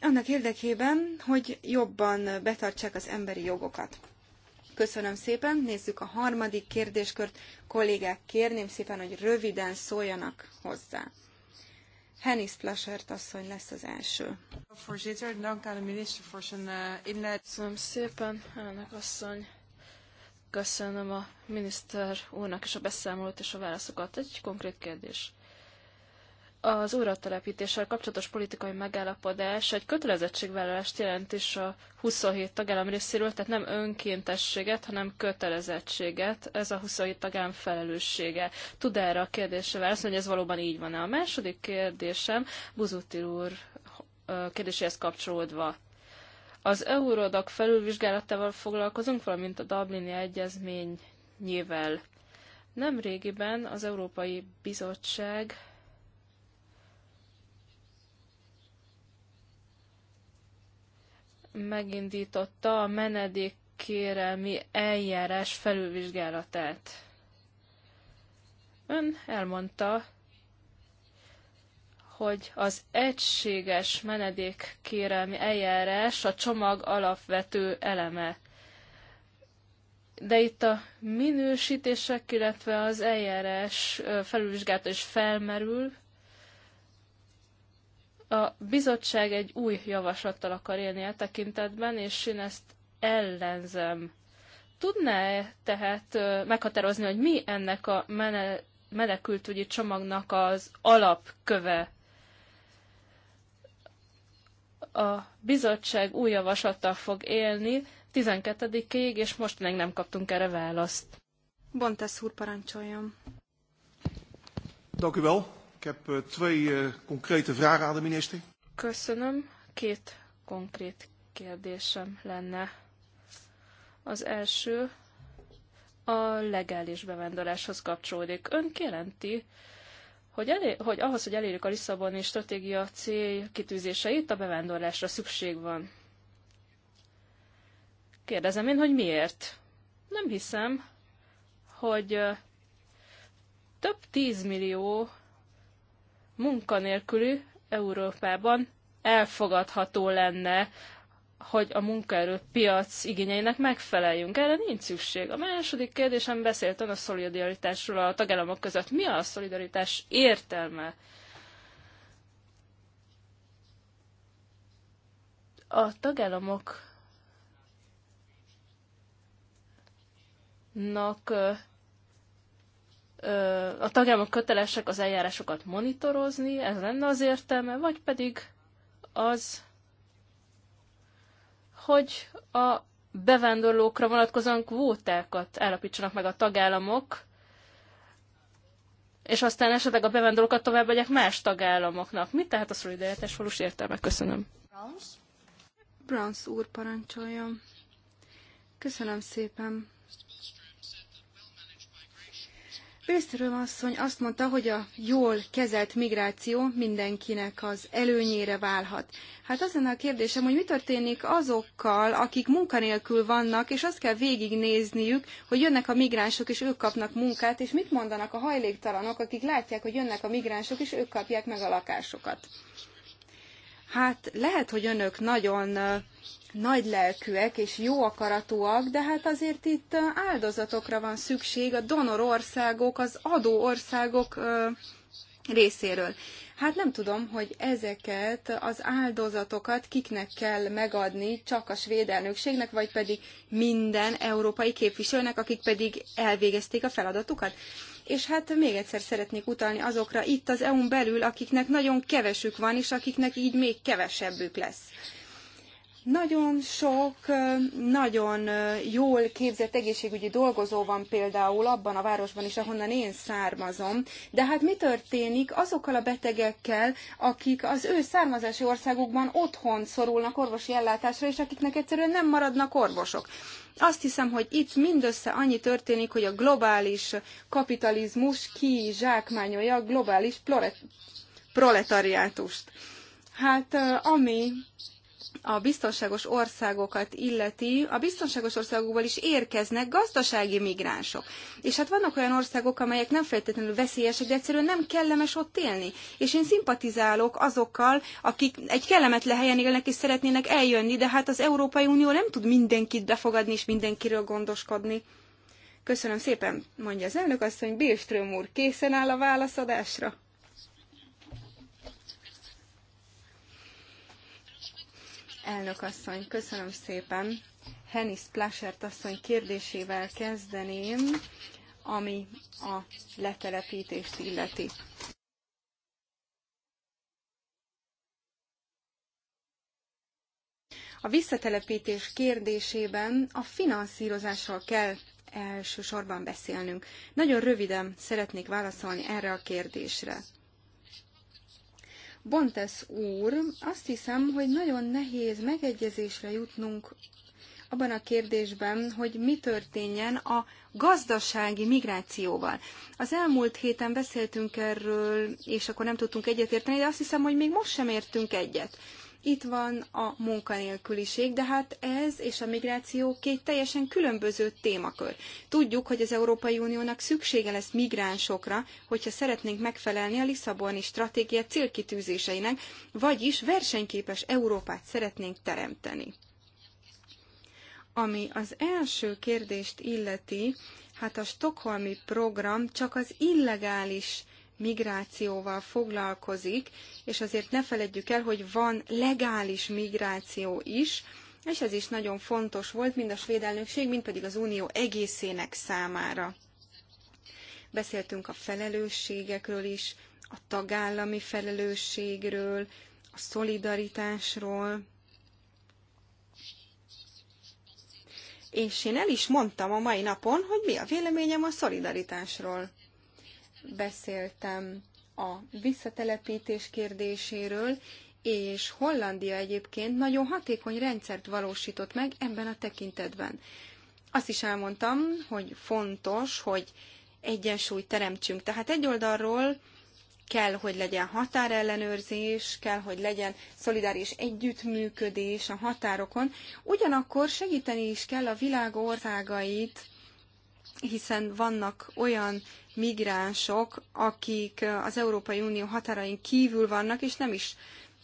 annak érdekében, hogy jobban betartsák az emberi jogokat. Köszönöm szépen, nézzük a harmadik kérdéskört. Kollégák, kérném szépen, hogy röviden szóljanak hozzá. Hennis Plasert asszony lesz az első. Eh, Köszönöm szépen, elnök asszony. Köszönöm a miniszter úrnak és a beszámolót és a válaszokat. Egy konkrét kérdés. Az újratelepítéssel kapcsolatos politikai megállapodás egy kötelezettségvállalást jelent is a 27 tagállam részéről, tehát nem önkéntességet, hanem kötelezettséget. Ez a 27 tagállam felelőssége. Tud erre a kérdésre válaszolni, hogy ez valóban így van-e? A második kérdésem Buzutil úr kérdéséhez kapcsolódva. Az Eurodac felülvizsgálatával foglalkozunk, valamint a Dublini Egyezmény Nem Nemrégiben az Európai Bizottság megindította a menedék eljárás felülvizsgálatát. Ön elmondta, hogy az egységes menedékkérelmi eljárás a csomag alapvető eleme. De itt a minősítések, illetve az eljárás felülvizsgálata is felmerül, a bizottság egy új javaslattal akar élni a e tekintetben, és én ezt ellenzem. Tudná-e tehát meghatározni, hogy mi ennek a mene- menekültügyi csomagnak az alapköve? A bizottság új javaslattal fog élni 12-ig, és most még nem kaptunk erre választ. Bontesz úr, parancsoljon. Dank u wel heb eh, twee eh, concrete vragen aan de minister. Köszönöm. Két konkrét kérdésem lenne. Az első a legális bevándorláshoz kapcsolódik. Ön kijelenti, hogy, hogy ahhoz, hogy elérjük a Lisszaboni stratégia cél kitűzéseit, a bevándorlásra szükség van. Kérdezem én, hogy miért? Nem hiszem, hogy eh, több tízmillió munkanélküli Európában elfogadható lenne, hogy a munkaerőpiac igényeinek megfeleljünk. Erre nincs szükség. A második kérdésem beszéltem a szolidaritásról a tagállamok között. Mi a szolidaritás értelme? A tagállamoknak a tagállamok kötelesek az eljárásokat monitorozni, ez lenne az értelme, vagy pedig az, hogy a bevándorlókra vonatkozóan kvótákat állapítsanak meg a tagállamok, és aztán esetleg a bevándorlókat tovább vagyok más tagállamoknak. Mit tehát a szolidaritás valós értelme? Köszönöm. Browns? Browns úr parancsoljon. Köszönöm szépen. Pészről asszony azt mondta, hogy a jól kezelt migráció mindenkinek az előnyére válhat. Hát az lenne a kérdésem, hogy mi történik azokkal, akik munkanélkül vannak, és azt kell végignézniük, hogy jönnek a migránsok, és ők kapnak munkát, és mit mondanak a hajléktalanok, akik látják, hogy jönnek a migránsok, és ők kapják meg a lakásokat. Hát lehet, hogy önök nagyon nagy lelkűek és jó akaratúak, de hát azért itt áldozatokra van szükség a donor országok, az adó országok részéről. Hát nem tudom, hogy ezeket az áldozatokat kiknek kell megadni, csak a svéd elnökségnek, vagy pedig minden európai képviselőnek, akik pedig elvégezték a feladatukat. És hát még egyszer szeretnék utalni azokra itt az EU-n belül, akiknek nagyon kevesük van, és akiknek így még kevesebbük lesz. Nagyon sok, nagyon jól képzett egészségügyi dolgozó van például abban a városban is, ahonnan én származom, de hát mi történik azokkal a betegekkel, akik az ő származási országukban otthon szorulnak orvosi ellátásra, és akiknek egyszerűen nem maradnak orvosok? Azt hiszem, hogy itt mindössze annyi történik, hogy a globális kapitalizmus ki zsákmányolja a globális proletariátust. Hát ami a biztonságos országokat illeti, a biztonságos országokból is érkeznek gazdasági migránsok. És hát vannak olyan országok, amelyek nem feltétlenül veszélyesek, de egyszerűen nem kellemes ott élni. És én szimpatizálok azokkal, akik egy kellemetlen helyen élnek és szeretnének eljönni, de hát az Európai Unió nem tud mindenkit befogadni és mindenkiről gondoskodni. Köszönöm szépen, mondja az elnök asszony, Bélström úr készen áll a válaszadásra. Elnök asszony, köszönöm szépen. Hennis Plasert asszony kérdésével kezdeném, ami a letelepítést illeti. A visszatelepítés kérdésében a finanszírozásról kell elsősorban beszélnünk. Nagyon röviden szeretnék válaszolni erre a kérdésre. Bontesz úr, azt hiszem, hogy nagyon nehéz megegyezésre jutnunk abban a kérdésben, hogy mi történjen a gazdasági migrációval. Az elmúlt héten beszéltünk erről, és akkor nem tudtunk egyetérteni, de azt hiszem, hogy még most sem értünk egyet. Itt van a munkanélküliség, de hát ez és a migráció két teljesen különböző témakör. Tudjuk, hogy az Európai Uniónak szüksége lesz migránsokra, hogyha szeretnénk megfelelni a Lisszaboni stratégia célkitűzéseinek, vagyis versenyképes Európát szeretnénk teremteni. Ami az első kérdést illeti, hát a stokholmi program csak az illegális migrációval foglalkozik, és azért ne feledjük el, hogy van legális migráció is, és ez is nagyon fontos volt mind a svéd elnökség, mind pedig az unió egészének számára. Beszéltünk a felelősségekről is, a tagállami felelősségről, a szolidaritásról, és én el is mondtam a mai napon, hogy mi a véleményem a szolidaritásról beszéltem a visszatelepítés kérdéséről, és Hollandia egyébként nagyon hatékony rendszert valósított meg ebben a tekintetben. Azt is elmondtam, hogy fontos, hogy egyensúlyt teremtsünk. Tehát egy oldalról kell, hogy legyen határellenőrzés, kell, hogy legyen szolidáris együttműködés a határokon, ugyanakkor segíteni is kell a világ országait hiszen vannak olyan migránsok, akik az Európai Unió határain kívül vannak, és nem is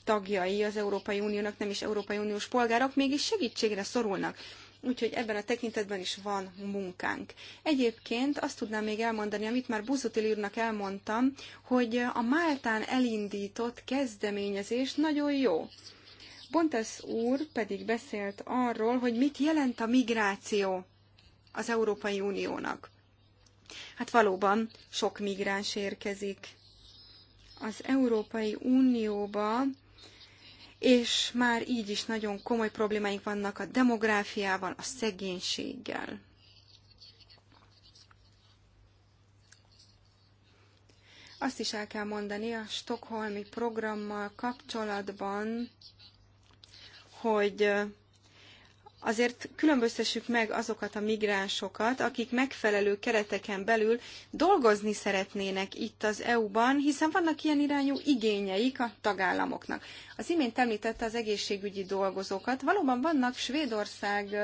tagjai az Európai Uniónak, nem is Európai Uniós polgárok, mégis segítségre szorulnak. Úgyhogy ebben a tekintetben is van munkánk. Egyébként azt tudnám még elmondani, amit már Buzutil írnak elmondtam, hogy a Máltán elindított kezdeményezés nagyon jó. Bontes úr pedig beszélt arról, hogy mit jelent a migráció az Európai Uniónak. Hát valóban sok migráns érkezik az Európai Unióba, és már így is nagyon komoly problémáink vannak a demográfiával, a szegénységgel. Azt is el kell mondani a Stokholmi programmal kapcsolatban, hogy azért különböztessük meg azokat a migránsokat, akik megfelelő kereteken belül dolgozni szeretnének itt az EU-ban, hiszen vannak ilyen irányú igényeik a tagállamoknak. Az imént említette az egészségügyi dolgozókat. Valóban vannak Svédország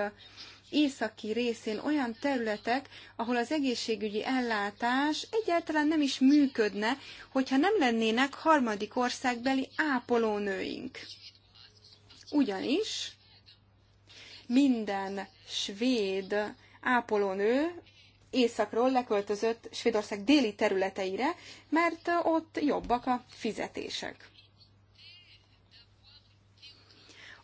északi részén olyan területek, ahol az egészségügyi ellátás egyáltalán nem is működne, hogyha nem lennének harmadik országbeli ápolónőink. Ugyanis minden svéd ápolónő északról leköltözött Svédország déli területeire, mert ott jobbak a fizetések.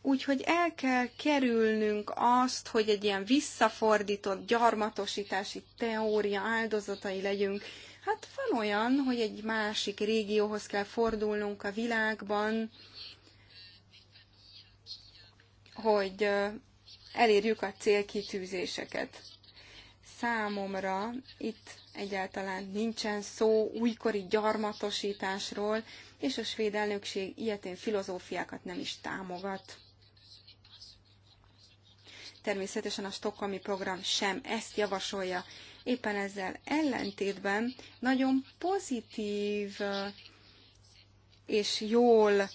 Úgyhogy el kell kerülnünk azt, hogy egy ilyen visszafordított gyarmatosítási teória áldozatai legyünk. Hát van olyan, hogy egy másik régióhoz kell fordulnunk a világban, hogy elérjük a célkitűzéseket. Számomra itt egyáltalán nincsen szó újkori gyarmatosításról, és a svéd elnökség ilyetén filozófiákat nem is támogat. Természetesen a stokholmi program sem ezt javasolja. Éppen ezzel ellentétben nagyon pozitív és jól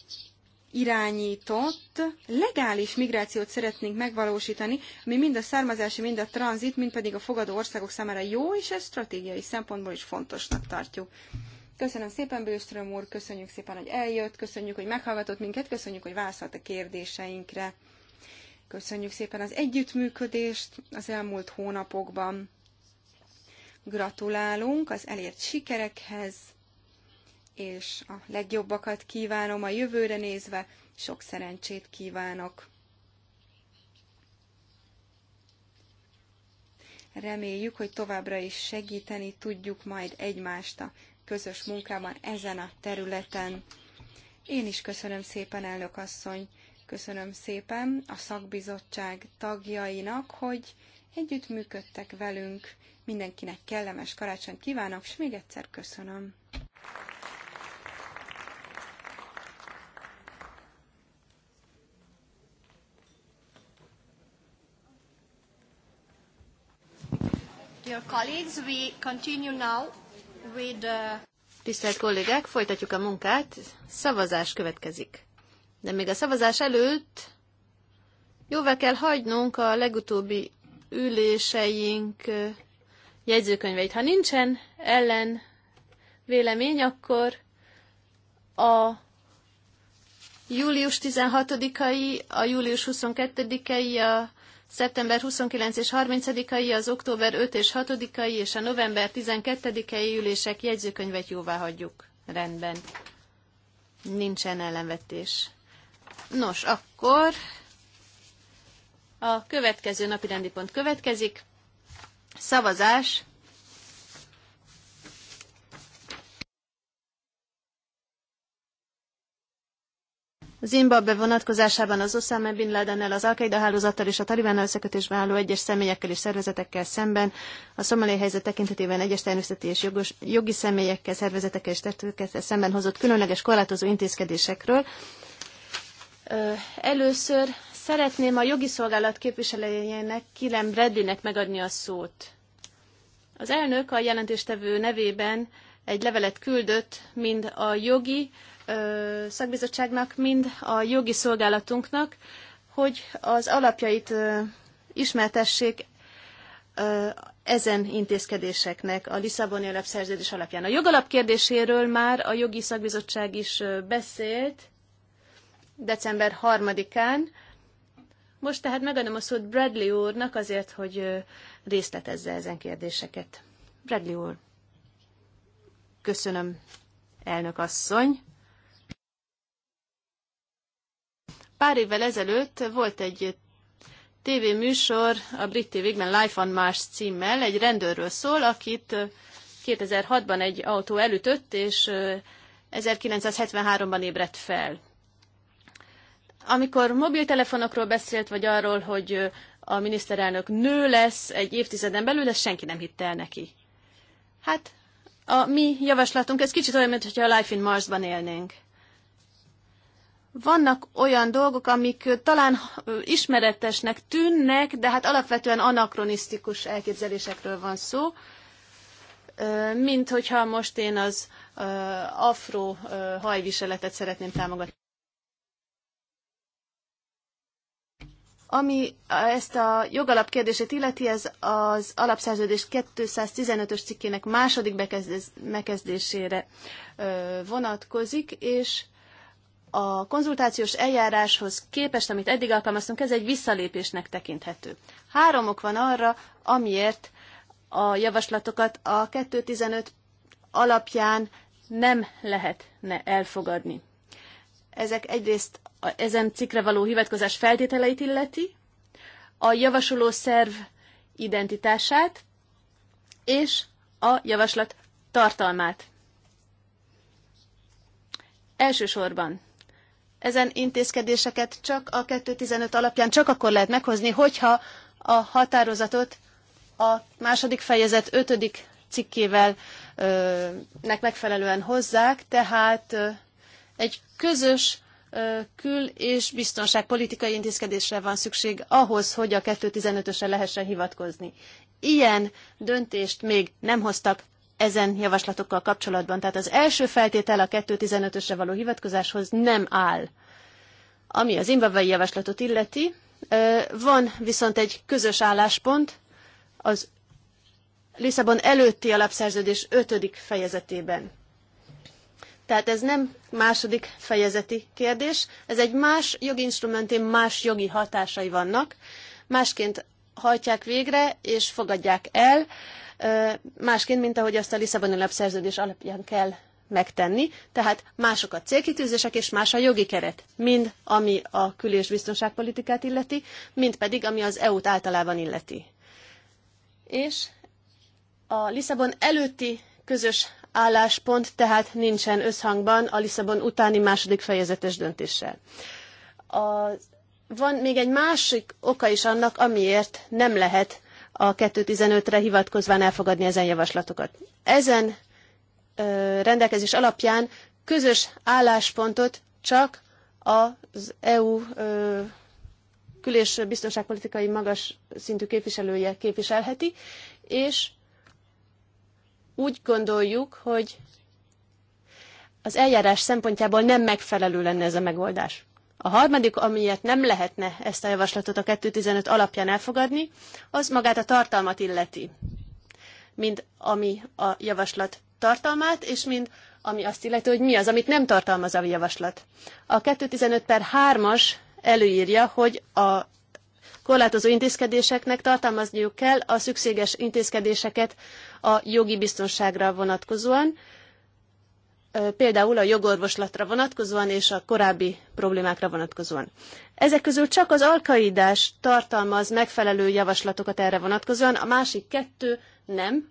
irányított legális migrációt szeretnénk megvalósítani, ami mind a származási, mind a tranzit, mind pedig a fogadó országok számára jó, és ezt stratégiai szempontból is fontosnak tartjuk. Köszönöm szépen, Bőström úr, köszönjük szépen, hogy eljött, köszönjük, hogy meghallgatott minket, köszönjük, hogy válaszolt a kérdéseinkre. Köszönjük szépen az együttműködést az elmúlt hónapokban. Gratulálunk az elért sikerekhez és a legjobbakat kívánom a jövőre nézve, sok szerencsét kívánok! Reméljük, hogy továbbra is segíteni tudjuk majd egymást a közös munkában ezen a területen. Én is köszönöm szépen, elnök asszony, köszönöm szépen a szakbizottság tagjainak, hogy együtt működtek velünk. Mindenkinek kellemes karácsonyt kívánok, és még egyszer köszönöm. Dear colleagues, we continue now with the... Uh, Tisztelt kollégák, folytatjuk a munkát. Szavazás következik. De még a szavazás előtt jóvá kell hagynunk a legutóbbi üléseink jegyzőkönyveit. Ha nincsen ellen vélemény, akkor a július 16-ai, a július 22-ei, a szeptember 29 és 30-ai, az október 5 és 6-ai és a november 12-ei ülések jegyzőkönyvet jóvá hagyjuk. Rendben. Nincsen ellenvetés. Nos, akkor a következő rendi pont következik. Szavazás Zimbabwe vonatkozásában az Osama Bin Ladennel, az Al-Qaeda hálózattal és a talibán összekötésben álló egyes személyekkel és szervezetekkel szemben, a szomali helyzet tekintetében egyes természeti és jogos, jogi személyekkel, szervezetekkel és testületekkel szemben hozott különleges korlátozó intézkedésekről. Először szeretném a jogi szolgálat képviselőjének, Kilem Reddinek megadni a szót. Az elnök a jelentéstevő nevében egy levelet küldött, mind a jogi, szakbizottságnak, mind a jogi szolgálatunknak, hogy az alapjait ismertessék ezen intézkedéseknek a Lisszaboni alapszerződés alapján. A jogalap kérdéséről már a jogi szakbizottság is beszélt december 3-án. Most tehát megadom a szót Bradley úrnak azért, hogy részletezze ezen kérdéseket. Bradley úr. Köszönöm, elnök asszony. Pár évvel ezelőtt volt egy TV műsor a brit tévékben Life on Mars címmel, egy rendőrről szól, akit 2006-ban egy autó elütött, és 1973-ban ébredt fel. Amikor mobiltelefonokról beszélt, vagy arról, hogy a miniszterelnök nő lesz egy évtizeden belül, ezt senki nem hitte el neki. Hát a mi javaslatunk, ez kicsit olyan, mintha a Life in Marsban élnénk vannak olyan dolgok, amik talán ismeretesnek tűnnek, de hát alapvetően anakronisztikus elképzelésekről van szó, mint hogyha most én az afro hajviseletet szeretném támogatni. Ami ezt a jogalap kérdését illeti, ez az alapszerződés 215-ös cikkének második bekezdésére vonatkozik, és a konzultációs eljáráshoz képest, amit eddig alkalmaztunk, ez egy visszalépésnek tekinthető. Három ok van arra, amiért a javaslatokat a 215 alapján nem lehetne elfogadni. Ezek egyrészt a ezen cikre való hivatkozás feltételeit illeti, a javasoló szerv identitását és a javaslat tartalmát. Elsősorban ezen intézkedéseket csak a 215 alapján csak akkor lehet meghozni, hogyha a határozatot a második fejezet ötödik cikkével ö, nek megfelelően hozzák, tehát ö, egy közös ö, kül- és biztonságpolitikai intézkedésre van szükség ahhoz, hogy a 215-ösre lehessen hivatkozni. Ilyen döntést még nem hoztak ezen javaslatokkal kapcsolatban. Tehát az első feltétel a 2.15-ösre való hivatkozáshoz nem áll. Ami az imbabai javaslatot illeti, van viszont egy közös álláspont az Lisszabon előtti alapszerződés 5. fejezetében. Tehát ez nem második fejezeti kérdés, ez egy más instrumentén más jogi hatásai vannak, másként hajtják végre és fogadják el másként, mint ahogy azt a Lisszaboni lapszerződés alapján kell megtenni, tehát mások a célkitűzések és más a jogi keret, mind ami a kül- és biztonságpolitikát illeti, mind pedig ami az EU-t általában illeti. És a Lisszabon előtti közös álláspont tehát nincsen összhangban a Lisszabon utáni második fejezetes döntéssel. A, van még egy másik oka is annak, amiért nem lehet a 2.15-re hivatkozván elfogadni ezen javaslatokat. Ezen rendelkezés alapján közös álláspontot csak az EU kül- és biztonságpolitikai magas szintű képviselője képviselheti, és úgy gondoljuk, hogy az eljárás szempontjából nem megfelelő lenne ez a megoldás. A harmadik, amiért nem lehetne ezt a javaslatot a 215 alapján elfogadni, az magát a tartalmat illeti, mind ami a javaslat tartalmát, és mind ami azt illeti, hogy mi az, amit nem tartalmaz a javaslat. A 215 per 3-as előírja, hogy a korlátozó intézkedéseknek tartalmazniuk kell a szükséges intézkedéseket a jogi biztonságra vonatkozóan, például a jogorvoslatra vonatkozóan és a korábbi problémákra vonatkozóan. Ezek közül csak az alkaidás tartalmaz megfelelő javaslatokat erre vonatkozóan, a másik kettő nem,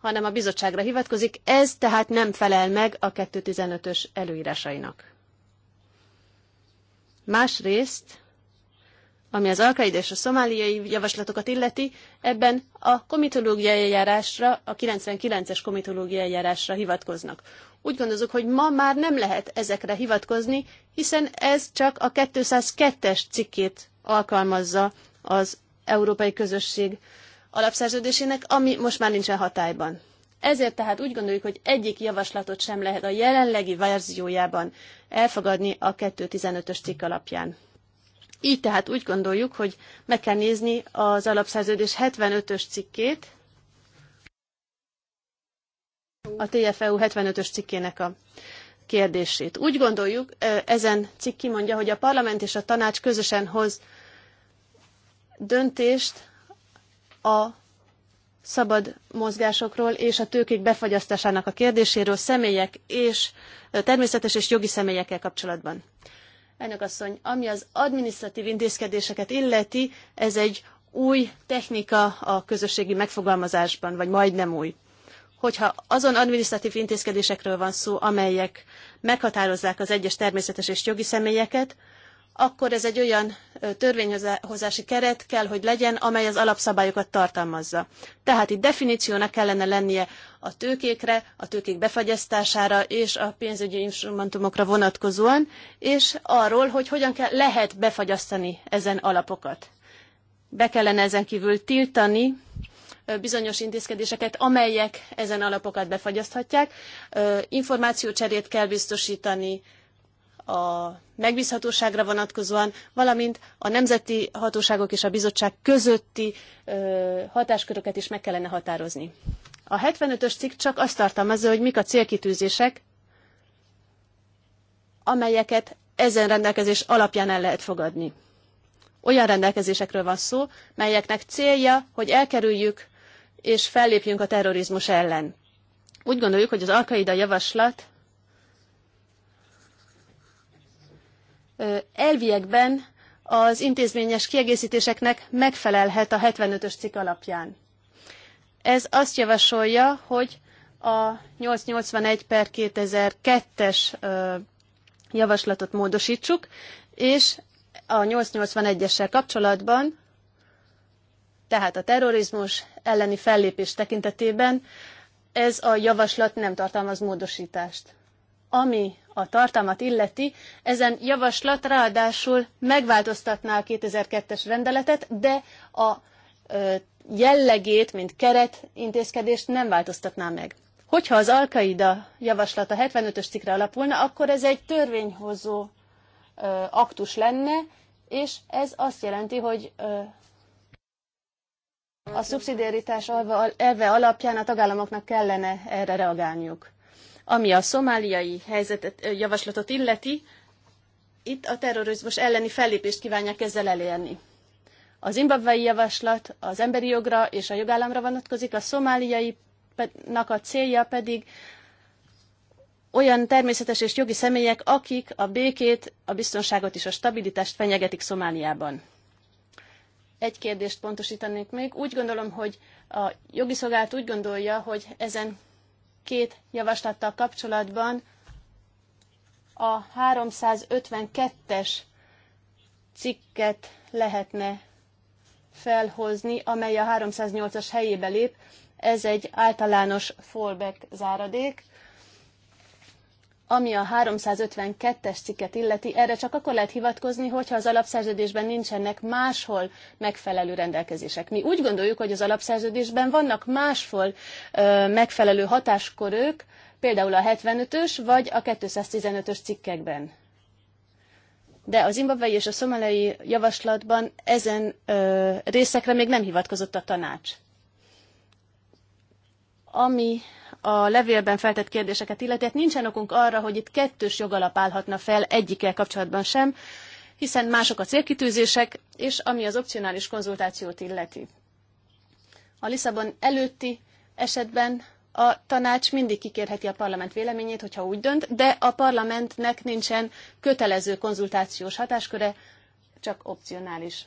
hanem a bizottságra hivatkozik, ez tehát nem felel meg a 215-ös előírásainak. Másrészt, ami az alkaida és a szomáliai javaslatokat illeti, ebben a komitológiai eljárásra, a 99-es komitológiai eljárásra hivatkoznak. Úgy gondozok, hogy ma már nem lehet ezekre hivatkozni, hiszen ez csak a 202-es cikkét alkalmazza az Európai Közösség alapszerződésének, ami most már nincsen hatályban. Ezért tehát úgy gondoljuk, hogy egyik javaslatot sem lehet a jelenlegi verziójában elfogadni a 215-ös cikk alapján. Így tehát úgy gondoljuk, hogy meg kell nézni az alapszerződés 75-ös cikkét, a TFEU 75-ös cikkének a kérdését. Úgy gondoljuk, ezen cikk kimondja, hogy a parlament és a tanács közösen hoz döntést a szabad mozgásokról és a tőkék befagyasztásának a kérdéséről személyek és természetes és jogi személyekkel kapcsolatban. Elnök asszony, ami az adminisztratív intézkedéseket illeti, ez egy új technika a közösségi megfogalmazásban, vagy majdnem új hogyha azon administratív intézkedésekről van szó, amelyek meghatározzák az egyes természetes és jogi személyeket, akkor ez egy olyan törvényhozási keret kell, hogy legyen, amely az alapszabályokat tartalmazza. Tehát itt definíciónak kellene lennie a tőkékre, a tőkék befagyasztására és a pénzügyi instrumentumokra vonatkozóan, és arról, hogy hogyan kell, lehet befagyasztani ezen alapokat. Be kellene ezen kívül tiltani bizonyos intézkedéseket, amelyek ezen alapokat befagyaszthatják. Információcserét kell biztosítani a megbízhatóságra vonatkozóan, valamint a nemzeti hatóságok és a bizottság közötti hatásköröket is meg kellene határozni. A 75-ös cikk csak azt tartalmazza, hogy mik a célkitűzések, amelyeket ezen rendelkezés alapján el lehet fogadni. Olyan rendelkezésekről van szó, melyeknek célja, hogy elkerüljük és fellépjünk a terrorizmus ellen. Úgy gondoljuk, hogy az Alkaida javaslat elviekben az intézményes kiegészítéseknek megfelelhet a 75-ös cikk alapján. Ez azt javasolja, hogy a 881 per 2002-es javaslatot módosítsuk, és a 881-essel kapcsolatban, tehát a terrorizmus, elleni fellépés tekintetében ez a javaslat nem tartalmaz módosítást. Ami a tartalmat illeti, ezen javaslat ráadásul megváltoztatná a 2002-es rendeletet, de a jellegét, mint keret intézkedést nem változtatná meg. Hogyha az Alkaida javaslata 75-ös cikkre alapulna, akkor ez egy törvényhozó aktus lenne, és ez azt jelenti, hogy a szubszidiaritás elve alapján a tagállamoknak kellene erre reagálniuk. Ami a szomáliai helyzetet, javaslatot illeti, itt a terrorizmus elleni fellépést kívánják ezzel elérni. A zimbabwei javaslat az emberi jogra és a jogállamra vonatkozik, a szomáliainak a célja pedig olyan természetes és jogi személyek, akik a békét, a biztonságot és a stabilitást fenyegetik Szomáliában egy kérdést pontosítanék még. Úgy gondolom, hogy a jogi szolgálat úgy gondolja, hogy ezen két javaslattal kapcsolatban a 352-es cikket lehetne felhozni, amely a 308-as helyébe lép. Ez egy általános fallback záradék. Ami a 352-es cikket illeti, erre csak akkor lehet hivatkozni, hogyha az alapszerződésben nincsenek máshol megfelelő rendelkezések. Mi úgy gondoljuk, hogy az alapszerződésben vannak máshol ö, megfelelő hatáskörök, például a 75-ös vagy a 215-ös cikkekben. De az zimbabwei és a szomalai javaslatban ezen ö, részekre még nem hivatkozott a tanács. Ami a levélben feltett kérdéseket illeti, hát nincsen okunk arra, hogy itt kettős jogalap állhatna fel egyikkel kapcsolatban sem, hiszen mások a célkitűzések, és ami az opcionális konzultációt illeti. A Lisszabon előtti esetben a tanács mindig kikérheti a parlament véleményét, hogyha úgy dönt, de a parlamentnek nincsen kötelező konzultációs hatásköre, csak opcionális.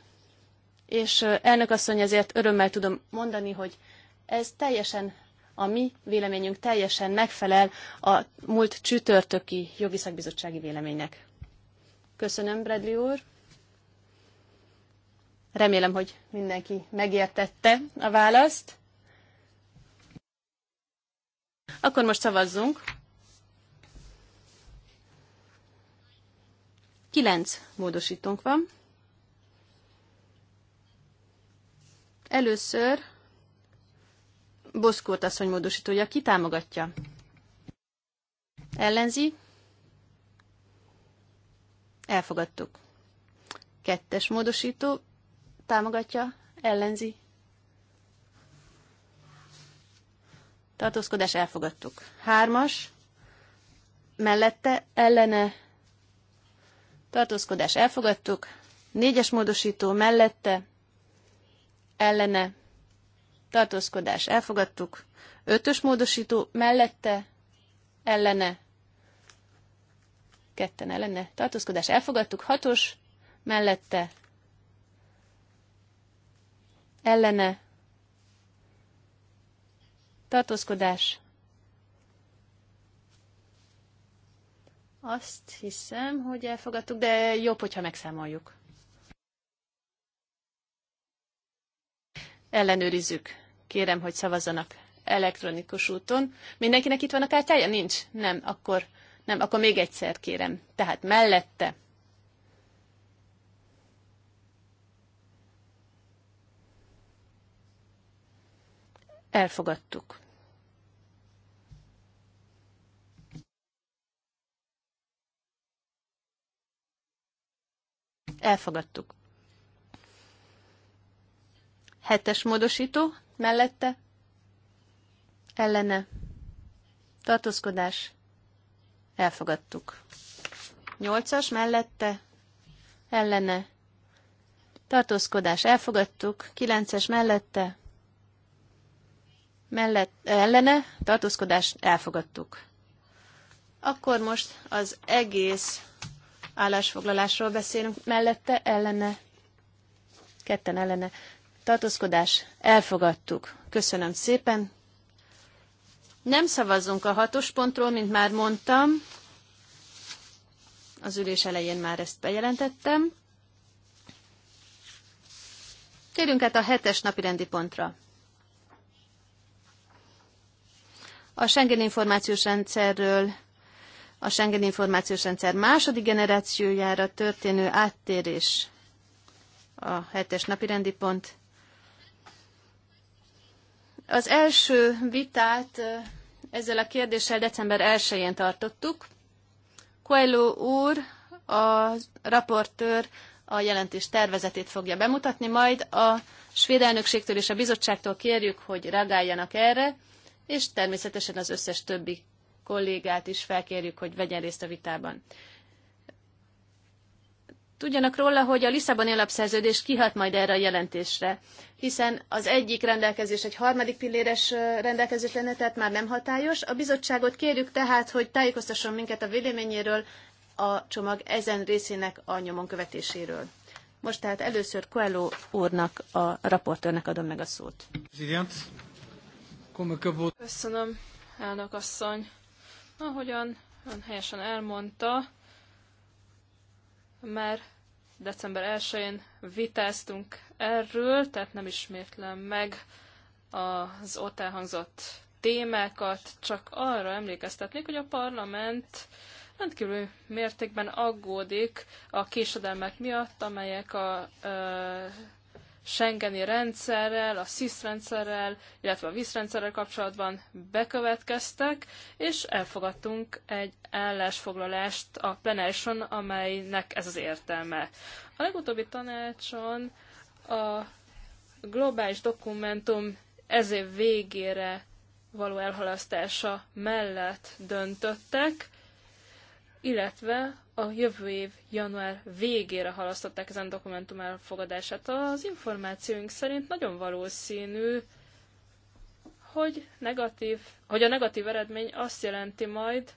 És elnök asszony, ezért örömmel tudom mondani, hogy ez teljesen a mi véleményünk teljesen megfelel a múlt csütörtöki jogi szakbizottsági véleménynek. Köszönöm, Bradley úr. Remélem, hogy mindenki megértette a választ. Akkor most szavazzunk. 9 módosítónk van. Először Boszkót asszony módosítója. Ki támogatja? Ellenzi? Elfogadtuk. Kettes módosító támogatja, ellenzi. Tartózkodás elfogadtuk. Hármas, mellette, ellene, tartózkodás elfogadtuk. Négyes módosító mellette, ellene, tartózkodás elfogadtuk, ötös módosító mellette, ellene, ketten ellene, tartózkodás elfogadtuk, hatos mellette, ellene, tartózkodás. Azt hiszem, hogy elfogadtuk, de jobb, hogyha megszámoljuk. Ellenőrizzük. Kérem, hogy szavazzanak elektronikus úton. Mindenkinek itt van a kártyája? Nincs? Nem, akkor, nem, akkor még egyszer kérem. Tehát mellette. Elfogadtuk. Elfogadtuk. Hetes módosító, mellette, ellene, tartózkodás, elfogadtuk. Nyolcas, mellette, ellene, tartózkodás, elfogadtuk. Kilences, mellette, mellett, ellene, tartózkodás, elfogadtuk. Akkor most az egész állásfoglalásról beszélünk, mellette, ellene, ketten ellene tartózkodás, elfogadtuk. Köszönöm szépen. Nem szavazzunk a hatos pontról, mint már mondtam. Az ülés elején már ezt bejelentettem. Térjünk át a hetes napirendi pontra. A Schengen információs rendszerről a Schengen információs rendszer második generációjára történő áttérés a hetes napirendi pont. Az első vitát ezzel a kérdéssel december 1-én tartottuk. Coelho úr, a raportőr a jelentés tervezetét fogja bemutatni, majd a svéd elnökségtől és a bizottságtól kérjük, hogy reagáljanak erre, és természetesen az összes többi kollégát is felkérjük, hogy vegyen részt a vitában. Tudjanak róla, hogy a Lisszaboni alapszerződés kihat majd erre a jelentésre, hiszen az egyik rendelkezés egy harmadik pilléres rendelkezés lenne, tehát már nem hatályos. A bizottságot kérjük tehát, hogy tájékoztasson minket a véleményéről a csomag ezen részének a nyomon követéséről. Most tehát először Coelho úrnak, a raportőrnek adom meg a szót. Köszönöm, elnök asszony. Ahogyan ön helyesen elmondta, már december 1-én vitáztunk erről, tehát nem ismétlem meg az ott elhangzott témákat, csak arra emlékeztetnék, hogy a parlament rendkívül mértékben aggódik a késedelmek miatt, amelyek a Schengeni rendszerrel, a SIS rendszerrel, illetve a VIS rendszerrel kapcsolatban bekövetkeztek, és elfogadtunk egy állásfoglalást a plenáson, amelynek ez az értelme. A legutóbbi tanácson a globális dokumentum ez év végére való elhalasztása mellett döntöttek, illetve a jövő év január végére halasztották ezen dokumentum elfogadását. Az információink szerint nagyon valószínű, hogy, negatív, hogy a negatív eredmény azt jelenti majd,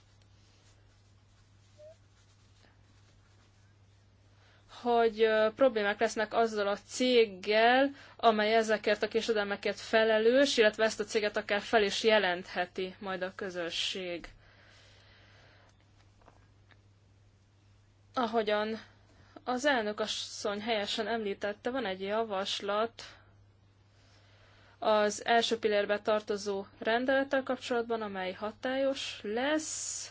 hogy problémák lesznek azzal a céggel, amely ezekért a késedelmekért felelős, illetve ezt a céget akár fel is jelentheti majd a közösség. Ahogyan az elnök asszony helyesen említette, van egy javaslat az első pillérbe tartozó rendelettel kapcsolatban, amely hatályos lesz.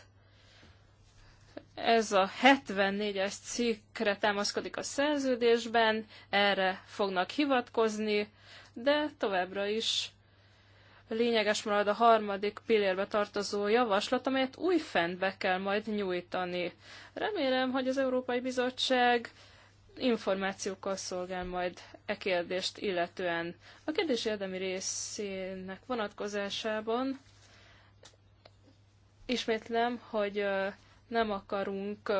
Ez a 74-es cikkre támaszkodik a szerződésben, erre fognak hivatkozni, de továbbra is lényeges marad a harmadik pillérbe tartozó javaslat, amelyet újfent be kell majd nyújtani. Remélem, hogy az Európai Bizottság információkkal szolgál majd e kérdést illetően. A kérdés érdemi részének vonatkozásában ismétlem, hogy nem akarunk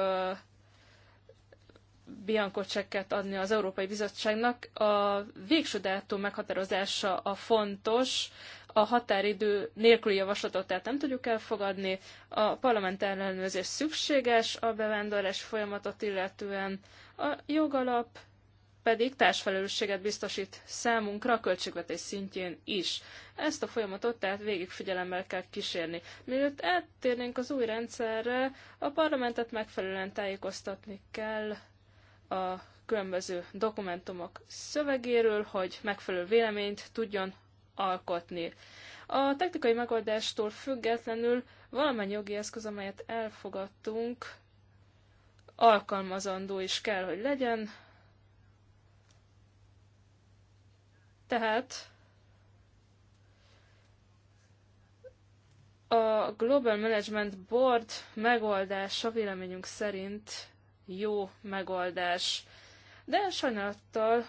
biankocsekket adni az Európai Bizottságnak. A végső dátum meghatározása a fontos, a határidő nélküli javaslatot tehát nem tudjuk elfogadni. A parlament ellenőrzés szükséges a bevándorlás folyamatot illetően, a jogalap pedig társfelelősséget biztosít számunkra a költségvetés szintjén is. Ezt a folyamatot tehát végig figyelemmel kell kísérni. Mielőtt eltérnénk az új rendszerre, a parlamentet megfelelően tájékoztatni kell a különböző dokumentumok szövegéről, hogy megfelelő véleményt tudjon alkotni. A technikai megoldástól függetlenül valamennyi jogi eszköz, amelyet elfogadtunk, alkalmazandó is kell, hogy legyen. Tehát a Global Management Board megoldása véleményünk szerint jó megoldás. De sajnálattal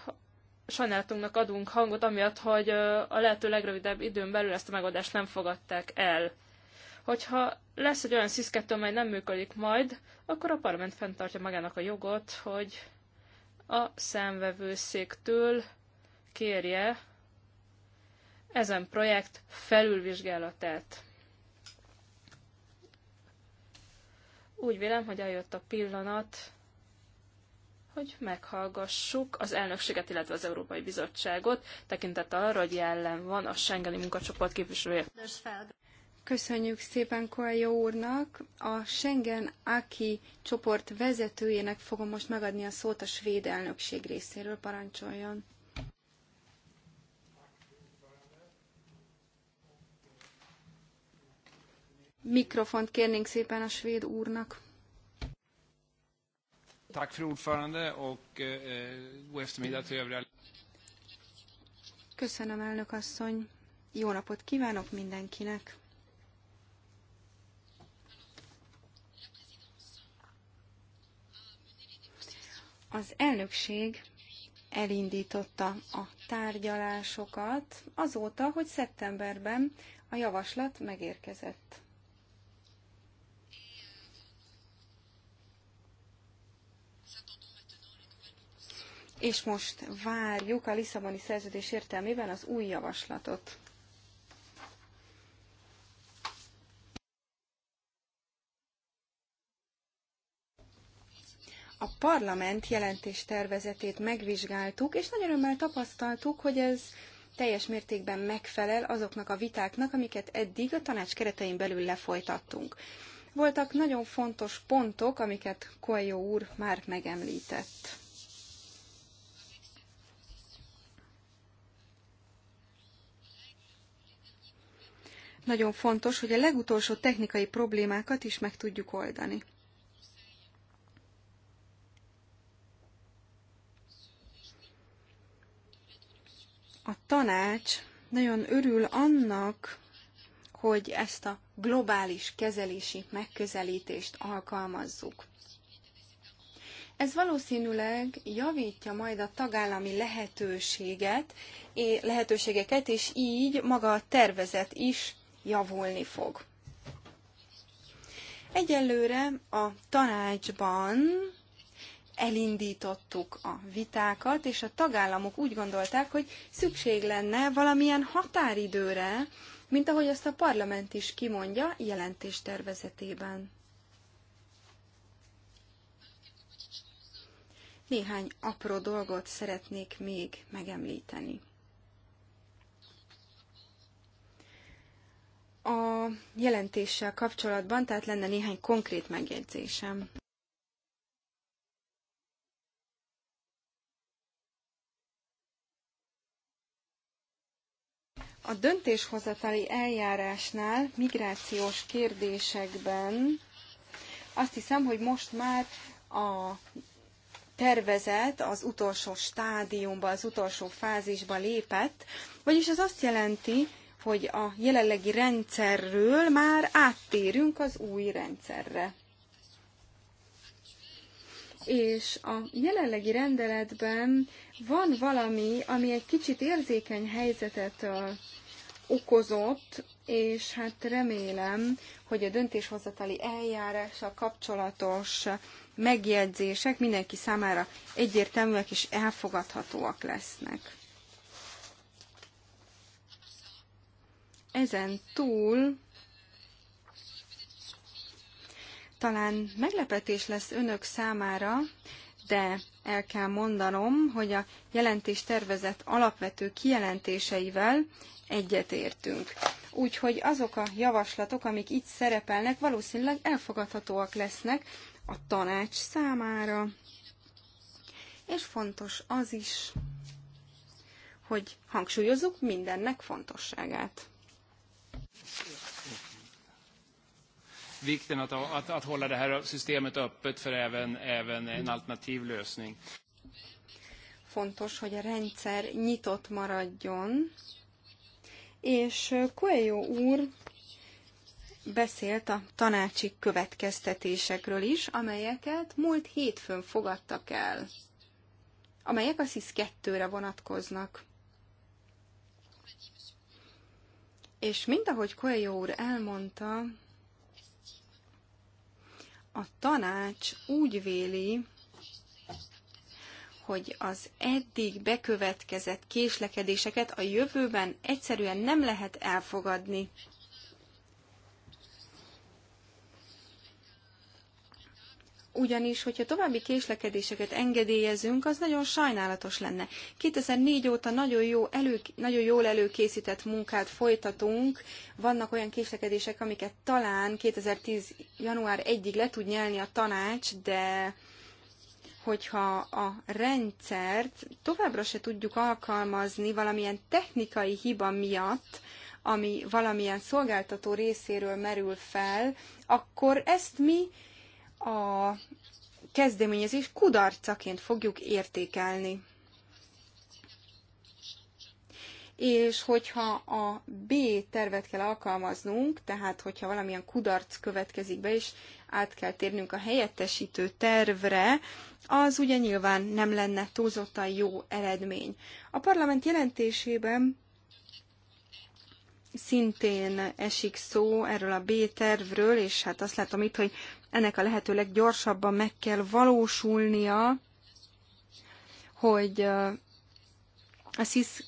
sajnálatunknak adunk hangot, amiatt, hogy a lehető legrövidebb időn belül ezt a megoldást nem fogadták el. Hogyha lesz egy olyan sziszkettő, amely nem működik majd, akkor a parlament fenntartja magának a jogot, hogy a számvevőszéktől kérje ezen projekt felülvizsgálatát. Úgy vélem, hogy eljött a pillanat, hogy meghallgassuk az elnökséget, illetve az Európai Bizottságot, tekintettel arra, hogy jellem van a Schengeni munkacsoport képviselője. Köszönjük szépen Koelja úrnak. A Schengen Aki csoport vezetőjének fogom most megadni a szót a svéd elnökség részéről. Parancsoljon! Mikrofont kérnénk szépen a svéd úrnak. Tack för ordförande och eh, eh, god eftermiddag till övriga. Köszönöm, elnök asszony. Jó napot kívánok mindenkinek. Az elnökség elindította a tárgyalásokat azóta, hogy szeptemberben a javaslat megérkezett. és most várjuk a Lisszaboni szerződés értelmében az új javaslatot. a parlament jelentés tervezetét megvizsgáltuk, és nagyon örömmel tapasztaltuk, hogy ez teljes mértékben megfelel azoknak a vitáknak, amiket eddig a tanács keretein belül lefolytattunk. Voltak nagyon fontos pontok, amiket Koljó úr már megemlített. Nagyon fontos, hogy a legutolsó technikai problémákat is meg tudjuk oldani. A tanács nagyon örül annak, hogy ezt a globális kezelési megközelítést alkalmazzuk. Ez valószínűleg javítja majd a tagállami lehetőséget, lehetőségeket, és így maga a tervezet is javulni fog. Egyelőre a tanácsban elindítottuk a vitákat, és a tagállamok úgy gondolták, hogy szükség lenne valamilyen határidőre, mint ahogy azt a parlament is kimondja jelentéstervezetében. Néhány apró dolgot szeretnék még megemlíteni. a jelentéssel kapcsolatban, tehát lenne néhány konkrét megjegyzésem. A döntéshozatali eljárásnál migrációs kérdésekben azt hiszem, hogy most már a tervezet az utolsó stádiumba, az utolsó fázisba lépett, vagyis ez azt jelenti, hogy a jelenlegi rendszerről már áttérünk az új rendszerre. És a jelenlegi rendeletben van valami, ami egy kicsit érzékeny helyzetet okozott, és hát remélem, hogy a döntéshozatali eljárással kapcsolatos megjegyzések mindenki számára egyértelműek és elfogadhatóak lesznek. Ezen túl talán meglepetés lesz önök számára, de el kell mondanom, hogy a jelentés tervezett alapvető kijelentéseivel egyetértünk. Úgyhogy azok a javaslatok, amik itt szerepelnek, valószínűleg elfogadhatóak lesznek a tanács számára. És fontos az is, hogy hangsúlyozzuk mindennek fontosságát. vikten att, att, att hålla det här systemet öppet för även, även en alternativ lösning. Fontos, hogy a rendszer nyitott maradjon, és Coelho úr beszélt a tanácsi következtetésekről is, amelyeket múlt hétfőn fogadtak el, amelyek a SZISZ 2-re vonatkoznak. És mint ahogy Coelho úr elmondta, a tanács úgy véli, hogy az eddig bekövetkezett késlekedéseket a jövőben egyszerűen nem lehet elfogadni. Ugyanis, hogyha további késlekedéseket engedélyezünk, az nagyon sajnálatos lenne. 2004 óta nagyon, jó elő, nagyon jól előkészített munkát folytatunk. Vannak olyan késlekedések, amiket talán 2010. január 1-ig le tud nyelni a tanács, de hogyha a rendszert továbbra se tudjuk alkalmazni valamilyen technikai hiba miatt, ami valamilyen szolgáltató részéről merül fel, akkor ezt mi a kezdeményezés kudarcaként fogjuk értékelni. És hogyha a B tervet kell alkalmaznunk, tehát hogyha valamilyen kudarc következik be, és át kell térnünk a helyettesítő tervre, az ugye nyilván nem lenne túlzottan jó eredmény. A parlament jelentésében szintén esik szó erről a B tervről, és hát azt látom itt, hogy ennek a lehető leggyorsabban meg kell valósulnia, hogy a SZISZ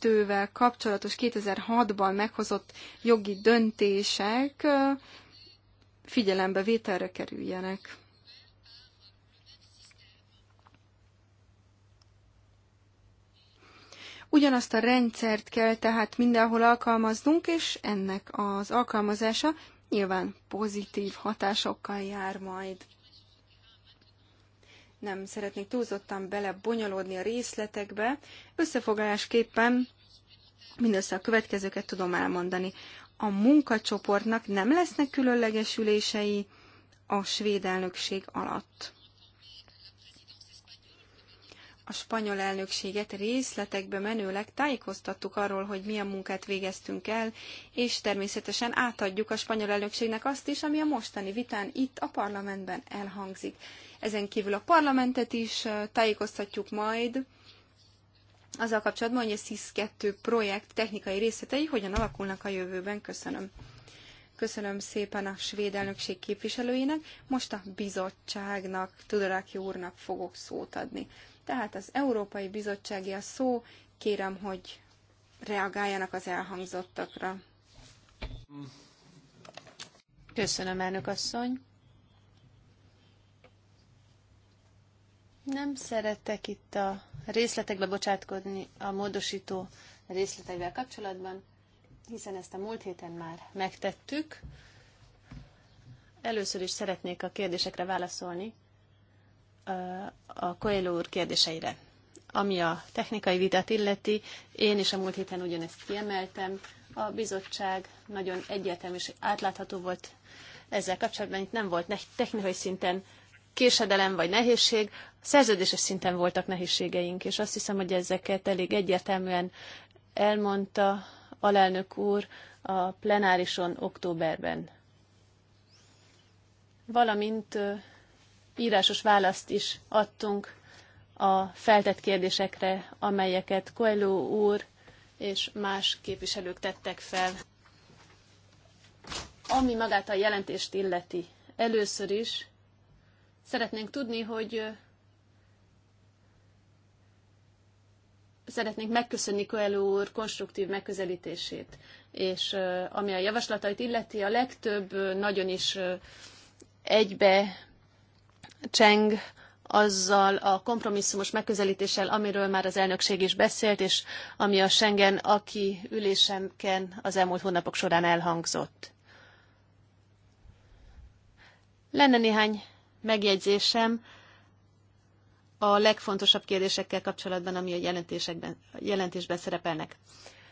2-vel kapcsolatos 2006-ban meghozott jogi döntések figyelembe vételre kerüljenek. Ugyanazt a rendszert kell tehát mindenhol alkalmaznunk, és ennek az alkalmazása nyilván pozitív hatásokkal jár majd. Nem szeretnék túlzottan belebonyolódni a részletekbe. Összefoglalásképpen mindössze a következőket tudom elmondani. A munkacsoportnak nem lesznek különleges ülései a svéd elnökség alatt a spanyol elnökséget részletekbe menőleg tájékoztattuk arról, hogy milyen munkát végeztünk el, és természetesen átadjuk a spanyol elnökségnek azt is, ami a mostani vitán itt a parlamentben elhangzik. Ezen kívül a parlamentet is tájékoztatjuk majd azzal kapcsolatban, hogy a SZISZ 2 projekt technikai részletei hogyan alakulnak a jövőben. Köszönöm. Köszönöm szépen a svéd elnökség képviselőinek, most a bizottságnak, Tudoráki úrnak fogok szót adni. Tehát az Európai Bizottsági a szó, kérem, hogy reagáljanak az elhangzottakra. Köszönöm, elnök asszony. Nem szeretek itt a részletekbe bocsátkozni a módosító részleteivel kapcsolatban, hiszen ezt a múlt héten már megtettük. Először is szeretnék a kérdésekre válaszolni, a Coelho úr kérdéseire. Ami a technikai vitát illeti, én is a múlt héten ugyanezt kiemeltem, a bizottság nagyon egyértelmű és átlátható volt ezzel kapcsolatban, itt nem volt technikai szinten késedelem vagy nehézség, szerződéses szinten voltak nehézségeink, és azt hiszem, hogy ezeket elég egyértelműen elmondta alelnök úr a plenárison októberben. Valamint írásos választ is adtunk a feltett kérdésekre, amelyeket Koelló úr és más képviselők tettek fel. Ami magát a jelentést illeti, először is szeretnénk tudni, hogy szeretnénk megköszönni Koelló úr konstruktív megközelítését, és ami a javaslatait illeti, a legtöbb nagyon is egybe cseng azzal a kompromisszumos megközelítéssel, amiről már az elnökség is beszélt, és ami a Schengen aki ülésemken az elmúlt hónapok során elhangzott. Lenne néhány megjegyzésem a legfontosabb kérdésekkel kapcsolatban, ami a jelentésekben, jelentésben szerepelnek.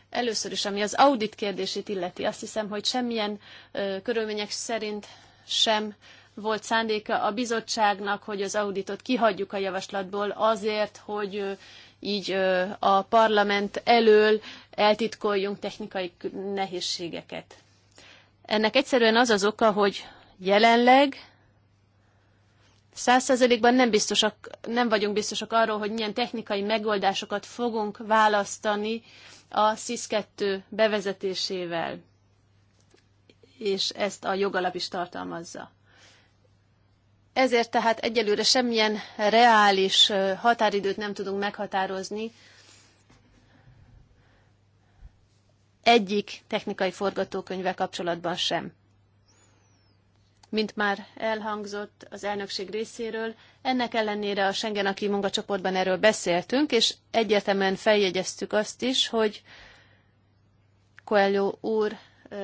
Először is, ami az audit kérdését illeti, azt hiszem, hogy semmilyen ö, körülmények szerint sem volt szándéka a bizottságnak, hogy az auditot kihagyjuk a javaslatból azért, hogy így a parlament elől eltitkoljunk technikai nehézségeket. Ennek egyszerűen az az oka, hogy jelenleg száz százalékban nem, biztosak, nem vagyunk biztosak arról, hogy milyen technikai megoldásokat fogunk választani a SZIS-2 bevezetésével, és ezt a jogalap is tartalmazza. Ezért tehát egyelőre semmilyen reális határidőt nem tudunk meghatározni egyik technikai forgatókönyve kapcsolatban sem. Mint már elhangzott az elnökség részéről, ennek ellenére a Schengen aki munkacsoportban erről beszéltünk, és egyértelműen feljegyeztük azt is, hogy Coelho úr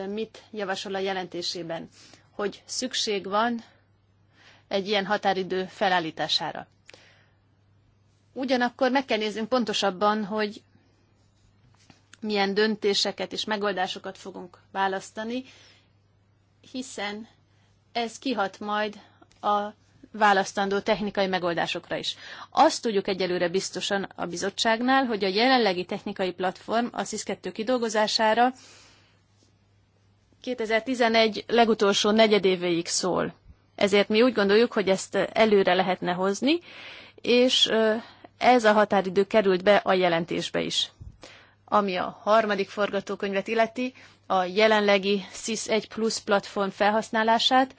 mit javasol a jelentésében, hogy szükség van egy ilyen határidő felállítására. Ugyanakkor meg kell néznünk pontosabban, hogy milyen döntéseket és megoldásokat fogunk választani, hiszen ez kihat majd a választandó technikai megoldásokra is. Azt tudjuk egyelőre biztosan a bizottságnál, hogy a jelenlegi technikai platform a SZISZ-2 kidolgozására 2011 legutolsó negyedévéig szól. Ezért mi úgy gondoljuk, hogy ezt előre lehetne hozni, és ez a határidő került be a jelentésbe is. Ami a harmadik forgatókönyvet illeti, a jelenlegi SIS 1 Plus platform felhasználását.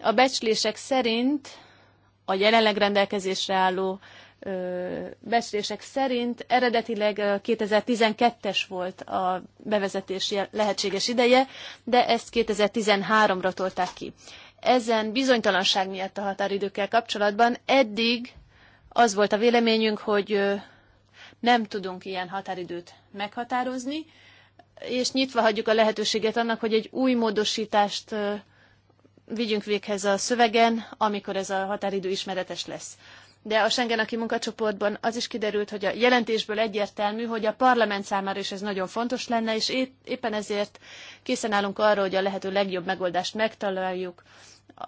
A becslések szerint a jelenleg rendelkezésre álló becslések szerint eredetileg 2012-es volt a bevezetési lehetséges ideje, de ezt 2013-ra tolták ki ezen bizonytalanság miatt a határidőkkel kapcsolatban. Eddig az volt a véleményünk, hogy nem tudunk ilyen határidőt meghatározni, és nyitva hagyjuk a lehetőséget annak, hogy egy új módosítást vigyünk véghez a szövegen, amikor ez a határidő ismeretes lesz. De a Schengen aki munkacsoportban az is kiderült, hogy a jelentésből egyértelmű, hogy a parlament számára is ez nagyon fontos lenne, és éppen ezért készen állunk arra, hogy a lehető legjobb megoldást megtaláljuk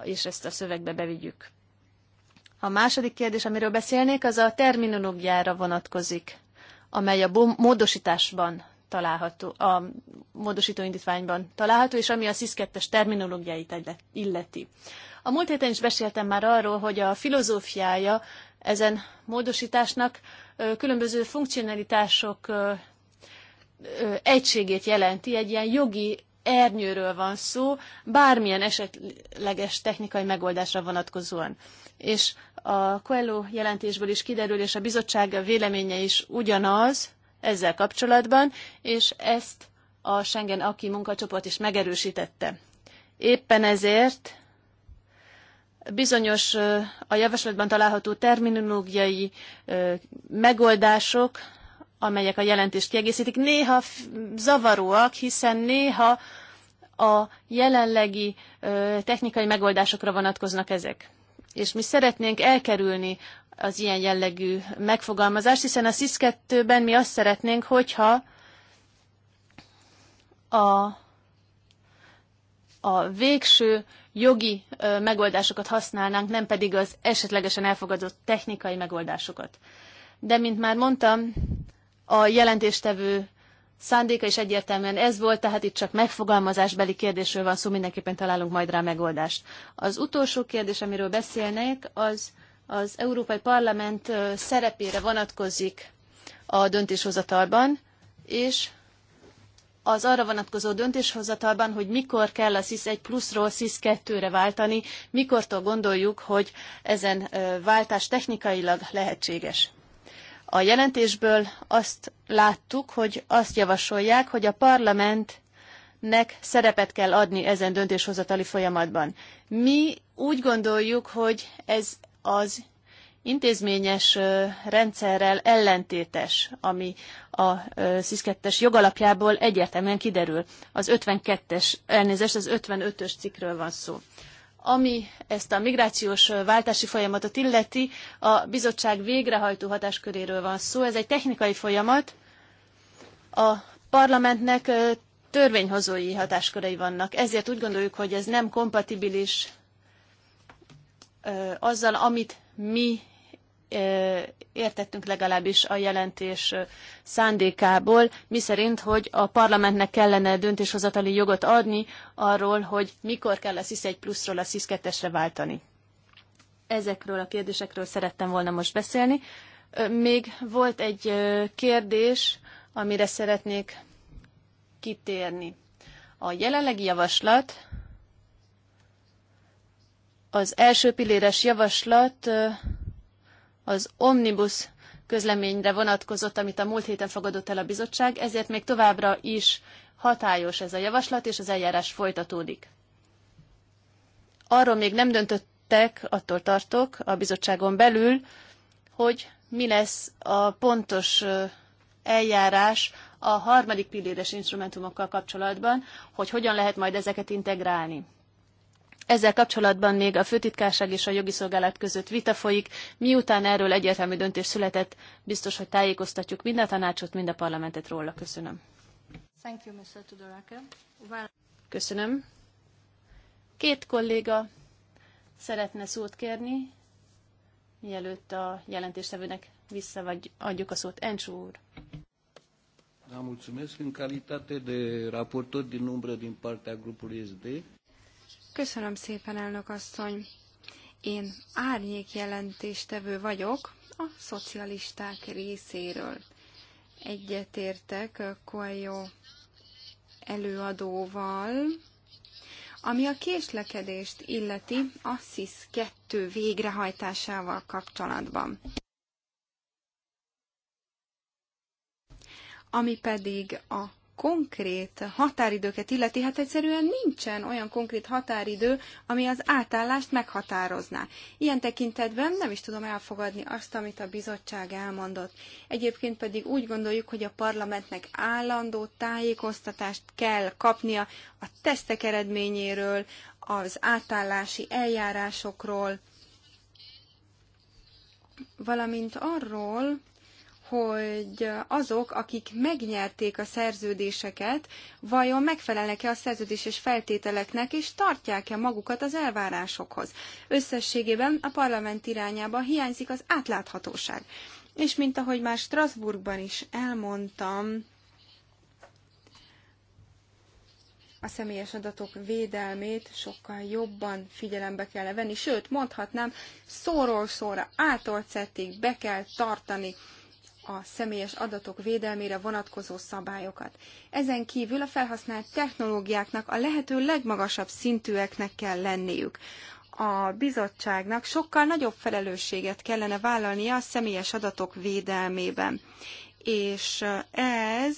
és ezt a szövegbe bevigyük. A második kérdés, amiről beszélnék, az a terminológiára vonatkozik, amely a módosításban található, a módosító indítványban található, és ami a SZISZ terminológiáit illeti. A múlt héten is beszéltem már arról, hogy a filozófiája ezen módosításnak különböző funkcionalitások egységét jelenti, egy ilyen jogi ernyőről van szó, bármilyen esetleges technikai megoldásra vonatkozóan. És a Coelho jelentésből is kiderül, és a bizottság véleménye is ugyanaz ezzel kapcsolatban, és ezt a Schengen Aki munkacsoport is megerősítette. Éppen ezért bizonyos a javaslatban található terminológiai megoldások amelyek a jelentést kiegészítik, néha zavaróak, hiszen néha a jelenlegi ö, technikai megoldásokra vonatkoznak ezek. És mi szeretnénk elkerülni az ilyen jellegű megfogalmazást, hiszen a SZIS-2-ben mi azt szeretnénk, hogyha a, a végső jogi ö, megoldásokat használnánk, nem pedig az esetlegesen elfogadott technikai megoldásokat. De, mint már mondtam, a jelentéstevő szándéka is egyértelműen ez volt, tehát itt csak megfogalmazásbeli kérdésről van szó, mindenképpen találunk majd rá megoldást. Az utolsó kérdés, amiről beszélnék, az az Európai Parlament szerepére vonatkozik a döntéshozatalban, és az arra vonatkozó döntéshozatalban, hogy mikor kell a SZISZ 1 pluszról SZISZ 2-re váltani, mikortól gondoljuk, hogy ezen váltás technikailag lehetséges. A jelentésből azt láttuk, hogy azt javasolják, hogy a parlamentnek szerepet kell adni ezen döntéshozatali folyamatban. Mi úgy gondoljuk, hogy ez az intézményes rendszerrel ellentétes, ami a SZISZ jogalapjából egyértelműen kiderül. Az 52-es, elnézést, az 55-ös cikkről van szó. Ami ezt a migrációs váltási folyamatot illeti, a bizottság végrehajtó hatásköréről van szó. Ez egy technikai folyamat. A parlamentnek törvényhozói hatáskörei vannak. Ezért úgy gondoljuk, hogy ez nem kompatibilis azzal, amit mi értettünk legalábbis a jelentés szándékából, miszerint, hogy a parlamentnek kellene döntéshozatali jogot adni arról, hogy mikor kell a SZISZ 1 pluszról a SZISZ 2-esre váltani. Ezekről a kérdésekről szerettem volna most beszélni. Még volt egy kérdés, amire szeretnék kitérni. A jelenlegi javaslat az első pilléres javaslat az omnibus közleményre vonatkozott, amit a múlt héten fogadott el a bizottság, ezért még továbbra is hatályos ez a javaslat, és az eljárás folytatódik. Arról még nem döntöttek, attól tartok, a bizottságon belül, hogy mi lesz a pontos eljárás a harmadik pilléres instrumentumokkal kapcsolatban, hogy hogyan lehet majd ezeket integrálni. Ezzel kapcsolatban még a főtitkárság és a jogi szolgálat között vita folyik. Miután erről egyértelmű döntés született, biztos, hogy tájékoztatjuk mind a tanácsot, mind a parlamentet róla. Köszönöm. Thank you, Mr. Tudorake. Well... Köszönöm. Két kolléga szeretne szót kérni, mielőtt a jelentéstevőnek vissza vagy adjuk a szót. Encsú úr. Da, mulțumesc. În calitate de raportor din umbră din partea grupului SD, Köszönöm szépen, elnök asszony. Én árnyék jelentéstevő vagyok a szocialisták részéről. Egyetértek Koelyó előadóval, ami a késlekedést illeti a SZISZ 2 végrehajtásával kapcsolatban. Ami pedig a konkrét határidőket illeti, hát egyszerűen nincsen olyan konkrét határidő, ami az átállást meghatározná. Ilyen tekintetben nem is tudom elfogadni azt, amit a bizottság elmondott. Egyébként pedig úgy gondoljuk, hogy a parlamentnek állandó tájékoztatást kell kapnia a tesztek eredményéről, az átállási eljárásokról, valamint arról, hogy azok, akik megnyerték a szerződéseket, vajon megfelelnek-e a szerződéses feltételeknek, és tartják-e magukat az elvárásokhoz. Összességében a parlament irányába hiányzik az átláthatóság. És mint ahogy már Strasbourgban is elmondtam, a személyes adatok védelmét sokkal jobban figyelembe kell venni, sőt, mondhatnám, szóról szóra, ától be kell tartani a személyes adatok védelmére vonatkozó szabályokat. Ezen kívül a felhasznált technológiáknak a lehető legmagasabb szintűeknek kell lenniük. A bizottságnak sokkal nagyobb felelősséget kellene vállalnia a személyes adatok védelmében. És ez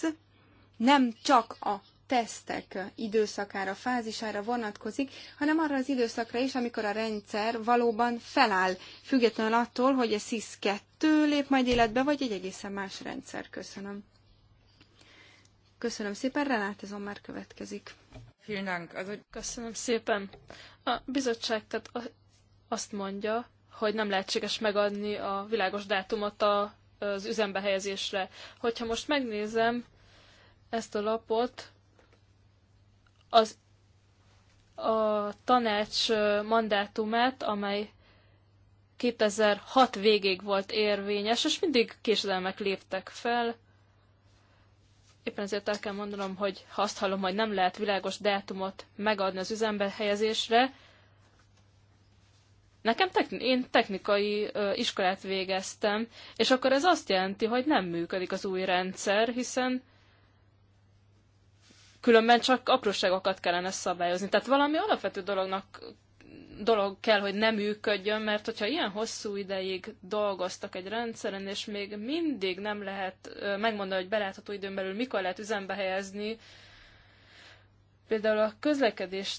nem csak a tesztek időszakára, fázisára vonatkozik, hanem arra az időszakra is, amikor a rendszer valóban feláll, függetlenül attól, hogy a SIS-2 lép majd életbe, vagy egy egészen más rendszer. Köszönöm. Köszönöm szépen, Renát, ez már következik. Köszönöm szépen. A bizottság tehát azt mondja, hogy nem lehetséges megadni a világos dátumot a, az üzembehelyezésre. helyezésre. Hogyha most megnézem ezt a lapot, az a tanács mandátumát, amely 2006 végéig volt érvényes, és mindig késedelmek léptek fel. Éppen ezért el kell mondanom, hogy ha azt hallom, hogy nem lehet világos dátumot megadni az üzembe helyezésre, Nekem techni- én technikai ö, iskolát végeztem, és akkor ez azt jelenti, hogy nem működik az új rendszer, hiszen különben csak apróságokat kellene szabályozni. Tehát valami alapvető dolognak dolog kell, hogy nem működjön, mert hogyha ilyen hosszú ideig dolgoztak egy rendszeren, és még mindig nem lehet megmondani, hogy belátható időn belül mikor lehet üzembe helyezni, például a közlekedés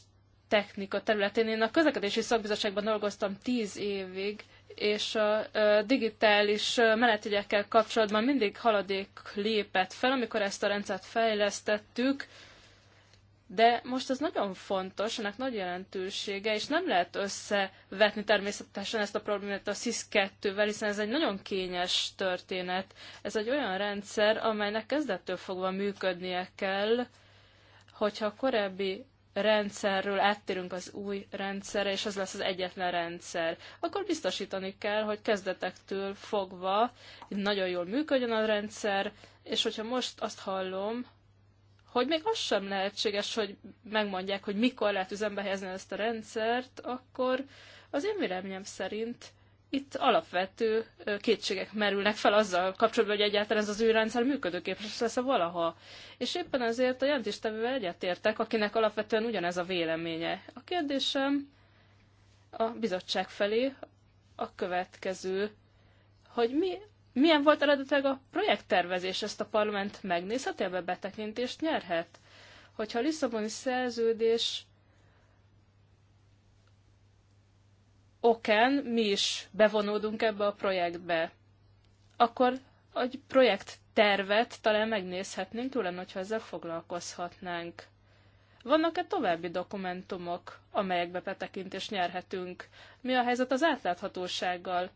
technika területén, én a közlekedési szakbizottságban dolgoztam tíz évig, és a digitális menetjegyekkel kapcsolatban mindig haladék lépett fel, amikor ezt a rendszert fejlesztettük, de most ez nagyon fontos, ennek nagy jelentősége, és nem lehet összevetni természetesen ezt a problémát a SIS-2-vel, hiszen ez egy nagyon kényes történet. Ez egy olyan rendszer, amelynek kezdettől fogva működnie kell, hogyha a korábbi rendszerről áttérünk az új rendszerre, és az lesz az egyetlen rendszer, akkor biztosítani kell, hogy kezdetektől fogva nagyon jól működjön a rendszer, és hogyha most azt hallom, hogy még az sem lehetséges, hogy megmondják, hogy mikor lehet üzembe helyezni ezt a rendszert, akkor az én véleményem szerint itt alapvető kétségek merülnek fel azzal kapcsolatban, hogy egyáltalán ez az űrrendszer működőképes lesz -e valaha. És éppen ezért a jelentéstevővel egyetértek, akinek alapvetően ugyanez a véleménye. A kérdésem a bizottság felé a következő, hogy mi milyen volt eredetileg a projekttervezés? Ezt a parlament megnézheti, ebbe betekintést nyerhet? Hogyha a Lisszaboni szerződés okán mi is bevonódunk ebbe a projektbe, akkor egy projekttervet talán megnézhetnénk, jó lenne, hogyha ezzel foglalkozhatnánk. Vannak-e további dokumentumok, amelyekbe betekintést nyerhetünk? Mi a helyzet az átláthatósággal?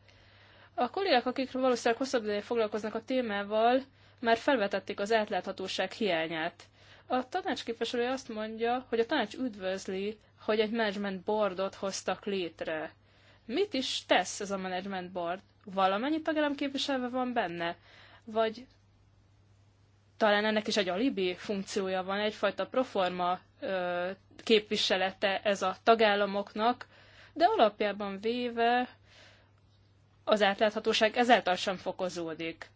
A kollégák, akik valószínűleg hosszabb ideje foglalkoznak a témával, már felvetették az átláthatóság hiányát. A tanács képviselője azt mondja, hogy a tanács üdvözli, hogy egy management boardot hoztak létre. Mit is tesz ez a management board? Valamennyi tagállam képviselve van benne? Vagy talán ennek is egy alibi funkciója van, egyfajta proforma ö, képviselete ez a tagállamoknak, de alapjában véve az átláthatóság ezáltal sem fokozódik.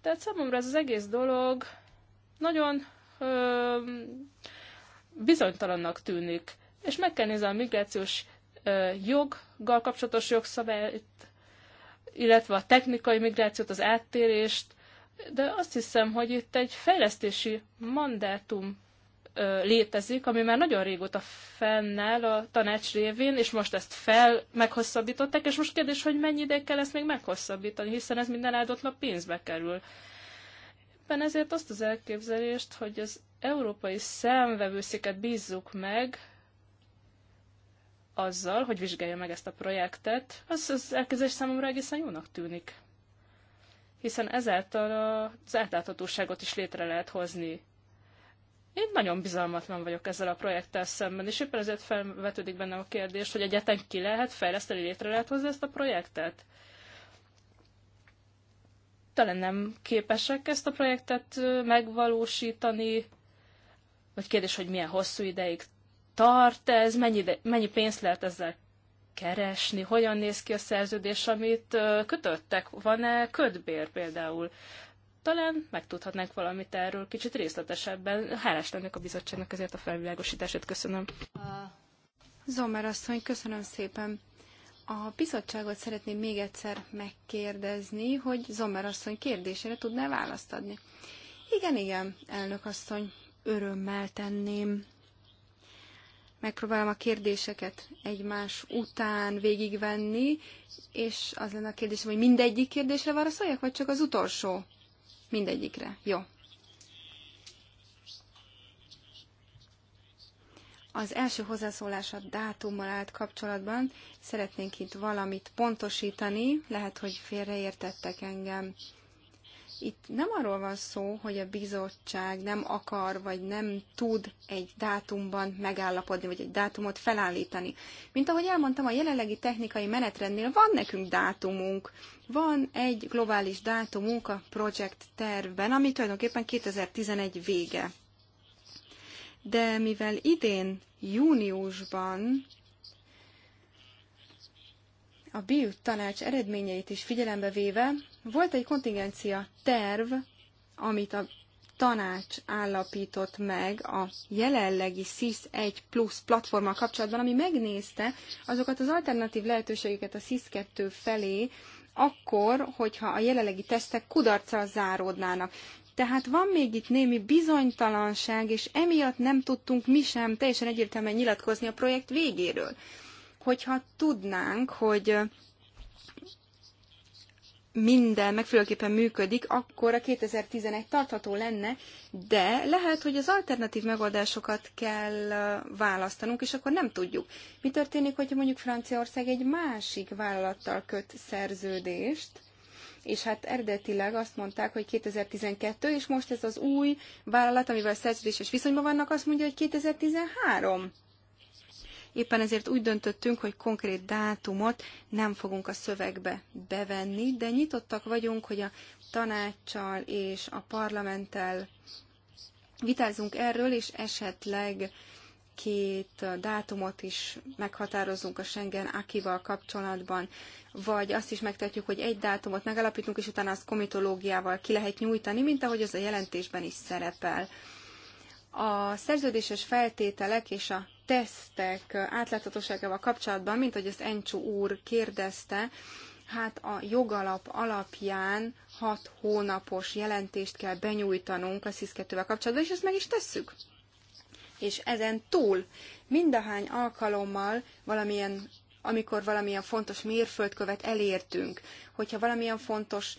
Tehát számomra ez az egész dolog nagyon ö, bizonytalannak tűnik. És meg kell nézni a migrációs ö, joggal kapcsolatos jogszabályt, illetve a technikai migrációt, az áttérést, de azt hiszem, hogy itt egy fejlesztési mandátum létezik, ami már nagyon régóta fennáll a tanács révén, és most ezt fel meghosszabbították, és most kérdés, hogy mennyi ideig kell ezt még meghosszabbítani, hiszen ez minden áldott nap pénzbe kerül. Éppen ezért azt az elképzelést, hogy az európai szemvevősziket bízzuk meg azzal, hogy vizsgálja meg ezt a projektet, az, az elképzelés számomra egészen jónak tűnik. Hiszen ezáltal az átláthatóságot is létre lehet hozni én nagyon bizalmatlan vagyok ezzel a projekttel szemben, és éppen ezért felvetődik bennem a kérdés, hogy egyetlen ki lehet fejleszteni, létre lehet hozni ezt a projektet? Talán nem képesek ezt a projektet megvalósítani, vagy kérdés, hogy milyen hosszú ideig tart ez, mennyi, ide, mennyi pénzt lehet ezzel keresni, hogyan néz ki a szerződés, amit kötöttek, van-e ködbér például. Talán megtudhatnánk valamit erről kicsit részletesebben. Hálás lennék a bizottságnak ezért a felvilágosítását. Köszönöm. Zomer asszony, köszönöm szépen. A bizottságot szeretném még egyszer megkérdezni, hogy Zomer asszony kérdésére tudná választ adni. Igen, igen, elnök asszony, örömmel tenném. Megpróbálom a kérdéseket egymás után végigvenni, és az lenne a kérdésem, hogy mindegyik kérdésre válaszoljak, vagy csak az utolsó Mindegyikre. Jó. Az első hozzászólás a dátummal állt kapcsolatban. Szeretnénk itt valamit pontosítani, lehet, hogy félreértettek engem. Itt nem arról van szó, hogy a bizottság nem akar vagy nem tud egy dátumban megállapodni, vagy egy dátumot felállítani. Mint ahogy elmondtam, a jelenlegi technikai menetrendnél van nekünk dátumunk, van egy globális dátumunk a projekt tervben, ami tulajdonképpen 2011 vége. De mivel idén júniusban a BIUT tanács eredményeit is figyelembe véve volt egy kontingencia terv, amit a tanács állapított meg a jelenlegi SIS 1 plusz platformmal kapcsolatban, ami megnézte azokat az alternatív lehetőségeket a SIS 2 felé, akkor, hogyha a jelenlegi tesztek kudarccal záródnának. Tehát van még itt némi bizonytalanság, és emiatt nem tudtunk mi sem teljesen egyértelműen nyilatkozni a projekt végéről. Hogyha tudnánk, hogy minden megfelelőképpen működik, akkor a 2011 tartható lenne, de lehet, hogy az alternatív megoldásokat kell választanunk, és akkor nem tudjuk. Mi történik, hogyha mondjuk Franciaország egy másik vállalattal köt szerződést, és hát eredetileg azt mondták, hogy 2012, és most ez az új vállalat, amivel szerződéses viszonyban vannak, azt mondja, hogy 2013. Éppen ezért úgy döntöttünk, hogy konkrét dátumot nem fogunk a szövegbe bevenni, de nyitottak vagyunk, hogy a tanácssal és a parlamenttel vitázunk erről, és esetleg két dátumot is meghatározunk a Schengen akival kapcsolatban, vagy azt is megtehetjük, hogy egy dátumot megalapítunk, és utána azt komitológiával ki lehet nyújtani, mint ahogy az a jelentésben is szerepel a szerződéses feltételek és a tesztek átláthatóságával kapcsolatban, mint hogy az Encsú úr kérdezte, hát a jogalap alapján hat hónapos jelentést kell benyújtanunk a sis kapcsolatban, és ezt meg is tesszük. És ezen túl mindahány alkalommal valamilyen amikor valamilyen fontos mérföldkövet elértünk, hogyha valamilyen fontos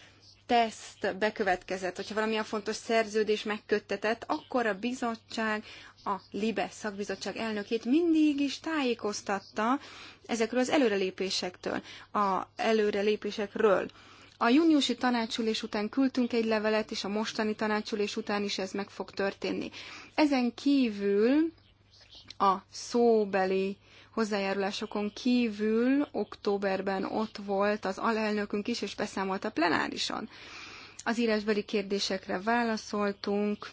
teszt bekövetkezett, hogyha valamilyen fontos szerződés megköttetett, akkor a bizottság, a LIBE szakbizottság elnökét mindig is tájékoztatta ezekről az előrelépésektől, a előrelépésekről. A júniusi tanácsülés után küldtünk egy levelet, és a mostani tanácsülés után is ez meg fog történni. Ezen kívül a szóbeli hozzájárulásokon kívül októberben ott volt az alelnökünk is, és beszámolt a plenárison. Az írásbeli kérdésekre válaszoltunk,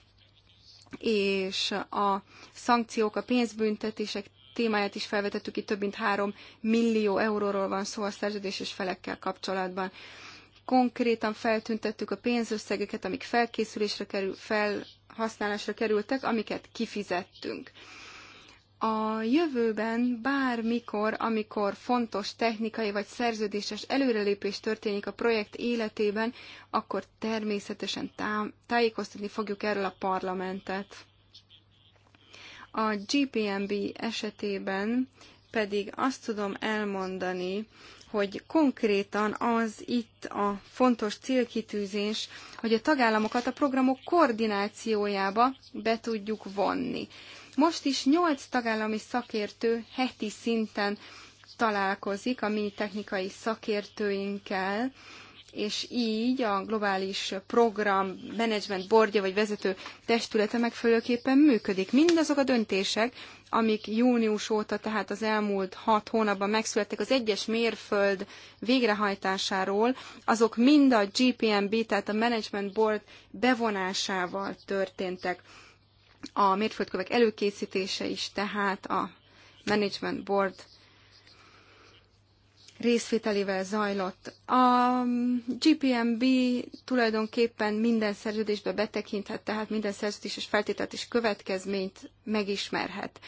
és a szankciók, a pénzbüntetések témáját is felvetettük, itt több mint 3 millió euróról van szó a szerződéses felekkel kapcsolatban. Konkrétan feltüntettük a pénzösszegeket, amik felkészülésre kerül, felhasználásra kerültek, amiket kifizettünk a jövőben bármikor, amikor fontos technikai vagy szerződéses előrelépés történik a projekt életében, akkor természetesen tá- tájékoztatni fogjuk erről a parlamentet. A GPMB esetében pedig azt tudom elmondani, hogy konkrétan az itt a fontos célkitűzés, hogy a tagállamokat a programok koordinációjába be tudjuk vonni. Most is nyolc tagállami szakértő heti szinten találkozik a mi technikai szakértőinkkel, és így a globális program, menedzsment bordja vagy vezető testülete megfelelőképpen működik. Mindazok a döntések, amik június óta, tehát az elmúlt hat hónapban megszülettek az egyes mérföld végrehajtásáról, azok mind a GPMB, tehát a Management Board bevonásával történtek. A mérföldkövek előkészítése is, tehát a Management Board részvételével zajlott. A GPMB tulajdonképpen minden szerződésbe betekinthet, tehát minden szerződés és feltételt és következményt megismerhet.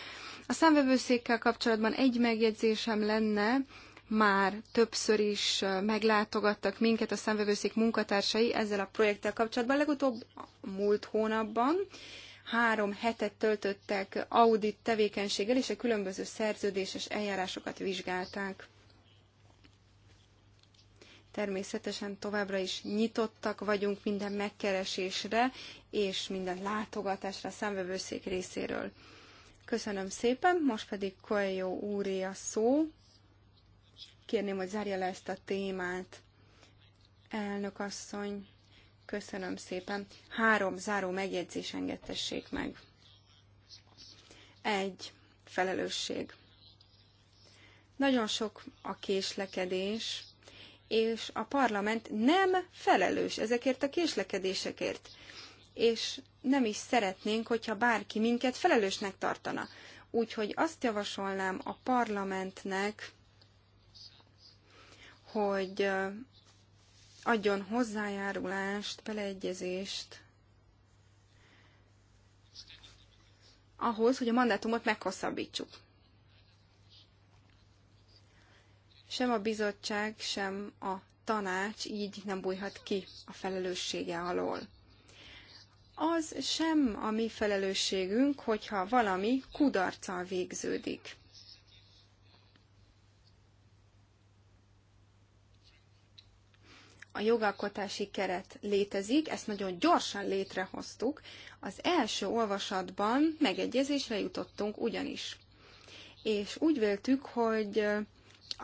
A számvevőszékkel kapcsolatban egy megjegyzésem lenne, már többször is meglátogattak minket a számvevőszék munkatársai ezzel a projekttel kapcsolatban, legutóbb múlt hónapban, három hetet töltöttek audit tevékenységgel, és a különböző szerződéses eljárásokat vizsgálták. Természetesen továbbra is nyitottak vagyunk minden megkeresésre és minden látogatásra a számvevőszék részéről. Köszönöm szépen, most pedig Koeljó úri a szó. Kérném, hogy zárja le ezt a témát. Elnök asszony. Köszönöm szépen. Három záró megjegyzés engedtessék meg. Egy, felelősség. Nagyon sok a késlekedés, és a parlament nem felelős ezekért a késlekedésekért. És nem is szeretnénk, hogyha bárki minket felelősnek tartana. Úgyhogy azt javasolnám a parlamentnek, hogy adjon hozzájárulást, beleegyezést ahhoz, hogy a mandátumot meghosszabbítsuk. Sem a bizottság, sem a tanács így nem bújhat ki a felelőssége alól. Az sem a mi felelősségünk, hogyha valami kudarccal végződik. a jogalkotási keret létezik, ezt nagyon gyorsan létrehoztuk. Az első olvasatban megegyezésre jutottunk ugyanis. És úgy véltük, hogy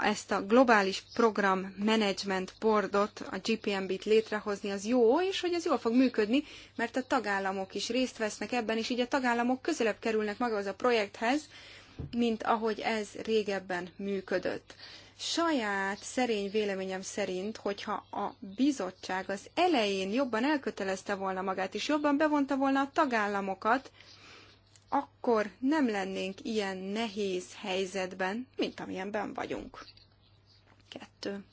ezt a globális program management boardot, a GPMB-t létrehozni, az jó, és hogy ez jól fog működni, mert a tagállamok is részt vesznek ebben, és így a tagállamok közelebb kerülnek maga az a projekthez, mint ahogy ez régebben működött. Saját szerény véleményem szerint, hogyha a bizottság az elején jobban elkötelezte volna magát, és jobban bevonta volna a tagállamokat, akkor nem lennénk ilyen nehéz helyzetben, mint amilyenben vagyunk. Kettő.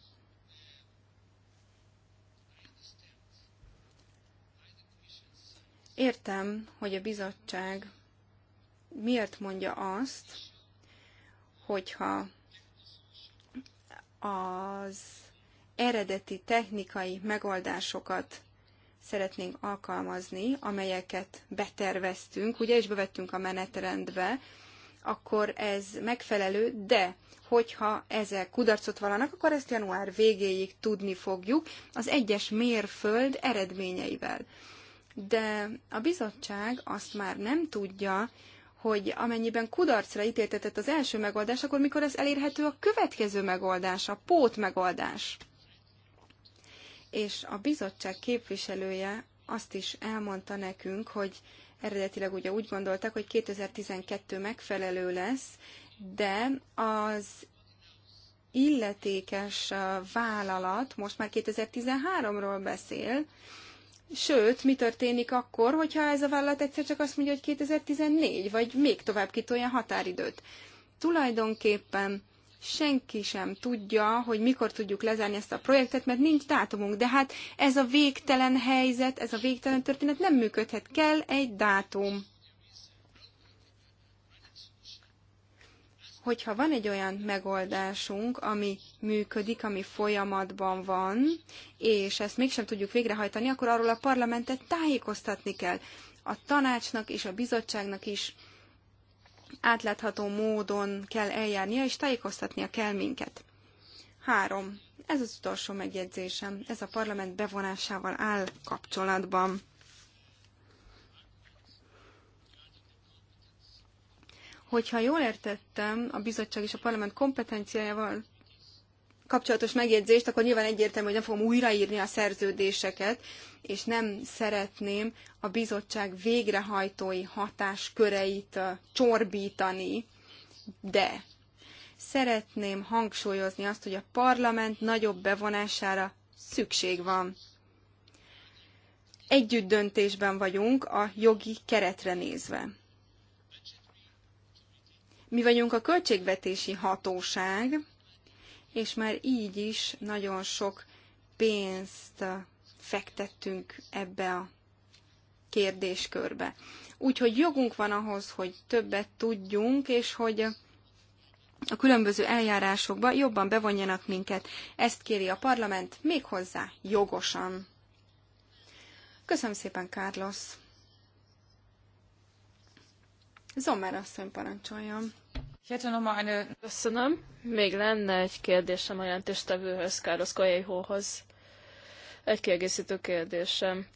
Értem, hogy a bizottság miért mondja azt, hogyha az eredeti technikai megoldásokat szeretnénk alkalmazni, amelyeket beterveztünk, ugye, és bevettünk a menetrendbe, akkor ez megfelelő, de hogyha ezek kudarcot vallanak, akkor ezt január végéig tudni fogjuk az egyes mérföld eredményeivel. De a bizottság azt már nem tudja, hogy amennyiben kudarcra ítéltetett az első megoldás, akkor mikor ez elérhető a következő megoldás, a pót megoldás. És a bizottság képviselője azt is elmondta nekünk, hogy eredetileg ugye úgy gondoltak, hogy 2012 megfelelő lesz, de az illetékes uh, vállalat most már 2013-ról beszél, Sőt, mi történik akkor, hogyha ez a vállalat egyszer csak azt mondja, hogy 2014, vagy még tovább kitolja határidőt? Tulajdonképpen senki sem tudja, hogy mikor tudjuk lezárni ezt a projektet, mert nincs dátumunk. De hát ez a végtelen helyzet, ez a végtelen történet nem működhet. Kell egy dátum. Hogyha van egy olyan megoldásunk, ami működik, ami folyamatban van, és ezt mégsem tudjuk végrehajtani, akkor arról a parlamentet tájékoztatni kell. A tanácsnak és a bizottságnak is átlátható módon kell eljárnia, és tájékoztatnia kell minket. Három. Ez az utolsó megjegyzésem. Ez a parlament bevonásával áll kapcsolatban. Hogyha jól értettem, a bizottság és a parlament kompetenciájával kapcsolatos megjegyzést, akkor nyilván egyértelmű, hogy nem fogom újraírni a szerződéseket, és nem szeretném a bizottság végrehajtói hatásköreit csorbítani, de szeretném hangsúlyozni azt, hogy a parlament nagyobb bevonására szükség van. Együtt döntésben vagyunk a jogi keretre nézve. Mi vagyunk a költségvetési hatóság, és már így is nagyon sok pénzt fektettünk ebbe a kérdéskörbe. Úgyhogy jogunk van ahhoz, hogy többet tudjunk, és hogy a különböző eljárásokba jobban bevonjanak minket. Ezt kéri a parlament méghozzá jogosan. Köszönöm szépen, Carlos. Zomer asszony parancsoljon. Köszönöm. Még lenne egy kérdésem a jelentéstevőhöz, Káros Kajéhóhoz. Egy kiegészítő kérdésem.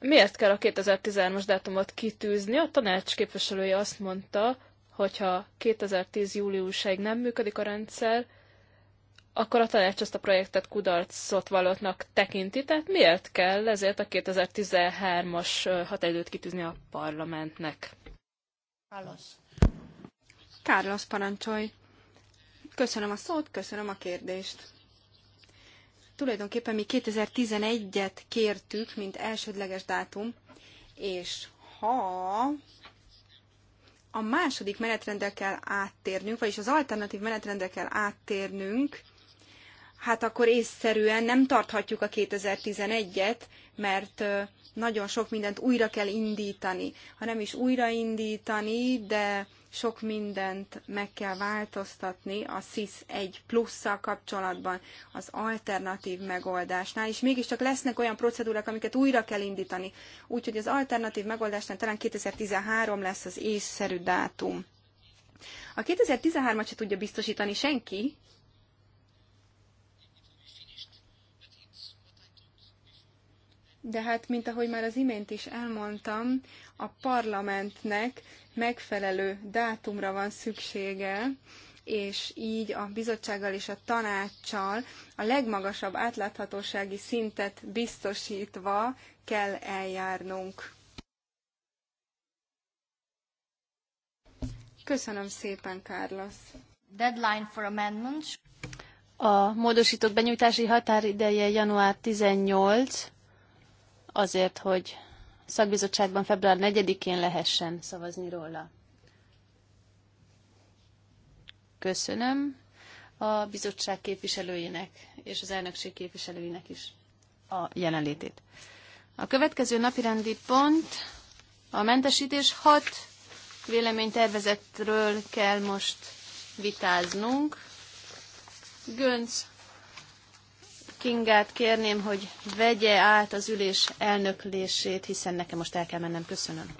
Miért kell a 2013-as dátumot kitűzni? A tanács képviselője azt mondta, hogyha 2010. júliusáig nem működik a rendszer, akkor a tanács ezt a projektet kudarcot valótnak tekinti, tehát miért kell ezért a 2013-as határidőt kitűzni a parlamentnek? Carlos. Carlos, parancsolj. Köszönöm a szót, köszönöm a kérdést. Tulajdonképpen mi 2011-et kértük, mint elsődleges dátum, és ha a második menetrendre kell áttérnünk, vagyis az alternatív menetrendre kell áttérnünk, hát akkor észszerűen nem tarthatjuk a 2011-et, mert nagyon sok mindent újra kell indítani. Ha nem is újraindítani, de sok mindent meg kell változtatni a SIS 1 plusszal kapcsolatban, az alternatív megoldásnál, és mégiscsak lesznek olyan procedúrák, amiket újra kell indítani. Úgyhogy az alternatív megoldásnál talán 2013 lesz az észszerű dátum. A 2013-at se tudja biztosítani senki, de hát, mint ahogy már az imént is elmondtam, a parlamentnek megfelelő dátumra van szüksége, és így a bizottsággal és a tanácssal a legmagasabb átláthatósági szintet biztosítva kell eljárnunk. Köszönöm szépen, Carlos. Deadline for amendments. A módosítók benyújtási határideje január 18 azért, hogy szakbizottságban február 4-én lehessen szavazni róla. Köszönöm a bizottság képviselőinek és az elnökség képviselőinek is a jelenlétét. A következő napirendi pont a mentesítés 6 véleménytervezetről kell most vitáznunk. Gönc Kingát kérném, hogy vegye át az ülés elnöklését, hiszen nekem most el kell mennem. Köszönöm.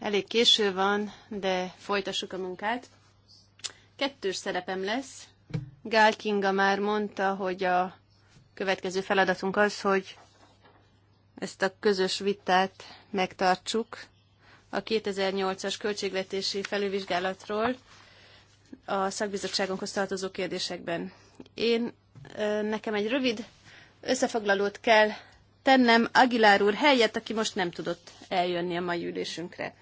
Elég késő van, de folytassuk a munkát. Kettős szerepem lesz. Gál Kinga már mondta, hogy a következő feladatunk az, hogy ezt a közös vitát megtartsuk a 2008-as költségvetési felülvizsgálatról a szakbizottságunkhoz tartozó kérdésekben. Én nekem egy rövid összefoglalót kell tennem Aguilar úr helyett, aki most nem tudott eljönni a mai ülésünkre.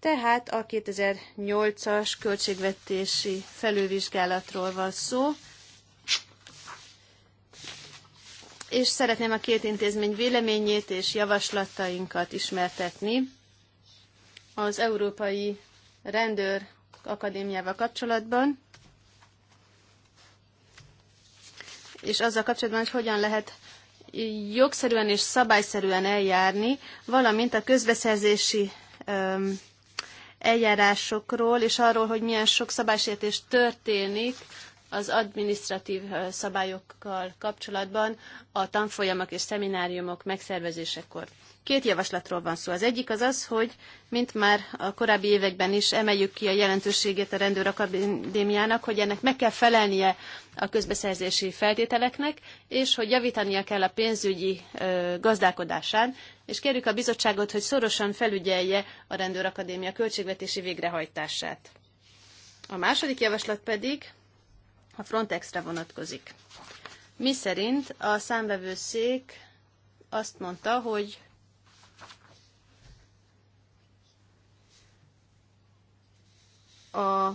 Tehát a 2008-as költségvetési felülvizsgálatról van szó, és szeretném a két intézmény véleményét és javaslatainkat ismertetni az Európai Rendőr Akadémiával kapcsolatban, és azzal kapcsolatban, hogy hogyan lehet jogszerűen és szabályszerűen eljárni, valamint a közbeszerzési eljárásokról, és arról, hogy milyen sok szabálysértés történik az adminisztratív szabályokkal kapcsolatban a tanfolyamok és szemináriumok megszervezésekor. Két javaslatról van szó. Az egyik az az, hogy mint már a korábbi években is emeljük ki a jelentőségét a rendőrakadémiának, hogy ennek meg kell felelnie a közbeszerzési feltételeknek, és hogy javítania kell a pénzügyi ö, gazdálkodásán, és kérjük a bizottságot, hogy szorosan felügyelje a rendőrakadémia költségvetési végrehajtását. A második javaslat pedig a Frontexre vonatkozik. Mi szerint a számvevőszék azt mondta, hogy a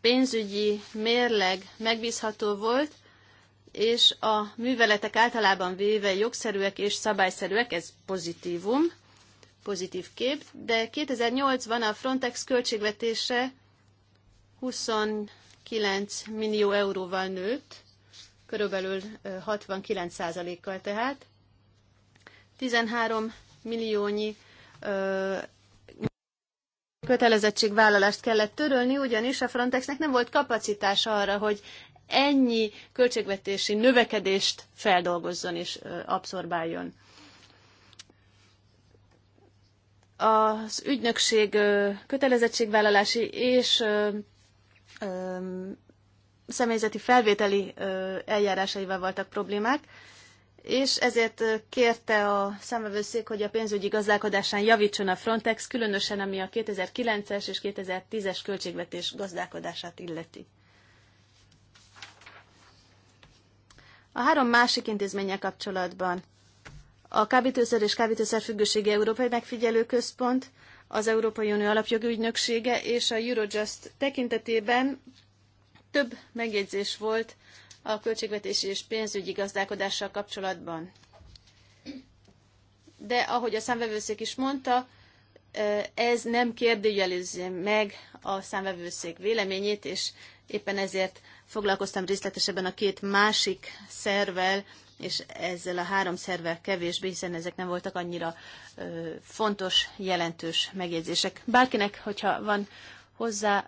pénzügyi mérleg megbízható volt, és a műveletek általában véve jogszerűek és szabályszerűek, ez pozitívum, pozitív kép, de 2008-ban a Frontex költségvetése 29 millió euróval nőtt, körülbelül 69%-kal tehát. 13 milliónyi kötelezettségvállalást kellett törölni, ugyanis a Frontexnek nem volt kapacitása arra, hogy ennyi költségvetési növekedést feldolgozzon és abszorbáljon. Az ügynökség kötelezettségvállalási és személyzeti felvételi eljárásaival voltak problémák és ezért kérte a számövőszék, hogy a pénzügyi gazdálkodásán javítson a Frontex, különösen ami a 2009-es és 2010-es költségvetés gazdálkodását illeti. A három másik intézménye kapcsolatban a kábítószer és kábítószer függősége Európai Megfigyelő Központ, az Európai Unió Alapjogi Ügynöksége és a Eurojust tekintetében több megjegyzés volt a költségvetési és pénzügyi gazdálkodással kapcsolatban. De ahogy a számvevőszék is mondta, ez nem kérdőjelezi meg a számvevőszék véleményét, és éppen ezért foglalkoztam részletesebben a két másik szervel, és ezzel a három szervel kevésbé, hiszen ezek nem voltak annyira ö, fontos, jelentős megjegyzések. Bárkinek, hogyha van hozzá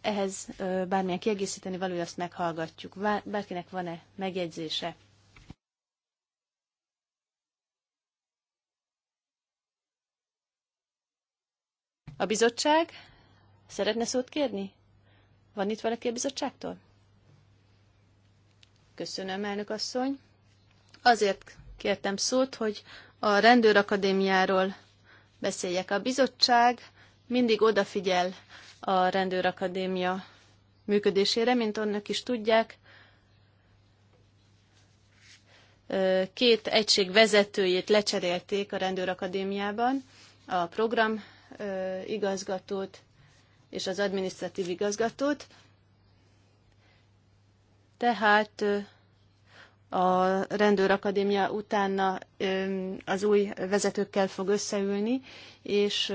ehhez bármilyen kiegészíteni valója, azt meghallgatjuk. Bárkinek van-e megjegyzése? A bizottság szeretne szót kérni? Van itt valaki a bizottságtól? Köszönöm, elnök asszony. Azért kértem szót, hogy a rendőrakadémiáról beszéljek. A bizottság mindig odafigyel a rendőrakadémia működésére, mint önök is tudják. Két egység vezetőjét lecserélték a rendőrakadémiában, a program igazgatót és az adminisztratív igazgatót. Tehát a rendőrakadémia utána az új vezetőkkel fog összeülni, és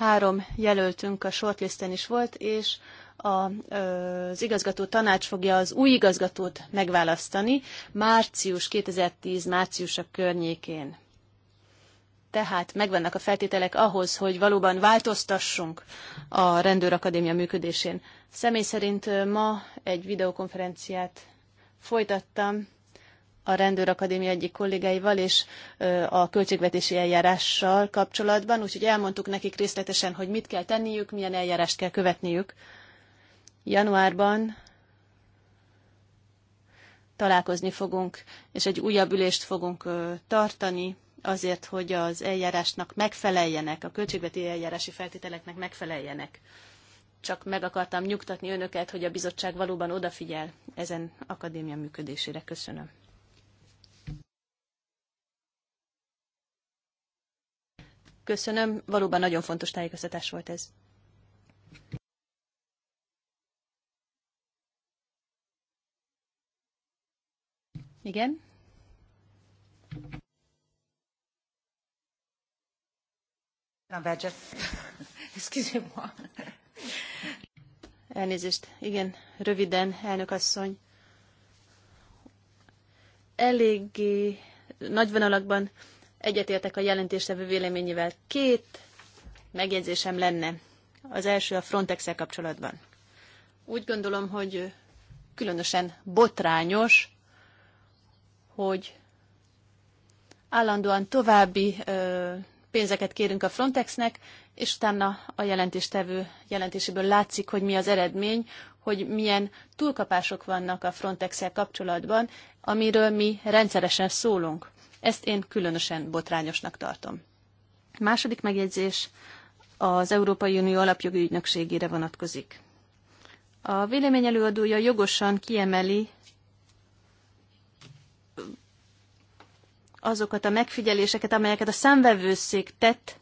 Három jelöltünk a shortlisten is volt, és a, az igazgató tanács fogja az új igazgatót megválasztani március 2010 márciusa környékén. Tehát megvannak a feltételek ahhoz, hogy valóban változtassunk a rendőrakadémia működésén. Személy szerint ma egy videokonferenciát folytattam a rendőrakadémia egyik kollégáival és a költségvetési eljárással kapcsolatban, úgyhogy elmondtuk nekik részletesen, hogy mit kell tenniük, milyen eljárást kell követniük. Januárban találkozni fogunk, és egy újabb ülést fogunk tartani, azért, hogy az eljárásnak megfeleljenek, a költségveti eljárási feltételeknek megfeleljenek. Csak meg akartam nyugtatni önöket, hogy a bizottság valóban odafigyel ezen akadémia működésére. Köszönöm. Köszönöm, valóban nagyon fontos tájékoztatás volt ez. Igen? [LAUGHS] Elnézést. Igen, röviden, elnök asszony. Eléggé nagy vonalakban Egyetértek a jelentéstevő véleményével. Két megjegyzésem lenne. Az első a frontex kapcsolatban. Úgy gondolom, hogy különösen botrányos, hogy állandóan további ö, pénzeket kérünk a Frontexnek, és utána a jelentéstevő jelentéséből látszik, hogy mi az eredmény, hogy milyen túlkapások vannak a frontex kapcsolatban, amiről mi rendszeresen szólunk. Ezt én különösen botrányosnak tartom. Második megjegyzés az Európai Unió alapjogi ügynökségére vonatkozik. A vélemény előadója jogosan kiemeli azokat a megfigyeléseket, amelyeket a számvevőszék tett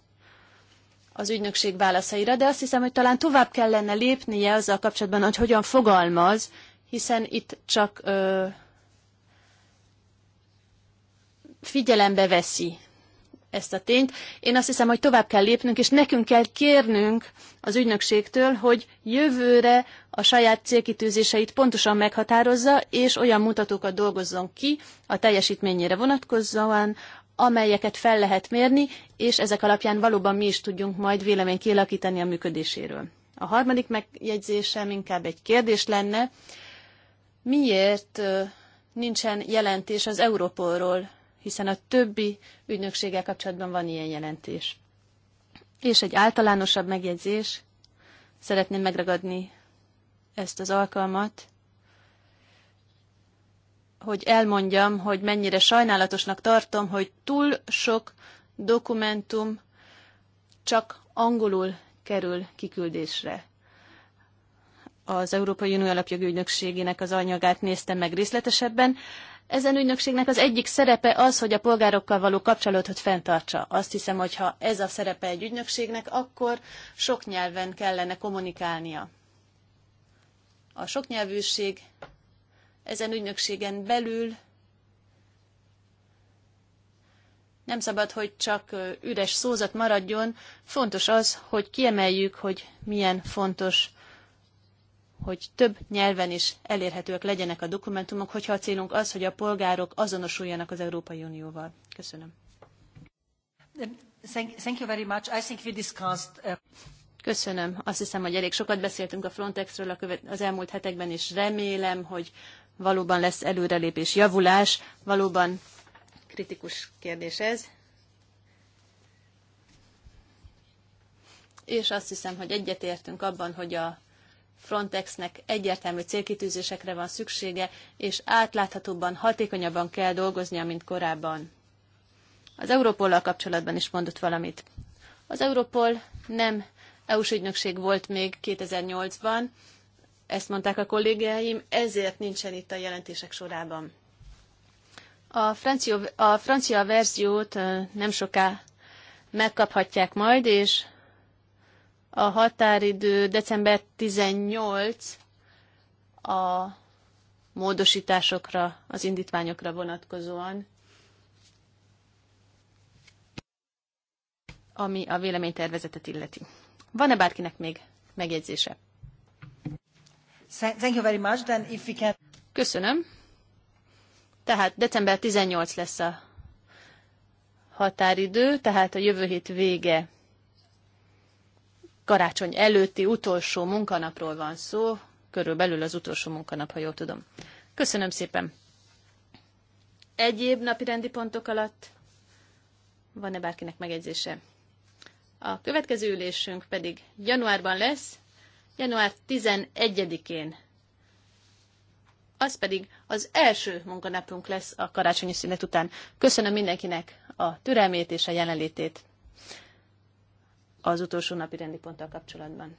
az ügynökség válaszaira, de azt hiszem, hogy talán tovább kellene lépnie azzal kapcsolatban, hogy hogyan fogalmaz, hiszen itt csak ö, figyelembe veszi ezt a tényt. Én azt hiszem, hogy tovább kell lépnünk, és nekünk kell kérnünk az ügynökségtől, hogy jövőre a saját célkitűzéseit pontosan meghatározza, és olyan mutatókat dolgozzon ki a teljesítményére vonatkozóan, amelyeket fel lehet mérni, és ezek alapján valóban mi is tudjunk majd véleményt kialakítani a működéséről. A harmadik megjegyzésem inkább egy kérdés lenne, miért nincsen jelentés az Európolról hiszen a többi ügynökséggel kapcsolatban van ilyen jelentés. És egy általánosabb megjegyzés, szeretném megragadni ezt az alkalmat, hogy elmondjam, hogy mennyire sajnálatosnak tartom, hogy túl sok dokumentum csak angolul kerül kiküldésre. Az Európai Unió Alapjogi Ügynökségének az anyagát néztem meg részletesebben. Ezen ügynökségnek az egyik szerepe az, hogy a polgárokkal való kapcsolatot fenntartsa. Azt hiszem, hogy ha ez a szerepe egy ügynökségnek, akkor sok nyelven kellene kommunikálnia. A soknyelvűség ezen ügynökségen belül nem szabad, hogy csak üres szózat maradjon. Fontos az, hogy kiemeljük, hogy milyen fontos hogy több nyelven is elérhetőek legyenek a dokumentumok, hogyha a célunk az, hogy a polgárok azonosuljanak az Európai Unióval. Köszönöm. Thank you very much. I think we discussed... Uh, Köszönöm. Azt hiszem, hogy elég sokat beszéltünk a Frontexről az elmúlt hetekben, és remélem, hogy valóban lesz előrelépés, javulás. Valóban kritikus kérdés ez. És azt hiszem, hogy egyetértünk abban, hogy a Frontexnek egyértelmű célkitűzésekre van szüksége, és átláthatóbban, hatékonyabban kell dolgoznia, mint korábban. Az Európollal kapcsolatban is mondott valamit. Az Európol nem EU-s ügynökség volt még 2008-ban, ezt mondták a kollégáim, ezért nincsen itt a jelentések sorában. A francia, a francia verziót nem soká megkaphatják majd, és a határidő december 18 a módosításokra, az indítványokra vonatkozóan, ami a véleménytervezetet illeti. Van-e bárkinek még megjegyzése? Thank you very much. Then if we can... Köszönöm. Tehát december 18 lesz a határidő, tehát a jövő hét vége karácsony előtti utolsó munkanapról van szó, körülbelül az utolsó munkanap, ha jól tudom. Köszönöm szépen. Egyéb napi rendi pontok alatt van-e bárkinek megjegyzése? A következő ülésünk pedig januárban lesz, január 11-én. Az pedig az első munkanapunk lesz a karácsonyi szünet után. Köszönöm mindenkinek a türelmét és a jelenlétét az utolsó napi rendi ponttal kapcsolatban.